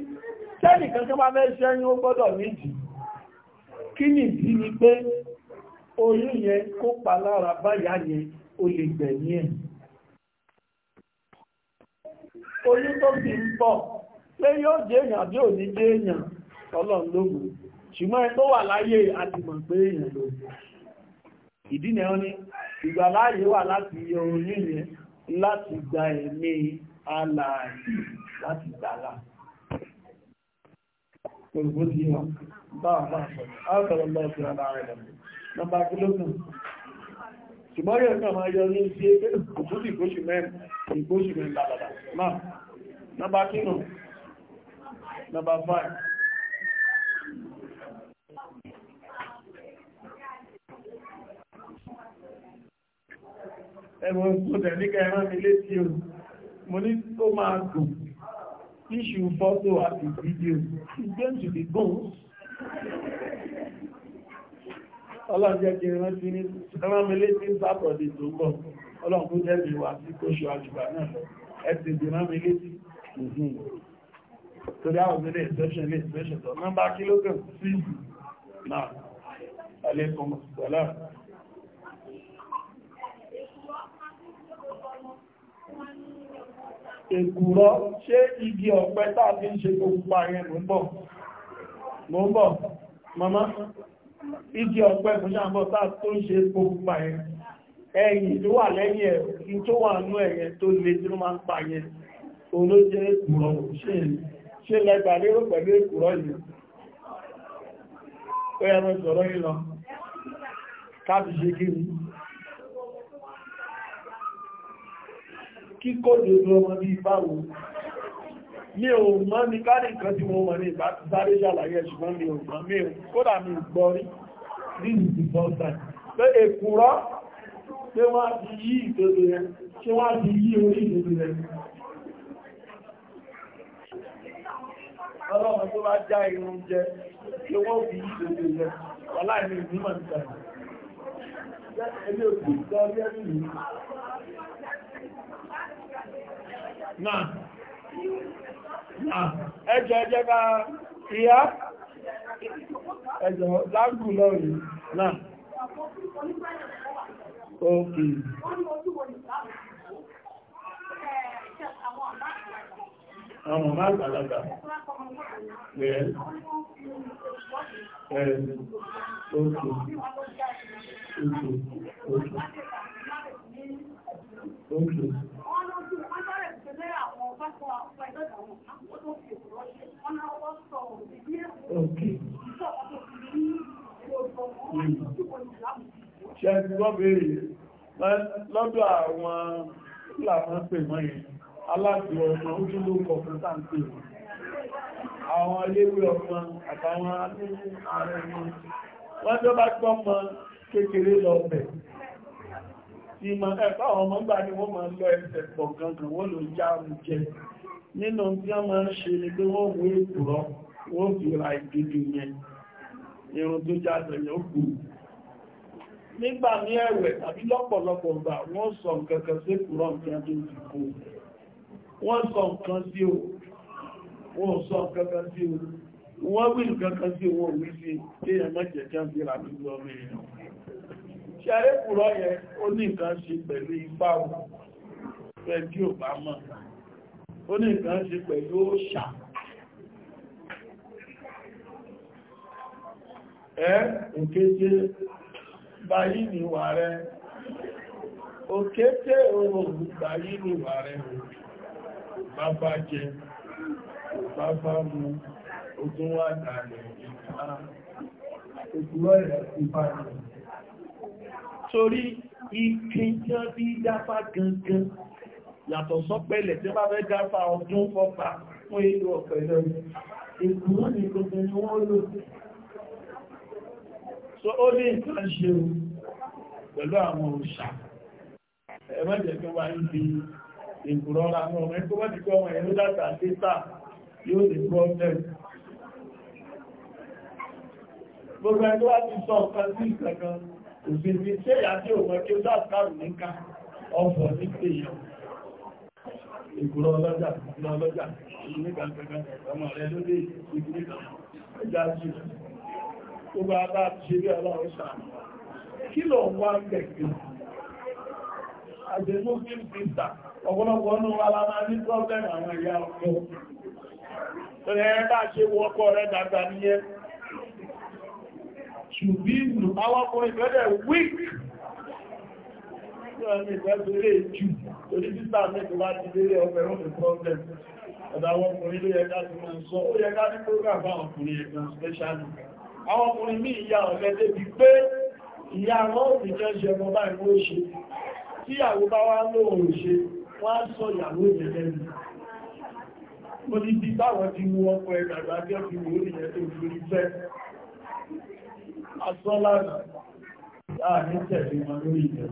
tẹ́nì kankan bá fẹ́ ṣẹ́yìn ó gbọ́dọ̀ nídìí kí nìdí ni pé oyún yẹn kópa lára báyà yẹn ó lè gbẹ̀mí ẹ̀ oyún tó ti ń bọ̀ pé yóò jẹ́ èèyàn bí ò ní jẹ́ èèyàn ọlọ́run ṣùgbọ́n ẹ tó wà láyé àti pé èèyàn ló ìdí nìyẹn ni ìgbà láàyè wà láti yọ oyún yẹn láti gba ẹ̀mí alààyè láti gbàlà
ṣùgbọ́n yóò
máa yọ ní ìgbóṣù rẹ̀ lálàdà máa nọba kínú nọba 5 ẹ̀wọ̀n ìgbóṣẹ̀ nígbà ẹ̀rọ mi létí o mo ní tó máa gùn issue photo àti video it's going to be Ọlọ́run jẹ́ kí rántí ní ránmilé tí sátọ̀dé tó ń bọ̀. Ọlọ́run kó jẹ́ bí wà sí kóṣù àjùbà náà lọ. Ẹ ti di ránmilé tí. Mhm. Torí àwọn ilé ìṣẹ́ṣẹ́ ilé ìṣẹ́ṣẹ́ tọ̀. Nọ́mbà kílógàn sí náà. Alẹ́kùn Sọ́lá. Èkùrọ́ ṣé igi ọ̀pẹ tàbí ń ṣe gbogbo ayẹ́ mọ́ bọ̀? Mọ́ bọ̀, màmá. iji ọ̀pẹ fún ṣàmbọ̀ sáà tó ń ṣe epo pupa yẹn ẹ̀yìn tó wà lẹ́yìn ẹ̀ kí tó wà nú ẹ̀yẹn tó le tí ó máa ń pa yẹn olóṣẹ́ èkùrọ̀ ṣe lẹ́gbà lérò pẹ̀lú èkùrọ̀ yìí mi ò mọ̀ ní kárí nǹkan tí mo mọ̀ ní ìbátisáré ṣàlàyé ṣùgbọ́n mi ò mọ̀ mi ò kódà mi gbọ́ rí this is the first time pé èkùrọ́ pé wọ́n ti yí ìdodo rẹ̀ ṣé wọ́n ti yí orí ìdodo rẹ̀ ọlọ́run tó bá já irun jẹ pé wọ́n fi yí ẹjọ́ ẹjẹ́ bá ríá ẹjọ́ lágùn lọ́rùn náà ókè
àwọn máa gbàlagbà rẹ̀ ẹ̀
ókè ókè ókè ókè Ṣẹ́ni wọ́n béèrè lọ́dọ̀ àwọn ìlàmọ́ pè mọ́ yìí, aláàbí ọmọ ojúlókọ̀ fún tàǹtì. Àwọn iléwé ọmọ àtàwọn ààrẹ wọn. Wọ́n jọba gbọ́mọ kékeré lọ tí ma ẹ̀fà ọmọ gbà ní wọ́n ma lọ ẹ̀fẹ̀ pọ̀ gangan wọ́n ló já ń jẹ nínú tí wọ́n ma ń ṣe ni pé wọ́n wé ìpùrọ̀ wọ́n fi ra ìdúdú yẹn irun tó jáde yóò kú nígbà ní ẹ̀wẹ̀ tàbí lọ́pọ̀lọpọ̀ gbà wọ́n sọ nǹkan sí ìpùrọ̀ nǹkan tó ti kú wọ́n sọ nǹkan sí o wọ́n sọ nǹkan sí o wọ́n wí nǹkan sí o wọ́n wí sí kéèyàn mọ́jẹ̀kẹ́ ń fi rà nígbà ọmọ èèyàn ṣẹ́rẹ́kùrọ́ a ó ní nǹkan ṣe pẹ̀lú ipá rẹ̀ tí ò bá ó ní nǹkan ṣe pẹ̀lú òṣà ẹ́ òkété báyìí ni wà rẹ̀ òkété ohun báyìí wà bàbá jẹ bàbá mu ogun wà dàrẹ̀ ìgbà òkúrọ̀ ẹ̀ torí ikin tí wọ́n bí dáfà gangan yàtọ̀ sọ́pẹ̀lẹ̀ tí wọ́n fẹ́ dáfà ọdún fọ́pà fún èlò ọ̀pẹ̀lẹ̀ ìgbùn ní gbogbo ni wọ́n lò so ó ní nǹkan ṣe pẹ̀lú àwọn òṣà ẹ̀mọ́jẹ̀ kí wọ́n ń bí ìgbùrọ́ra mọ́ ọmọ ẹgbẹ́ wọ́n ti kọ́ ọmọ ẹ̀rọ dátà problem gbogbo ẹgbẹ́ wá ti sọ ọ̀kan sí ìkẹ̀kan òṣèlú tí èyà tí ò mọ́ kí ó dáàkàrù níka ọ̀fọ̀ ní pèèyàn ìgbòrò ọlọ́jà ìgbòrò ọlọ́jà ìgbòrò ọmọ rẹ̀ lóde ìgbòrò ọjà jù tó bá bá ṣe bí ọlọ́run sàn kí lọ wá ń bẹ̀kẹ́ àjẹ́mú sí ìpínta ọ̀pọ̀lọpọ̀ ọ̀nà wa la máa ní pọ́blẹ̀mù àwọn ṣùgbínú àwọn ọkùnrin fẹ́lẹ̀ wík ní ìfẹ́sẹ̀lẹ̀ jù torí títà mẹ́kù bá ti lérè ọmọrún problem ọ̀dá àwọn ọkùnrin ló yẹká ti máa ń sọ ó yẹká ní program bá ọkùnrin ẹ̀kan special àwọn ọkùnrin ní ìyá ọ̀lẹ́ débi pé ìyá àwọn òfìjọ́ ṣe ọmọ bá ìwó ṣe tí ìyàwó bá wá lóòrò ṣe wọ́n á sọ ìyàwó ìrẹ̀lẹ́nu mo ti di báwọn ti mú ọkọ̀ ẹ̀dàgbà tí ó fi tó fi fẹ́
asọ́lára
láàrin tẹ̀lé wọn lórí ìjẹ̀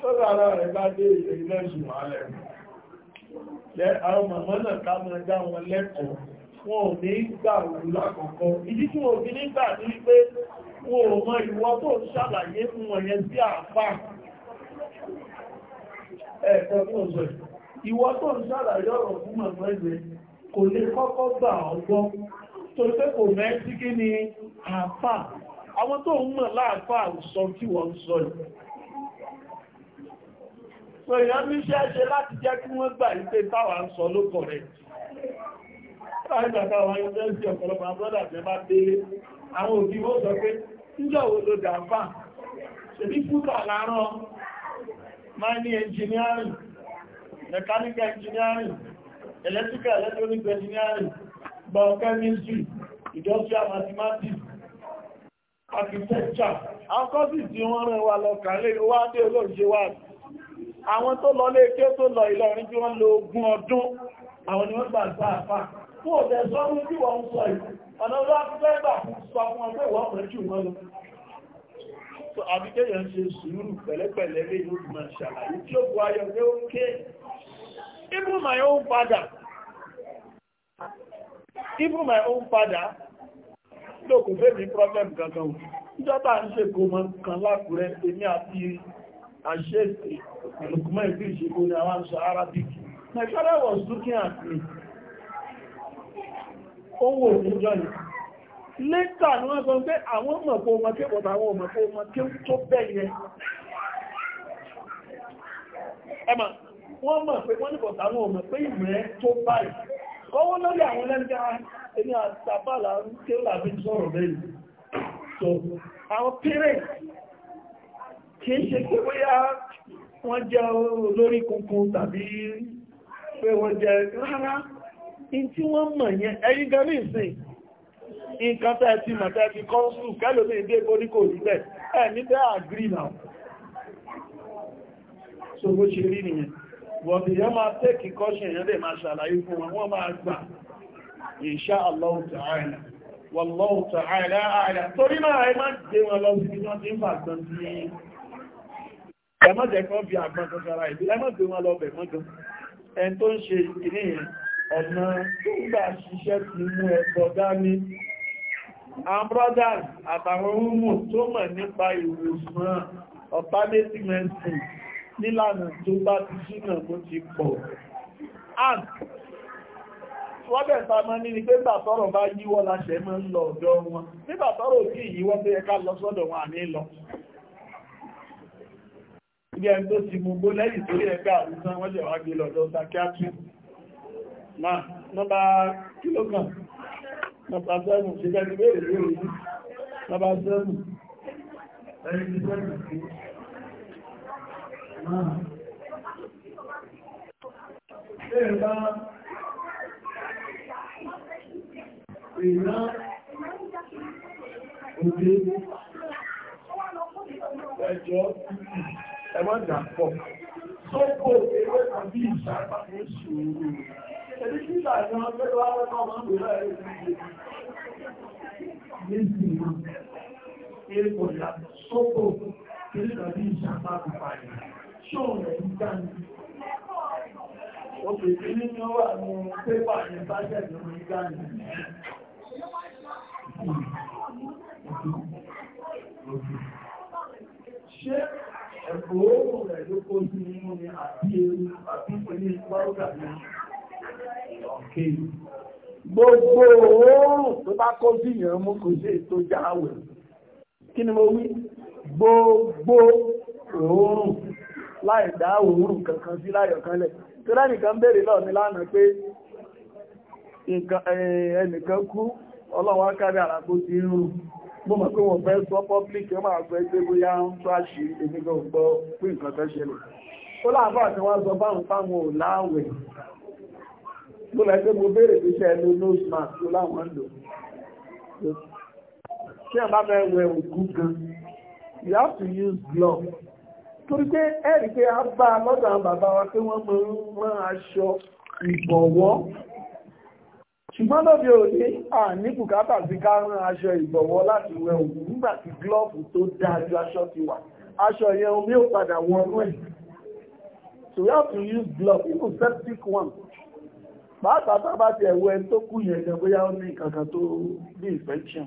sọ́lára rẹ̀ bá dé ilẹ̀ ìṣùwà rẹ̀ lẹ́ àwọn màmá náà ká mọ́ dá wọn lẹ́kọ̀ọ́ wọn ò ní gbà òun lákọ̀ọ́kọ́ ìdí tí wọn ò fi ní gbà ní wípé wọn ò mọ ìwọ tó ṣàlàyé fún wọn yẹn sí àpá ẹ̀kọ́ tó sọ ìwọ tó ṣàlàyé ọ̀rọ̀ fún màmá ẹgbẹ́ kò lè kọ́kọ́ gbà ọgbọ́n torí pé kò mẹ́ sí kí ni àfà àwọn tó ń mọ̀ láàfà sọ tí wọ́n sọ yìí so èèyàn ní iṣẹ́ ṣe láti jẹ́ kí wọ́n gbà ìpé táwà ń sọ ló kọ̀ rẹ̀ láìgbàtàwọn ẹgbẹ́sì ọ̀pọ̀lọpọ̀ àbúrọ́dà tẹ́ bá délé àwọn òbí ó sọ pé níjọ́ wo ló dàfà
ṣèbí fúkà láàárọ̀
mining engineering mechanical engineering electrical electronic engineering biochemistry industrial mathematics architecture àwọn courses tí wọ́n rẹ̀ wà lọ kàlẹ̀ wá dé olóòṣè wà àwọn tó lọ lé ké tó lọ Ìlọrin tí wọ́n lò ogún ọdún àwọn ni wọ́n gbà gbà àpá fún òdẹ̀ sọ́rún tí wọ́n sọ yìí ọ̀nà olóòwà ti sọ fún ọgbẹ́ ìwọ̀n rẹ̀ jù wọ́n lọ àbíkẹ́yàn ṣe sùúrù pẹ̀lẹ́pẹ̀lẹ́ lè yóò even my own father ló kò fẹ́ ní problem kankan ìjọba ń ṣe kó mọ́ kan lákùrẹ́ èmi àti àṣẹ ìlùkùnmọ́ ìbí ìṣẹ́kó ní àwọn aṣọ Arabic my father was looking at me
ó wò ní jọ́nì
lẹ́tà ni wọ́n sọ pé àwọn ọmọkó ọmọ kéwọ́ta àwọn ọmọkó ọmọ kéw tó bẹ́yẹ ẹmà wọ́n mọ̀ pé wọ́n ní bọ̀tà àwọn ọmọ pé ìmọ̀ ẹ tó báyìí kọ́wọ́ lórí àwọn ẹlẹ́gbẹ́ ẹni àtàbàlà tí ó làbí sọ̀rọ̀ lẹ́yìn so àwọn parents kì í ṣe pé bóyá wọ́n jẹ́ olórí kunkun tàbí pé wọ́n jẹ́ rárá in tí wọ́n mọ̀ yẹn ẹ̀yí gan ní ìsìn nǹkan tẹ́ ti mọ̀ tẹ́ ti so bó ṣe rí nìyẹn wọ̀bí yẹn máa tẹ́kì kọ́ṣẹ̀ yẹn lè máa ṣàlàyé fún wọn wọ́n máa gbà insha Allahu ta'ala wallahu ta'ala àìlà torí náà ẹ má gbé wọn lọ sí wọ́n ti ń mú tó mọ̀ nípa ìwòsàn alternative medicine nílànà tó bá ti ṣínà tó ti pọ̀. and wọ́n bẹ̀ ta mọ́ ní ni pé bàtọ́rọ̀ bá yíwọ́ láṣẹ mọ́ ń lọ ọ̀dọ̀ wọn ní bàtọ́rọ̀ tí ìyíwọ́ tó yẹ ká lọ sọ́dọ̀ wọn àní lọ ibi ẹni tó ti mú gbó lẹ́yìn tó yẹ ká àrùsán wọ́n jẹ̀ wá gbé lọ́dọ̀ sakiatri ma nọ́bà kílógàn nọ́bà sẹ́mù ṣe Ẹ̀bá
ẹjọ́
ẹwọ́n dàpọ̀. Sọ́pọ̀ ewé tàbí ìṣàpá ní ṣòro. Ẹni tí ìlànà pẹ́lú àwọn ọmọ ìlú ẹ̀rẹ́ ìgbẹ̀rẹ̀. Ní ìsìn ṣóòrùn Gbogbo òórùn tó bá kó sí ìyẹn mú kò sí ètò jáwèé. Kí ni mo wí? Gbogbo òórùn láì dá òórùn kankan sí láyọ̀ kanlẹ̀ tó lẹ́nìkan béèrè lọ ní lánàá pé ẹnìkan kú ọlọ́wọ́ kárí àràkó ti rú mọ̀ pé wọ́n fẹ́ sọ public ọmọ àgbẹ̀ pé bóyá ń tó àṣì you have to use gloves torí pé ẹ̀rí pé a bá lọ́dọ̀ àwọn bàbá wa pé wọ́n mọ̀ ń aṣọ ìbọ̀wọ́ ṣùgbọ́n lóde òní à ní bùkátà sí ká rán aṣọ ìbọ̀wọ́ láti wẹ òkú nígbà tí glọ́ọ̀fù tó dáa aṣọ ti wà aṣọ yẹn omi ò padà wọnú ẹ̀ so we have to use glove even septic one pàápàá tá a bá ti ẹ̀wọ́ ẹni tó kú yẹn gan bóyá ó ní kankan tó bí infection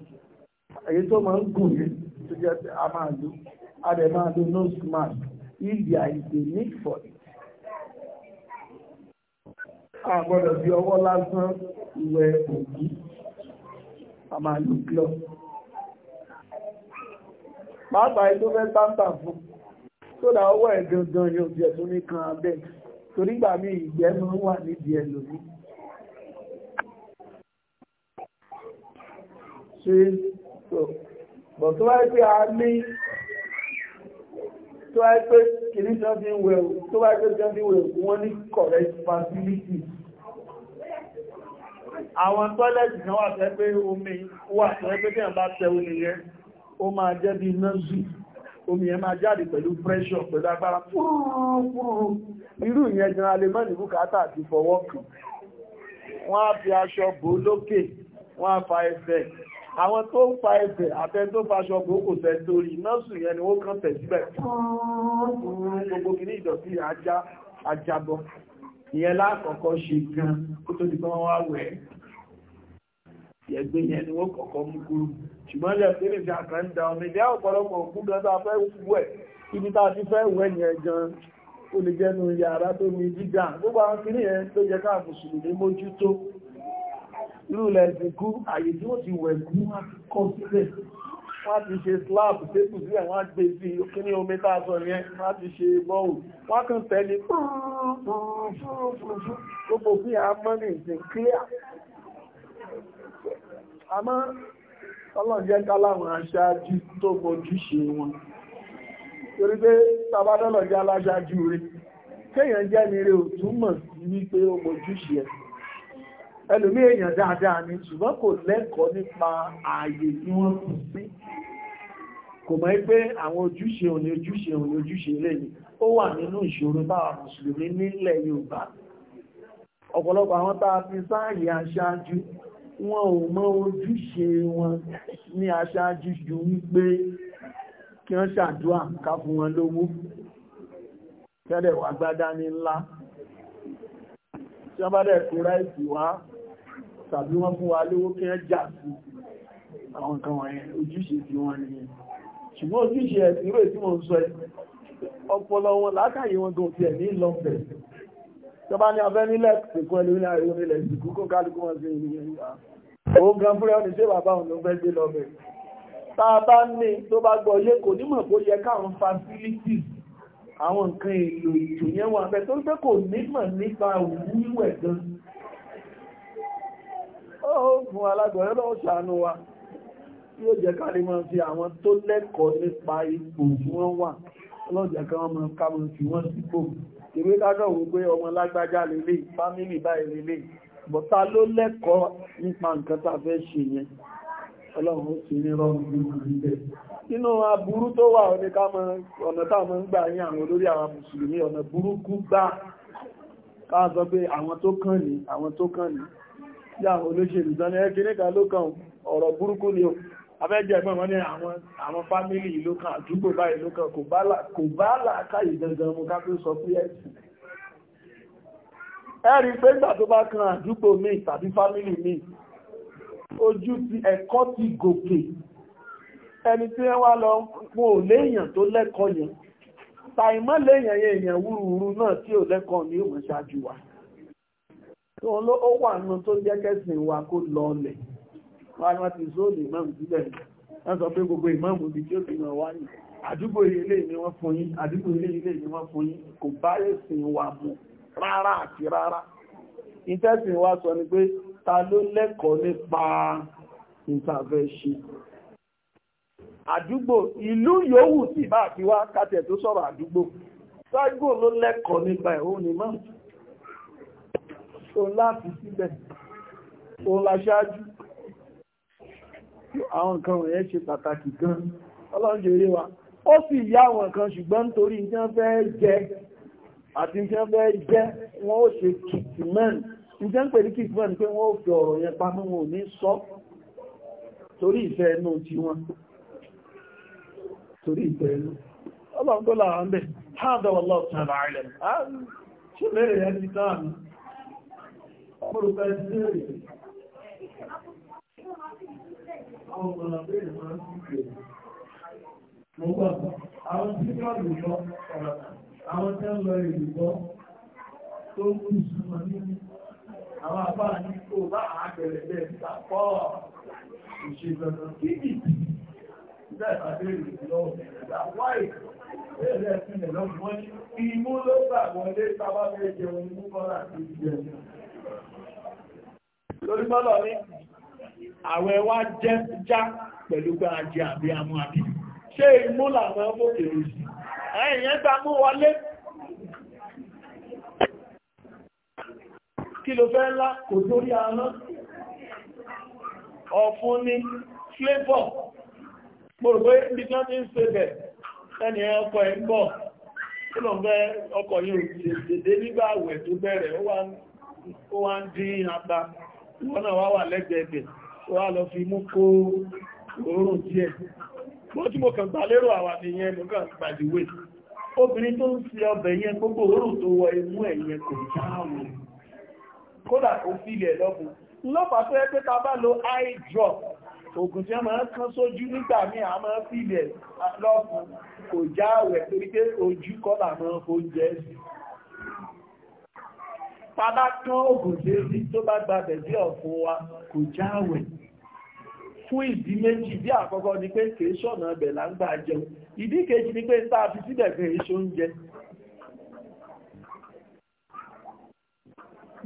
èyí tó máa ń gùn yẹn tó jẹ́ a máa lò àdẹ̀mọ́ àti nose mask if there is a need for it. a gbọ́dọ̀ fi ọwọ́ lásán ìwẹ̀ òkú a máa lò glọ. pàápàá ètò fẹ́ sáńtà fún sódà ọwọ́ ẹ̀ gangan yóò jẹ́ tó ní kan abẹ́ torígbà mí ìgbẹ́ mọ́ wà nídìí ẹlòmíì. ṣe bọ̀ tó wáyé pé a ní tó wáyé pé kìíní tí wọ́n fi ń wẹ̀ o tó wáyé pé tí wọ́n wọ́n ní correct facility àwọn tọ́lẹ̀tì kan wà tẹ́ pé omi wà tẹ́ pé tí wọ́n bá tẹ omi yẹn ó máa jẹ́ bí nọ́ọ̀sì omi yẹn máa jáde pẹ̀lú pressure pẹ̀lú agbára
fúrúrú
irú ìyẹn gan alemọ́ ní bùkátà àti fọwọ́ kan wọ́n á fi aṣọ bò lókè wọ́n á àwọn tó ń fa ẹsẹ̀ àtẹ́ tó faṣọ kòókò tẹ́ torí nọ́ọ̀sù yẹn ni ó kàn tẹ̀ síbẹ̀ gbogbo kìíní ìdọ̀tí ajábọ̀ ìyẹn lákọ̀ọ́kọ́ ṣe gan kó tó di pé wọ́n wá wẹ̀ ẹgbẹ́ yẹn ni wọ́n kọ̀ọ̀kọ́ mú kúrú ṣùgbọ́n lẹ́ pẹ́lẹ̀ tí a kàn ń da ọmọ ìdí ọ̀pọ̀lọpọ̀ òkú gan tá a fẹ́ wẹ̀ ibi tá a ti fẹ́ wẹ̀ yẹn gan ó lè jẹ́nu yàrá tó ní dídà gbogbo àwọn kìíní yẹn tó yẹ ká mùsùlùmí mójútó lúlẹ̀ ìsìnkú àyè tí ó ti wẹ̀kú wọ́n ti kọ́ sílẹ̀ wọ́n ti ṣe slab tépù sílẹ̀ wọ́n gbé sí kí ní omi tààtọ̀ yẹn wọ́n ti ṣe bọ́ọ̀lù wọ́n kàn tẹ́lẹ̀ gbogbo a mọ́ ẹlòmí èèyàn dáadáa ni ṣùgbọ́n kò lẹ́kọ̀ọ́ nípa ààyè tí wọ́n kù sí kò mọ̀ pé àwọn ojúṣe òní ojúṣe òní ojúṣe lẹ́yìn ó wà nínú ìṣòro báwa mùsùlùmí nílẹ̀ Yorùbá ọ̀pọ̀lọpọ̀ àwọn tá a fi sáàyè aṣáájú wọn ò mọ ojúṣe wọn ní aṣáájú ju wípé kí wọ́n ṣàdúrà ká fún wọn lówó tẹ́lẹ̀ wà gbádá ńlá tí wọ́n bá dẹ̀ kó ráìsì wá tàbí wọ́n fún wa lówó kí wọ́n jà sí àwọn nǹkan wọ̀nyẹn ojúṣe tí wọ́n ní ṣùgbọ́n ojúṣe ẹ̀sìn rẹ̀ tí wọ́n ń sọ ẹ̀ ọpọlọ wọn látàyè wọn gan ti ẹ̀ ní lọ́pẹ̀ tó bá ní abẹ́ nílẹ̀ ìkún ẹlòmí àríwọ̀ nílẹ̀ ìsìnkú kó kálukú wọn sí ìrìn ìyá òun gan fúnra ọ̀nà ṣé bàbá òun ló fẹ́ gbé lọ́bẹ̀ tá a bá ní tó bá gbọ́ ilé kò nímọ̀ kó yẹ káwọn facilities àwọn nǹkan èlò ìtò yẹn wà bẹ́ẹ̀ tó ń pẹ́ kò nímọ̀ nípa òwúwẹ̀ gan ó fún alágbọ̀rẹ́ lọ́wọ́ ṣàánú wa yóò jẹ́ káàrí máa fi àwọn tó lẹ́kọ̀ọ́ nípa ipò tí wọ́n wà lọ́jẹ́ kan wọ́n máa káàmù sí wọ́n sípò ìwé kájọ̀ wò pé ọmọ lágbájá lélẹ̀ fámílì báyìí lélẹ̀ bọ̀tá ló lẹ́kọ̀ọ́ nípa nǹkan tá fẹ́ ṣe yẹn ọlọ́run ti ní rọrùn aburú tó wà ní ọ̀nà táwọn ń gbà yín àwọn olórí àwọn mùsùlùmí ọ̀nà burúkú gbà ká pé àwọn tó kàn ní àwọn tó kàn ní yá olóṣèlú tán ní ẹ́kìnrin kan ló kàn ọ̀rọ̀ burúkú ni o abẹ́jẹ́ ẹ̀gbọ́n wọn ní àwọn fámílì ìlú kan àdúgbò báyìí ló kàn kò bá làákàyè gangan mú ká tó sọ pé ẹ̀sìn ẹ̀rí pé ìgbà tó bá kan àdúgbò míì tàbí fámílì míì ojú ti ẹ̀kọ́ ti gòkè ẹni tí wọ́n wá lọ fún ò léèyàn tó lẹ́kọ̀ọ́ yẹn tàìmọ́ léèyàn yẹn èèyàn wúruwúru náà tí ò lẹ́kọ̀ọ́ ní òun ṣáájú wa òun ló ó wà nù tó jẹ́ kẹ́sìn wa kó lọlẹ̀ wọ́n ti zó lè máàmù sílẹ̀ wọ́n sọ pé gbogbo ìmáàmù bí tí ó ti mọ̀ wáyé àdúgbò ilé ni wọ́n fún yín àdúgbò ilé ilé ni wọ́n fún yín kò bá ẹ̀sìn wa mu rárá àti rárá ìtẹ́sìn wa sọ ni pé ta ló lẹ́kọ̀ọ́ nípa ìtàfẹ́ṣe àdúgbò ìlú yòówù sì bá àti wá kátẹ̀ tó sọ̀rọ̀ àdúgbò ságbò ló lẹ́kọ̀ọ́ nípa ẹ̀hún ni máàmù òun láti síbẹ̀ òun láṣáájú àwọn nǹkan wọ̀nyẹn ṣe pàtàkì gan ọlọ́njẹ́ eré wa ó sì yá àwọn nǹkan ṣùgbọ́n nítorí nǹkan fẹ́ jẹ àti nǹkan fẹ́ jẹ wọ́n ó ṣe kìtìmẹ́n nǹkan pè ní kìtìmẹ́n pé wọ́n ó fi ọ̀rọ̀ yẹn pamọ́ wọn ò ní sọ torí ìfẹ́ inú ti wọn torí ìfẹ́ inú ọlọ́run tó lára ń bẹ̀ Mọ́rùn-ún bẹ́ẹ̀ sí èrè. Àwọn ń sí èrè. Mo àwọn tí wọ́n lè lọ, àwọn tí wọ́n lọ èrè lọ, tó ń kú ìṣúná nínú. Àwọn àbá ní kó bá àgbẹ̀rẹ̀ bẹ́ẹ̀ ta pọ̀ ìṣèjọba kíkì. Bẹ́ẹ̀ bá bẹ́ẹ̀ lè lọ, wáyé bẹ́ẹ̀ lẹ́sìn lọ́gbọ́n ní imú ló gbà wọlé tábà bẹ́ẹ̀ jẹun imú kọ́lá àti ìjẹun lórí bọ́lọ̀ ní àwẹ̀ wá jẹ́ já pẹ̀lú pé a jẹ àbí amú àbí ṣe ìmú làwọn fòkèrè sí ẹ̀yìn ẹgbà mú wọlé kí ló fẹ́ ńlá kò torí aná ọ̀fun ní flavor gbogbo ibi tí wọ́n ti ń ṣe bẹ̀ ẹni ọkọ̀ ẹ̀ ń bọ̀ kí lọ ṣe dédé nígbà àwẹ̀ tó bẹ̀rẹ̀ wọ́n ó wá ń dín ata wọ́n náà wá wà lẹ́gbẹ̀ẹ́gbẹ̀ ó wá lọ fi mú kó òórùn díẹ̀ bó tí mo kàn gbà lérò àwà nìyẹn mo kàn gbàdìwé obìnrin tó ń fi ọbẹ̀ yẹn gbogbo òórùn tó wọ imú ẹ̀yẹn kò jáwò kódà kò fílẹ̀ lọ́kùn lọ́pàá tó yẹ pé ta bá lo eye drop ògùn tí a máa kán sójú nígbà míì a máa fílẹ̀ lọ́kùn kò jáwẹ̀ torí pé ojú Pàbá tán ògùn tí ó sí tó bá gbàbẹ̀ sí ọ̀fún wa kò jáwẹ̀. Fún ìdí méjì bí àkọ́kọ́ ni pé kìí ṣọ̀nà ẹbẹ̀ là ń gbà jẹun. Ìdí kejì ni pé ń tàà fi síbẹ̀ kìí ṣó ń jẹ.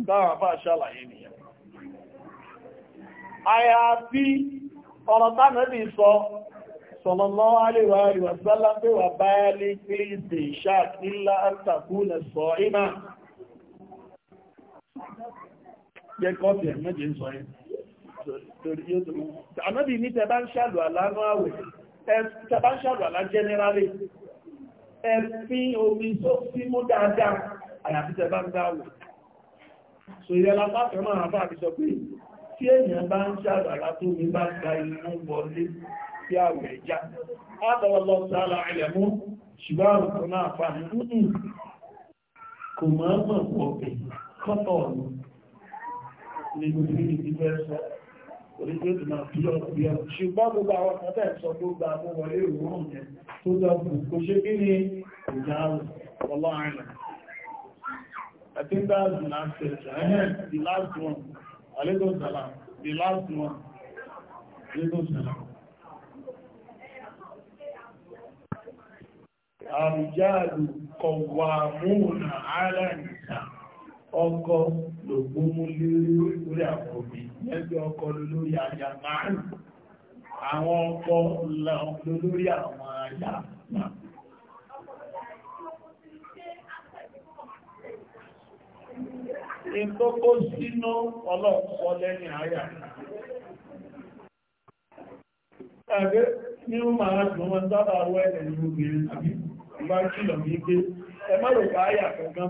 Báwọn bá ṣàlàyé nìyẹn. Àyàfi ọ̀rọ̀ sallallahu alaihi wa sallam pé wà báyá lé kílì ìsìn ìṣáà nílá àtàkùn lẹ̀ sọ jẹ́ kọ́fì ẹ̀ méje ń sọ yẹn torí yóò tó mú ànábì ní tẹ bá ń ṣàlù àlánú àwẹ̀ tẹ bá ń ṣàlù àlá jẹ́nẹ́rálì ẹ fi omi sí mú dáadáa àyàfi tẹ bá ń dáwẹ̀ so ìyẹn la fáfẹ́ máa rà fáàbí sọ pé tí èèyàn bá ń ṣàlù àlá tó mi bá gba inú wọlé sí àwẹ̀ ẹja látọwọ́ lọ sára ilẹ̀ mú ṣùgbọ́n àrùn kan náà fà kọ́tọ̀ọ̀nù ni ṣùgbọ́n gbogbo àwọn sọ tó kò ṣe kí ọlọ́rin I think that's The last one. ọkọ lògbómúlé lórí àkọ́bí lẹ́gbẹ́ ọkọ lórí aya márùn àwọn ọkọ lórí àwọn aya náà tó kó sínú ọlọ́pọ̀ lẹ́yìn àyà ẹgbẹ́ ní ó máa dùn wọn dábà wọ ẹ̀rẹ̀ ní obìnrin àbí bá kìlọ̀ ní pé ẹ má lè káyà kankan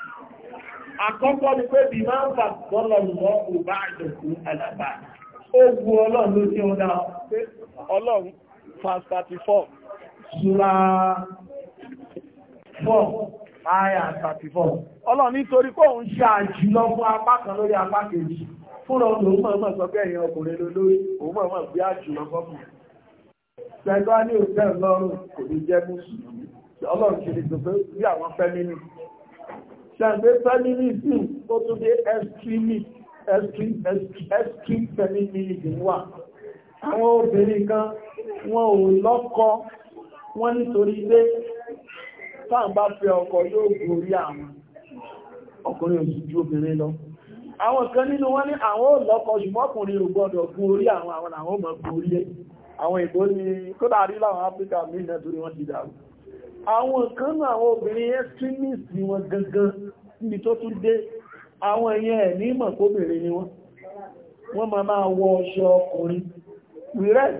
Àkọ́kọ́ ni pé bí máa ń bà bọ́lọ̀ lọ òbá àjẹ̀kú àlàbà. Ó wu ọlọ́run ló tí ó dá ọlọ́run fast 34. Sura 4, Aya 34. Ọlọ́run nítorí pé òun ṣe àjùlọ fún apá kan lórí apá kejì. Fúnra òun mọ̀ mọ̀ sọ pé èèyàn ọkùnrin lórí, òun mọ̀ mọ̀ bí àjùlọ fọ́kùnrin. Ṣẹ̀gbọ́n ṣàgbé fẹ́mínísì ó tún dé extreme fẹ́mínísì wà àwọn obìnrin kan wọn ò lọ́kọ wọ́n nítorí pé táwọn bá fẹ́ ọkọ yóò gorí àwọn ọkùnrin òsì ju obìnrin lọ àwọn kan nínú wọn ní àwọn ò lọ́kọ ṣùgbọ́n ọkùnrin ò gbọ́dọ̀ gorí àwọn àwọn àwọn ọmọ gorí àwọn ìbò ní kódà rí láwọn Áfíríkà mí náà torí wọ́n ti dàrú àwọn kan náà àwọn obìnrin extremist ni wọn gangan níbi tó tún dé àwọn ẹ̀yẹn ẹ̀ ní ìmọ̀ kóbìnrin ni wọ́n wọ́n máa máa wọ ọ̀ṣọ́ ọkùnrin we read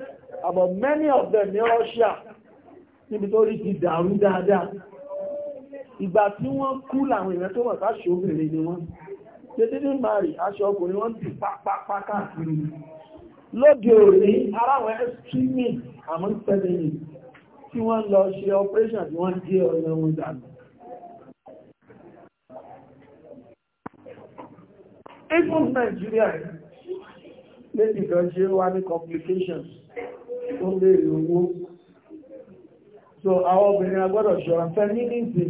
about many of them ní Russia níbi tó rí ti dàrú dáadáa ìgbà tí wọ́n kú làwọn èèyàn tó mọ̀ sáṣọ obìnrin ni wọ́n tètè ní mari aṣọ ọkùnrin wọ́n ti pápápá káàkiri lóde òní aráwọ̀ extremist among feminists tí wọ́n lọ ṣe operation tí wọ́n gé ọ̀nà wọn dànù even Nigeria lẹ́dì kan ṣe wá ní complications tó léèrè owó so àwọn obìnrin agbọ́dọ̀ ṣọ́ra feminism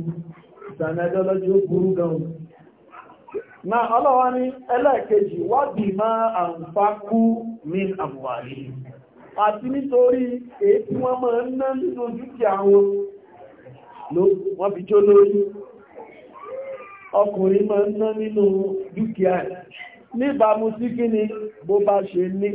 ìtànàdọ́lọ́jì ó burú gan-an Now ọlọ́wọ́ ní ẹlẹ́ẹ̀kejì wọ́n bí máa àǹfà kú min àbúwàrí àti nítorí èyí tí wọ́n máa ń ná nínú dúkìá wọn wọ́n fi jó lórí ọkùnrin máa ń ná nínú dúkìá ẹ̀ níbàmú sí kí ni bó bá ṣe ní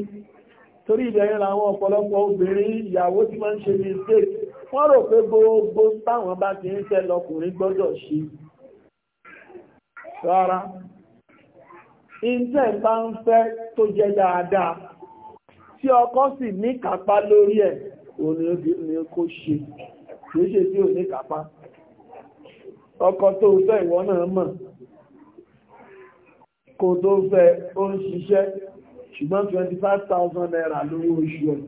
torí ìbẹ̀yìn làwọn ọ̀pọ̀lọpọ̀ obìnrin ìyàwó tí máa ń ṣe mistake wọ́n rò pé gbogbo táwọn bá ti ń fẹ́ lọkùnrin gbọ́dọ̀ ṣe rárá ìǹtẹ̀ bá ń fẹ́ tó jẹ́ dáadáa tí ọkọ sì ní kápá lórí ẹ̀ òní kó ṣe ṣeéṣe tí ò ní kápá ọkọ tó fẹ́ ìwọ náà mọ̀ kò tó fẹ́ ó ń ṣiṣẹ́ ṣùgbọ́n 25,000 naira lówó oṣù ẹ̀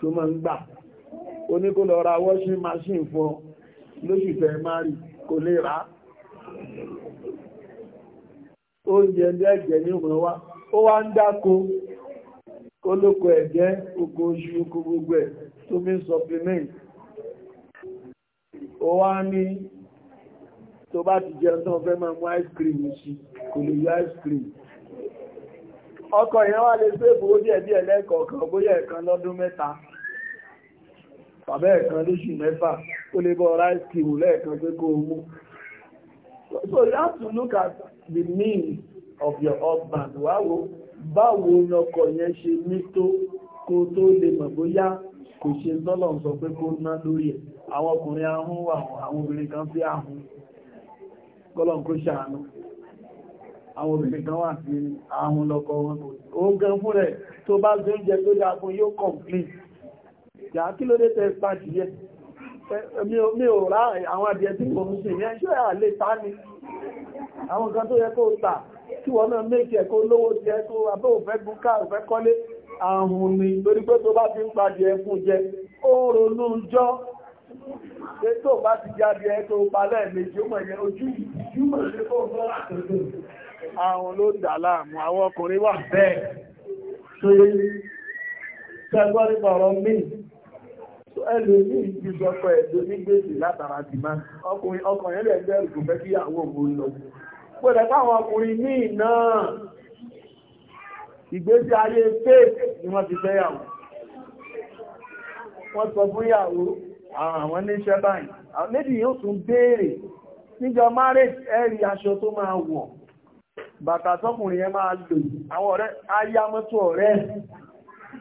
tó máa ń gbà ó ní kó lọ ra washing machine fún lóṣù fẹ́ márì kò lè rà oúnjẹ ẹgbẹ̀ẹ́ ní ọmọ wa ó wá ń dáko olóko ẹ̀jẹ́ oko oṣù oko gbogbo ẹ̀ tó fi supplement ó wá ní tó bá ti jẹun tán fẹ́ máa mú ice cream sí kò lè yọ ice cream ọkọ̀ ìyẹn wà lè ṣe èbò díẹ̀ díẹ̀ lẹ́ẹ̀kọ̀ọ̀kan bóyá ẹ̀kan lọ́dún mẹ́ta tàbí ẹ̀kan lóṣù mẹ́fà ó lè bọ́ rice cream lẹ́ẹ̀kan pé kó mú so you have to look at the means of your husband wáwo. Wow báwo lọkọ̀ yẹn ṣe ní tó kó tó lè mọ̀ bóyá kò ṣe tọ́lọ̀ sọ pé kó ná lórí ẹ̀ àwọn ọkùnrin ahun wà àwọn obìnrin kan fi ahun kọ́lọ̀ kó ṣàánú àwọn obìnrin kan wà sí ahun lọ́kọ̀ wọn kò ó gan fún rẹ̀ tó bá gbé oúnjẹ tó dáa fún yóò complete àwọn kan tó yẹ kó ta kí wọ́n náà méjì ẹ̀kọ́ olówó ti ẹ̀kọ́ abẹ́ òfẹ́ gún ká òfẹ́ kọ́lé àrùn ni torí pé tó bá ti ń padì ẹkùn jẹ ó ronú jọ́ pé tó bá ti jáde ẹ̀kọ́ palẹ̀ méjì ó mọ̀yẹ ojú ìjúmọ̀ sí kó fọ́ àrùn ló dà láàmú àwọn ọkùnrin wà bẹ́ẹ̀ tó yẹ ṣẹ́gbọ́n nípa ọ̀rọ̀ míì ẹlòmí ìgbìsọ̀kọ̀ ẹ̀dọ́ nígbèsè látara ti máa ọkùnrin ọkùnrin ẹlẹ́gbẹ̀rún kò kí àwọn òun lọ pẹ̀lẹ̀ fáwọn ọkùnrin ní ìná ìgbésí ayé fèèkì ni wọ́n ti fẹ́yàwó wọ́n sọ fún ìyàwó àwọn níṣẹ́ báyìí àwọn méjì yóò tún béèrè níjọ marriage ẹ̀rí aṣọ tó máa wọ̀ bàtà tọkùnrin yẹn máa lò àwọn ọ̀rẹ́ ayámọ́tò ọ̀rẹ́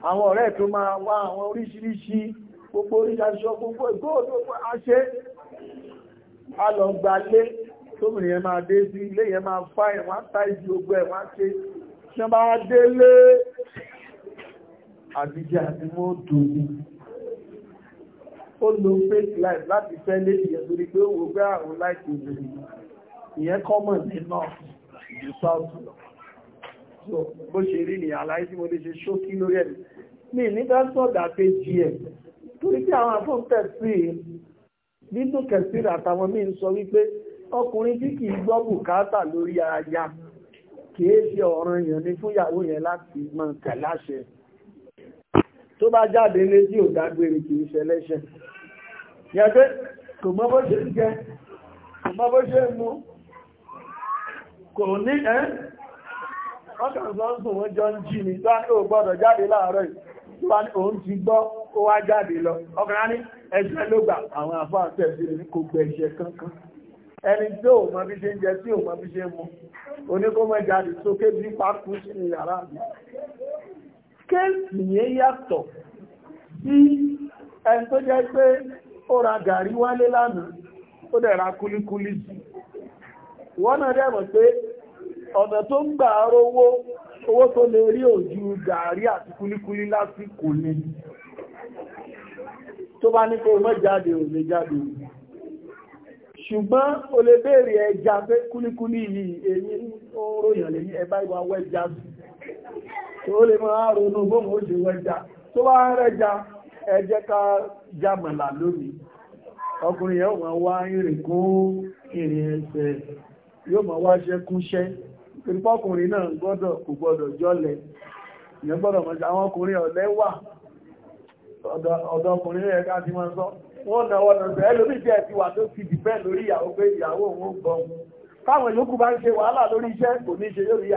àwọn ọ̀rẹ́ tó máa wá àwọn oríṣiríṣi gbogbo oríṣiríṣi gbogbo ìgbóòdó aṣe alọ̀gbálé tóbìnrin yẹn máa dé sí ilé yẹn máa fá ẹ̀ wọ́n á tá ìjì ogbó ẹ̀ wọ́n á ṣe tí wọ́n bá wá délé àdìjẹ́ àti wọ́n dòdò ó lo fake life láti fẹ́ léjì yẹn torí pé ó gbé àrùn láìpẹ́ obìnrin ìyẹn common ní north ìlú south lọ so bó ṣe rí ní àlàyé tí mo lè ṣe ṣókí lórí ẹ̀ mi nígbà sọ̀dà pé gm torí pé àwọn àfọ̀ǹtẹ̀ sí nínú kẹsìrì àtàwọn míì ń sọ wípé ọkùnrin tí kìí gbọ́ bùkátà lórí aya kìí ṣe ọ̀ràn èèyàn ní fúnyàwó yẹn láti máa kàláṣẹ tó bá jáde lé tí ò dágbére kìí ṣẹlẹ́ṣẹ̀ yàgbé kò mọ́ bó ṣe ń jẹ kò mọ́ bó ṣe ń mú kò ní ẹ́ ọkàn sọ́nsùn wọ́n jọ ń jí ni tó wá ní ò gbọ́dọ̀ jáde láàárọ̀ tó wá òun ti gbọ́ ó wá jáde lọ ọkùnrin á ló gbà àwọn àfáà tẹ̀sí ní kò gbẹ̀ṣẹ̀ kankan ẹni tí ò mọ bí ṣe ń jẹ tí ò mọ bí ṣe ń mu oníkómọjáde sókè bí pákó sínú yàrá mi kéèsì yẹn yàtọ̀ sí ẹni tó jẹ́ pé ó ra gàrí wálé lánàá ó dẹ̀ ra kúlíkúlí sí wọ́n náà dẹ̀ mọ̀ pé ọ̀nà tó ń gbà rówó owó tó lè rí òjú gàrí àti kúlíkúlí lásìkò ní tó bá ní kó mọ́ jáde ò lè jáde ò ṣùgbọ́n o lè bèèrè ẹja pé kúlíkúlí yìí èyí ó ròyàn lè ní ẹbá ìwà wẹ́já tó lè máa ronú bóhùn ó ṣe wẹ́já tó bá ń rẹ́já ká lónìí ọkùnrin yẹn wọ́n wá ìrìn kún ìrìn ẹsẹ̀ yóò máa wá ìpọ́kùnrin náà gbọ́dọ̀ kò gbọ́dọ̀ ìyẹn gbọ́dọ̀ mọ̀ sí àwọn ọkùnrin ọ̀dọ̀ ọkùnrin rẹ̀ ká ti máa wọ́n náwọ́ nàbẹ̀ ẹlòmí jẹ́ ti wà tó ti dìbẹ́ lórí ìyàwó pé ìyàwó òun gbọ́n táwọn yòókù bá ń ṣe wàhálà lórí iṣẹ́ kò ní ṣe lórí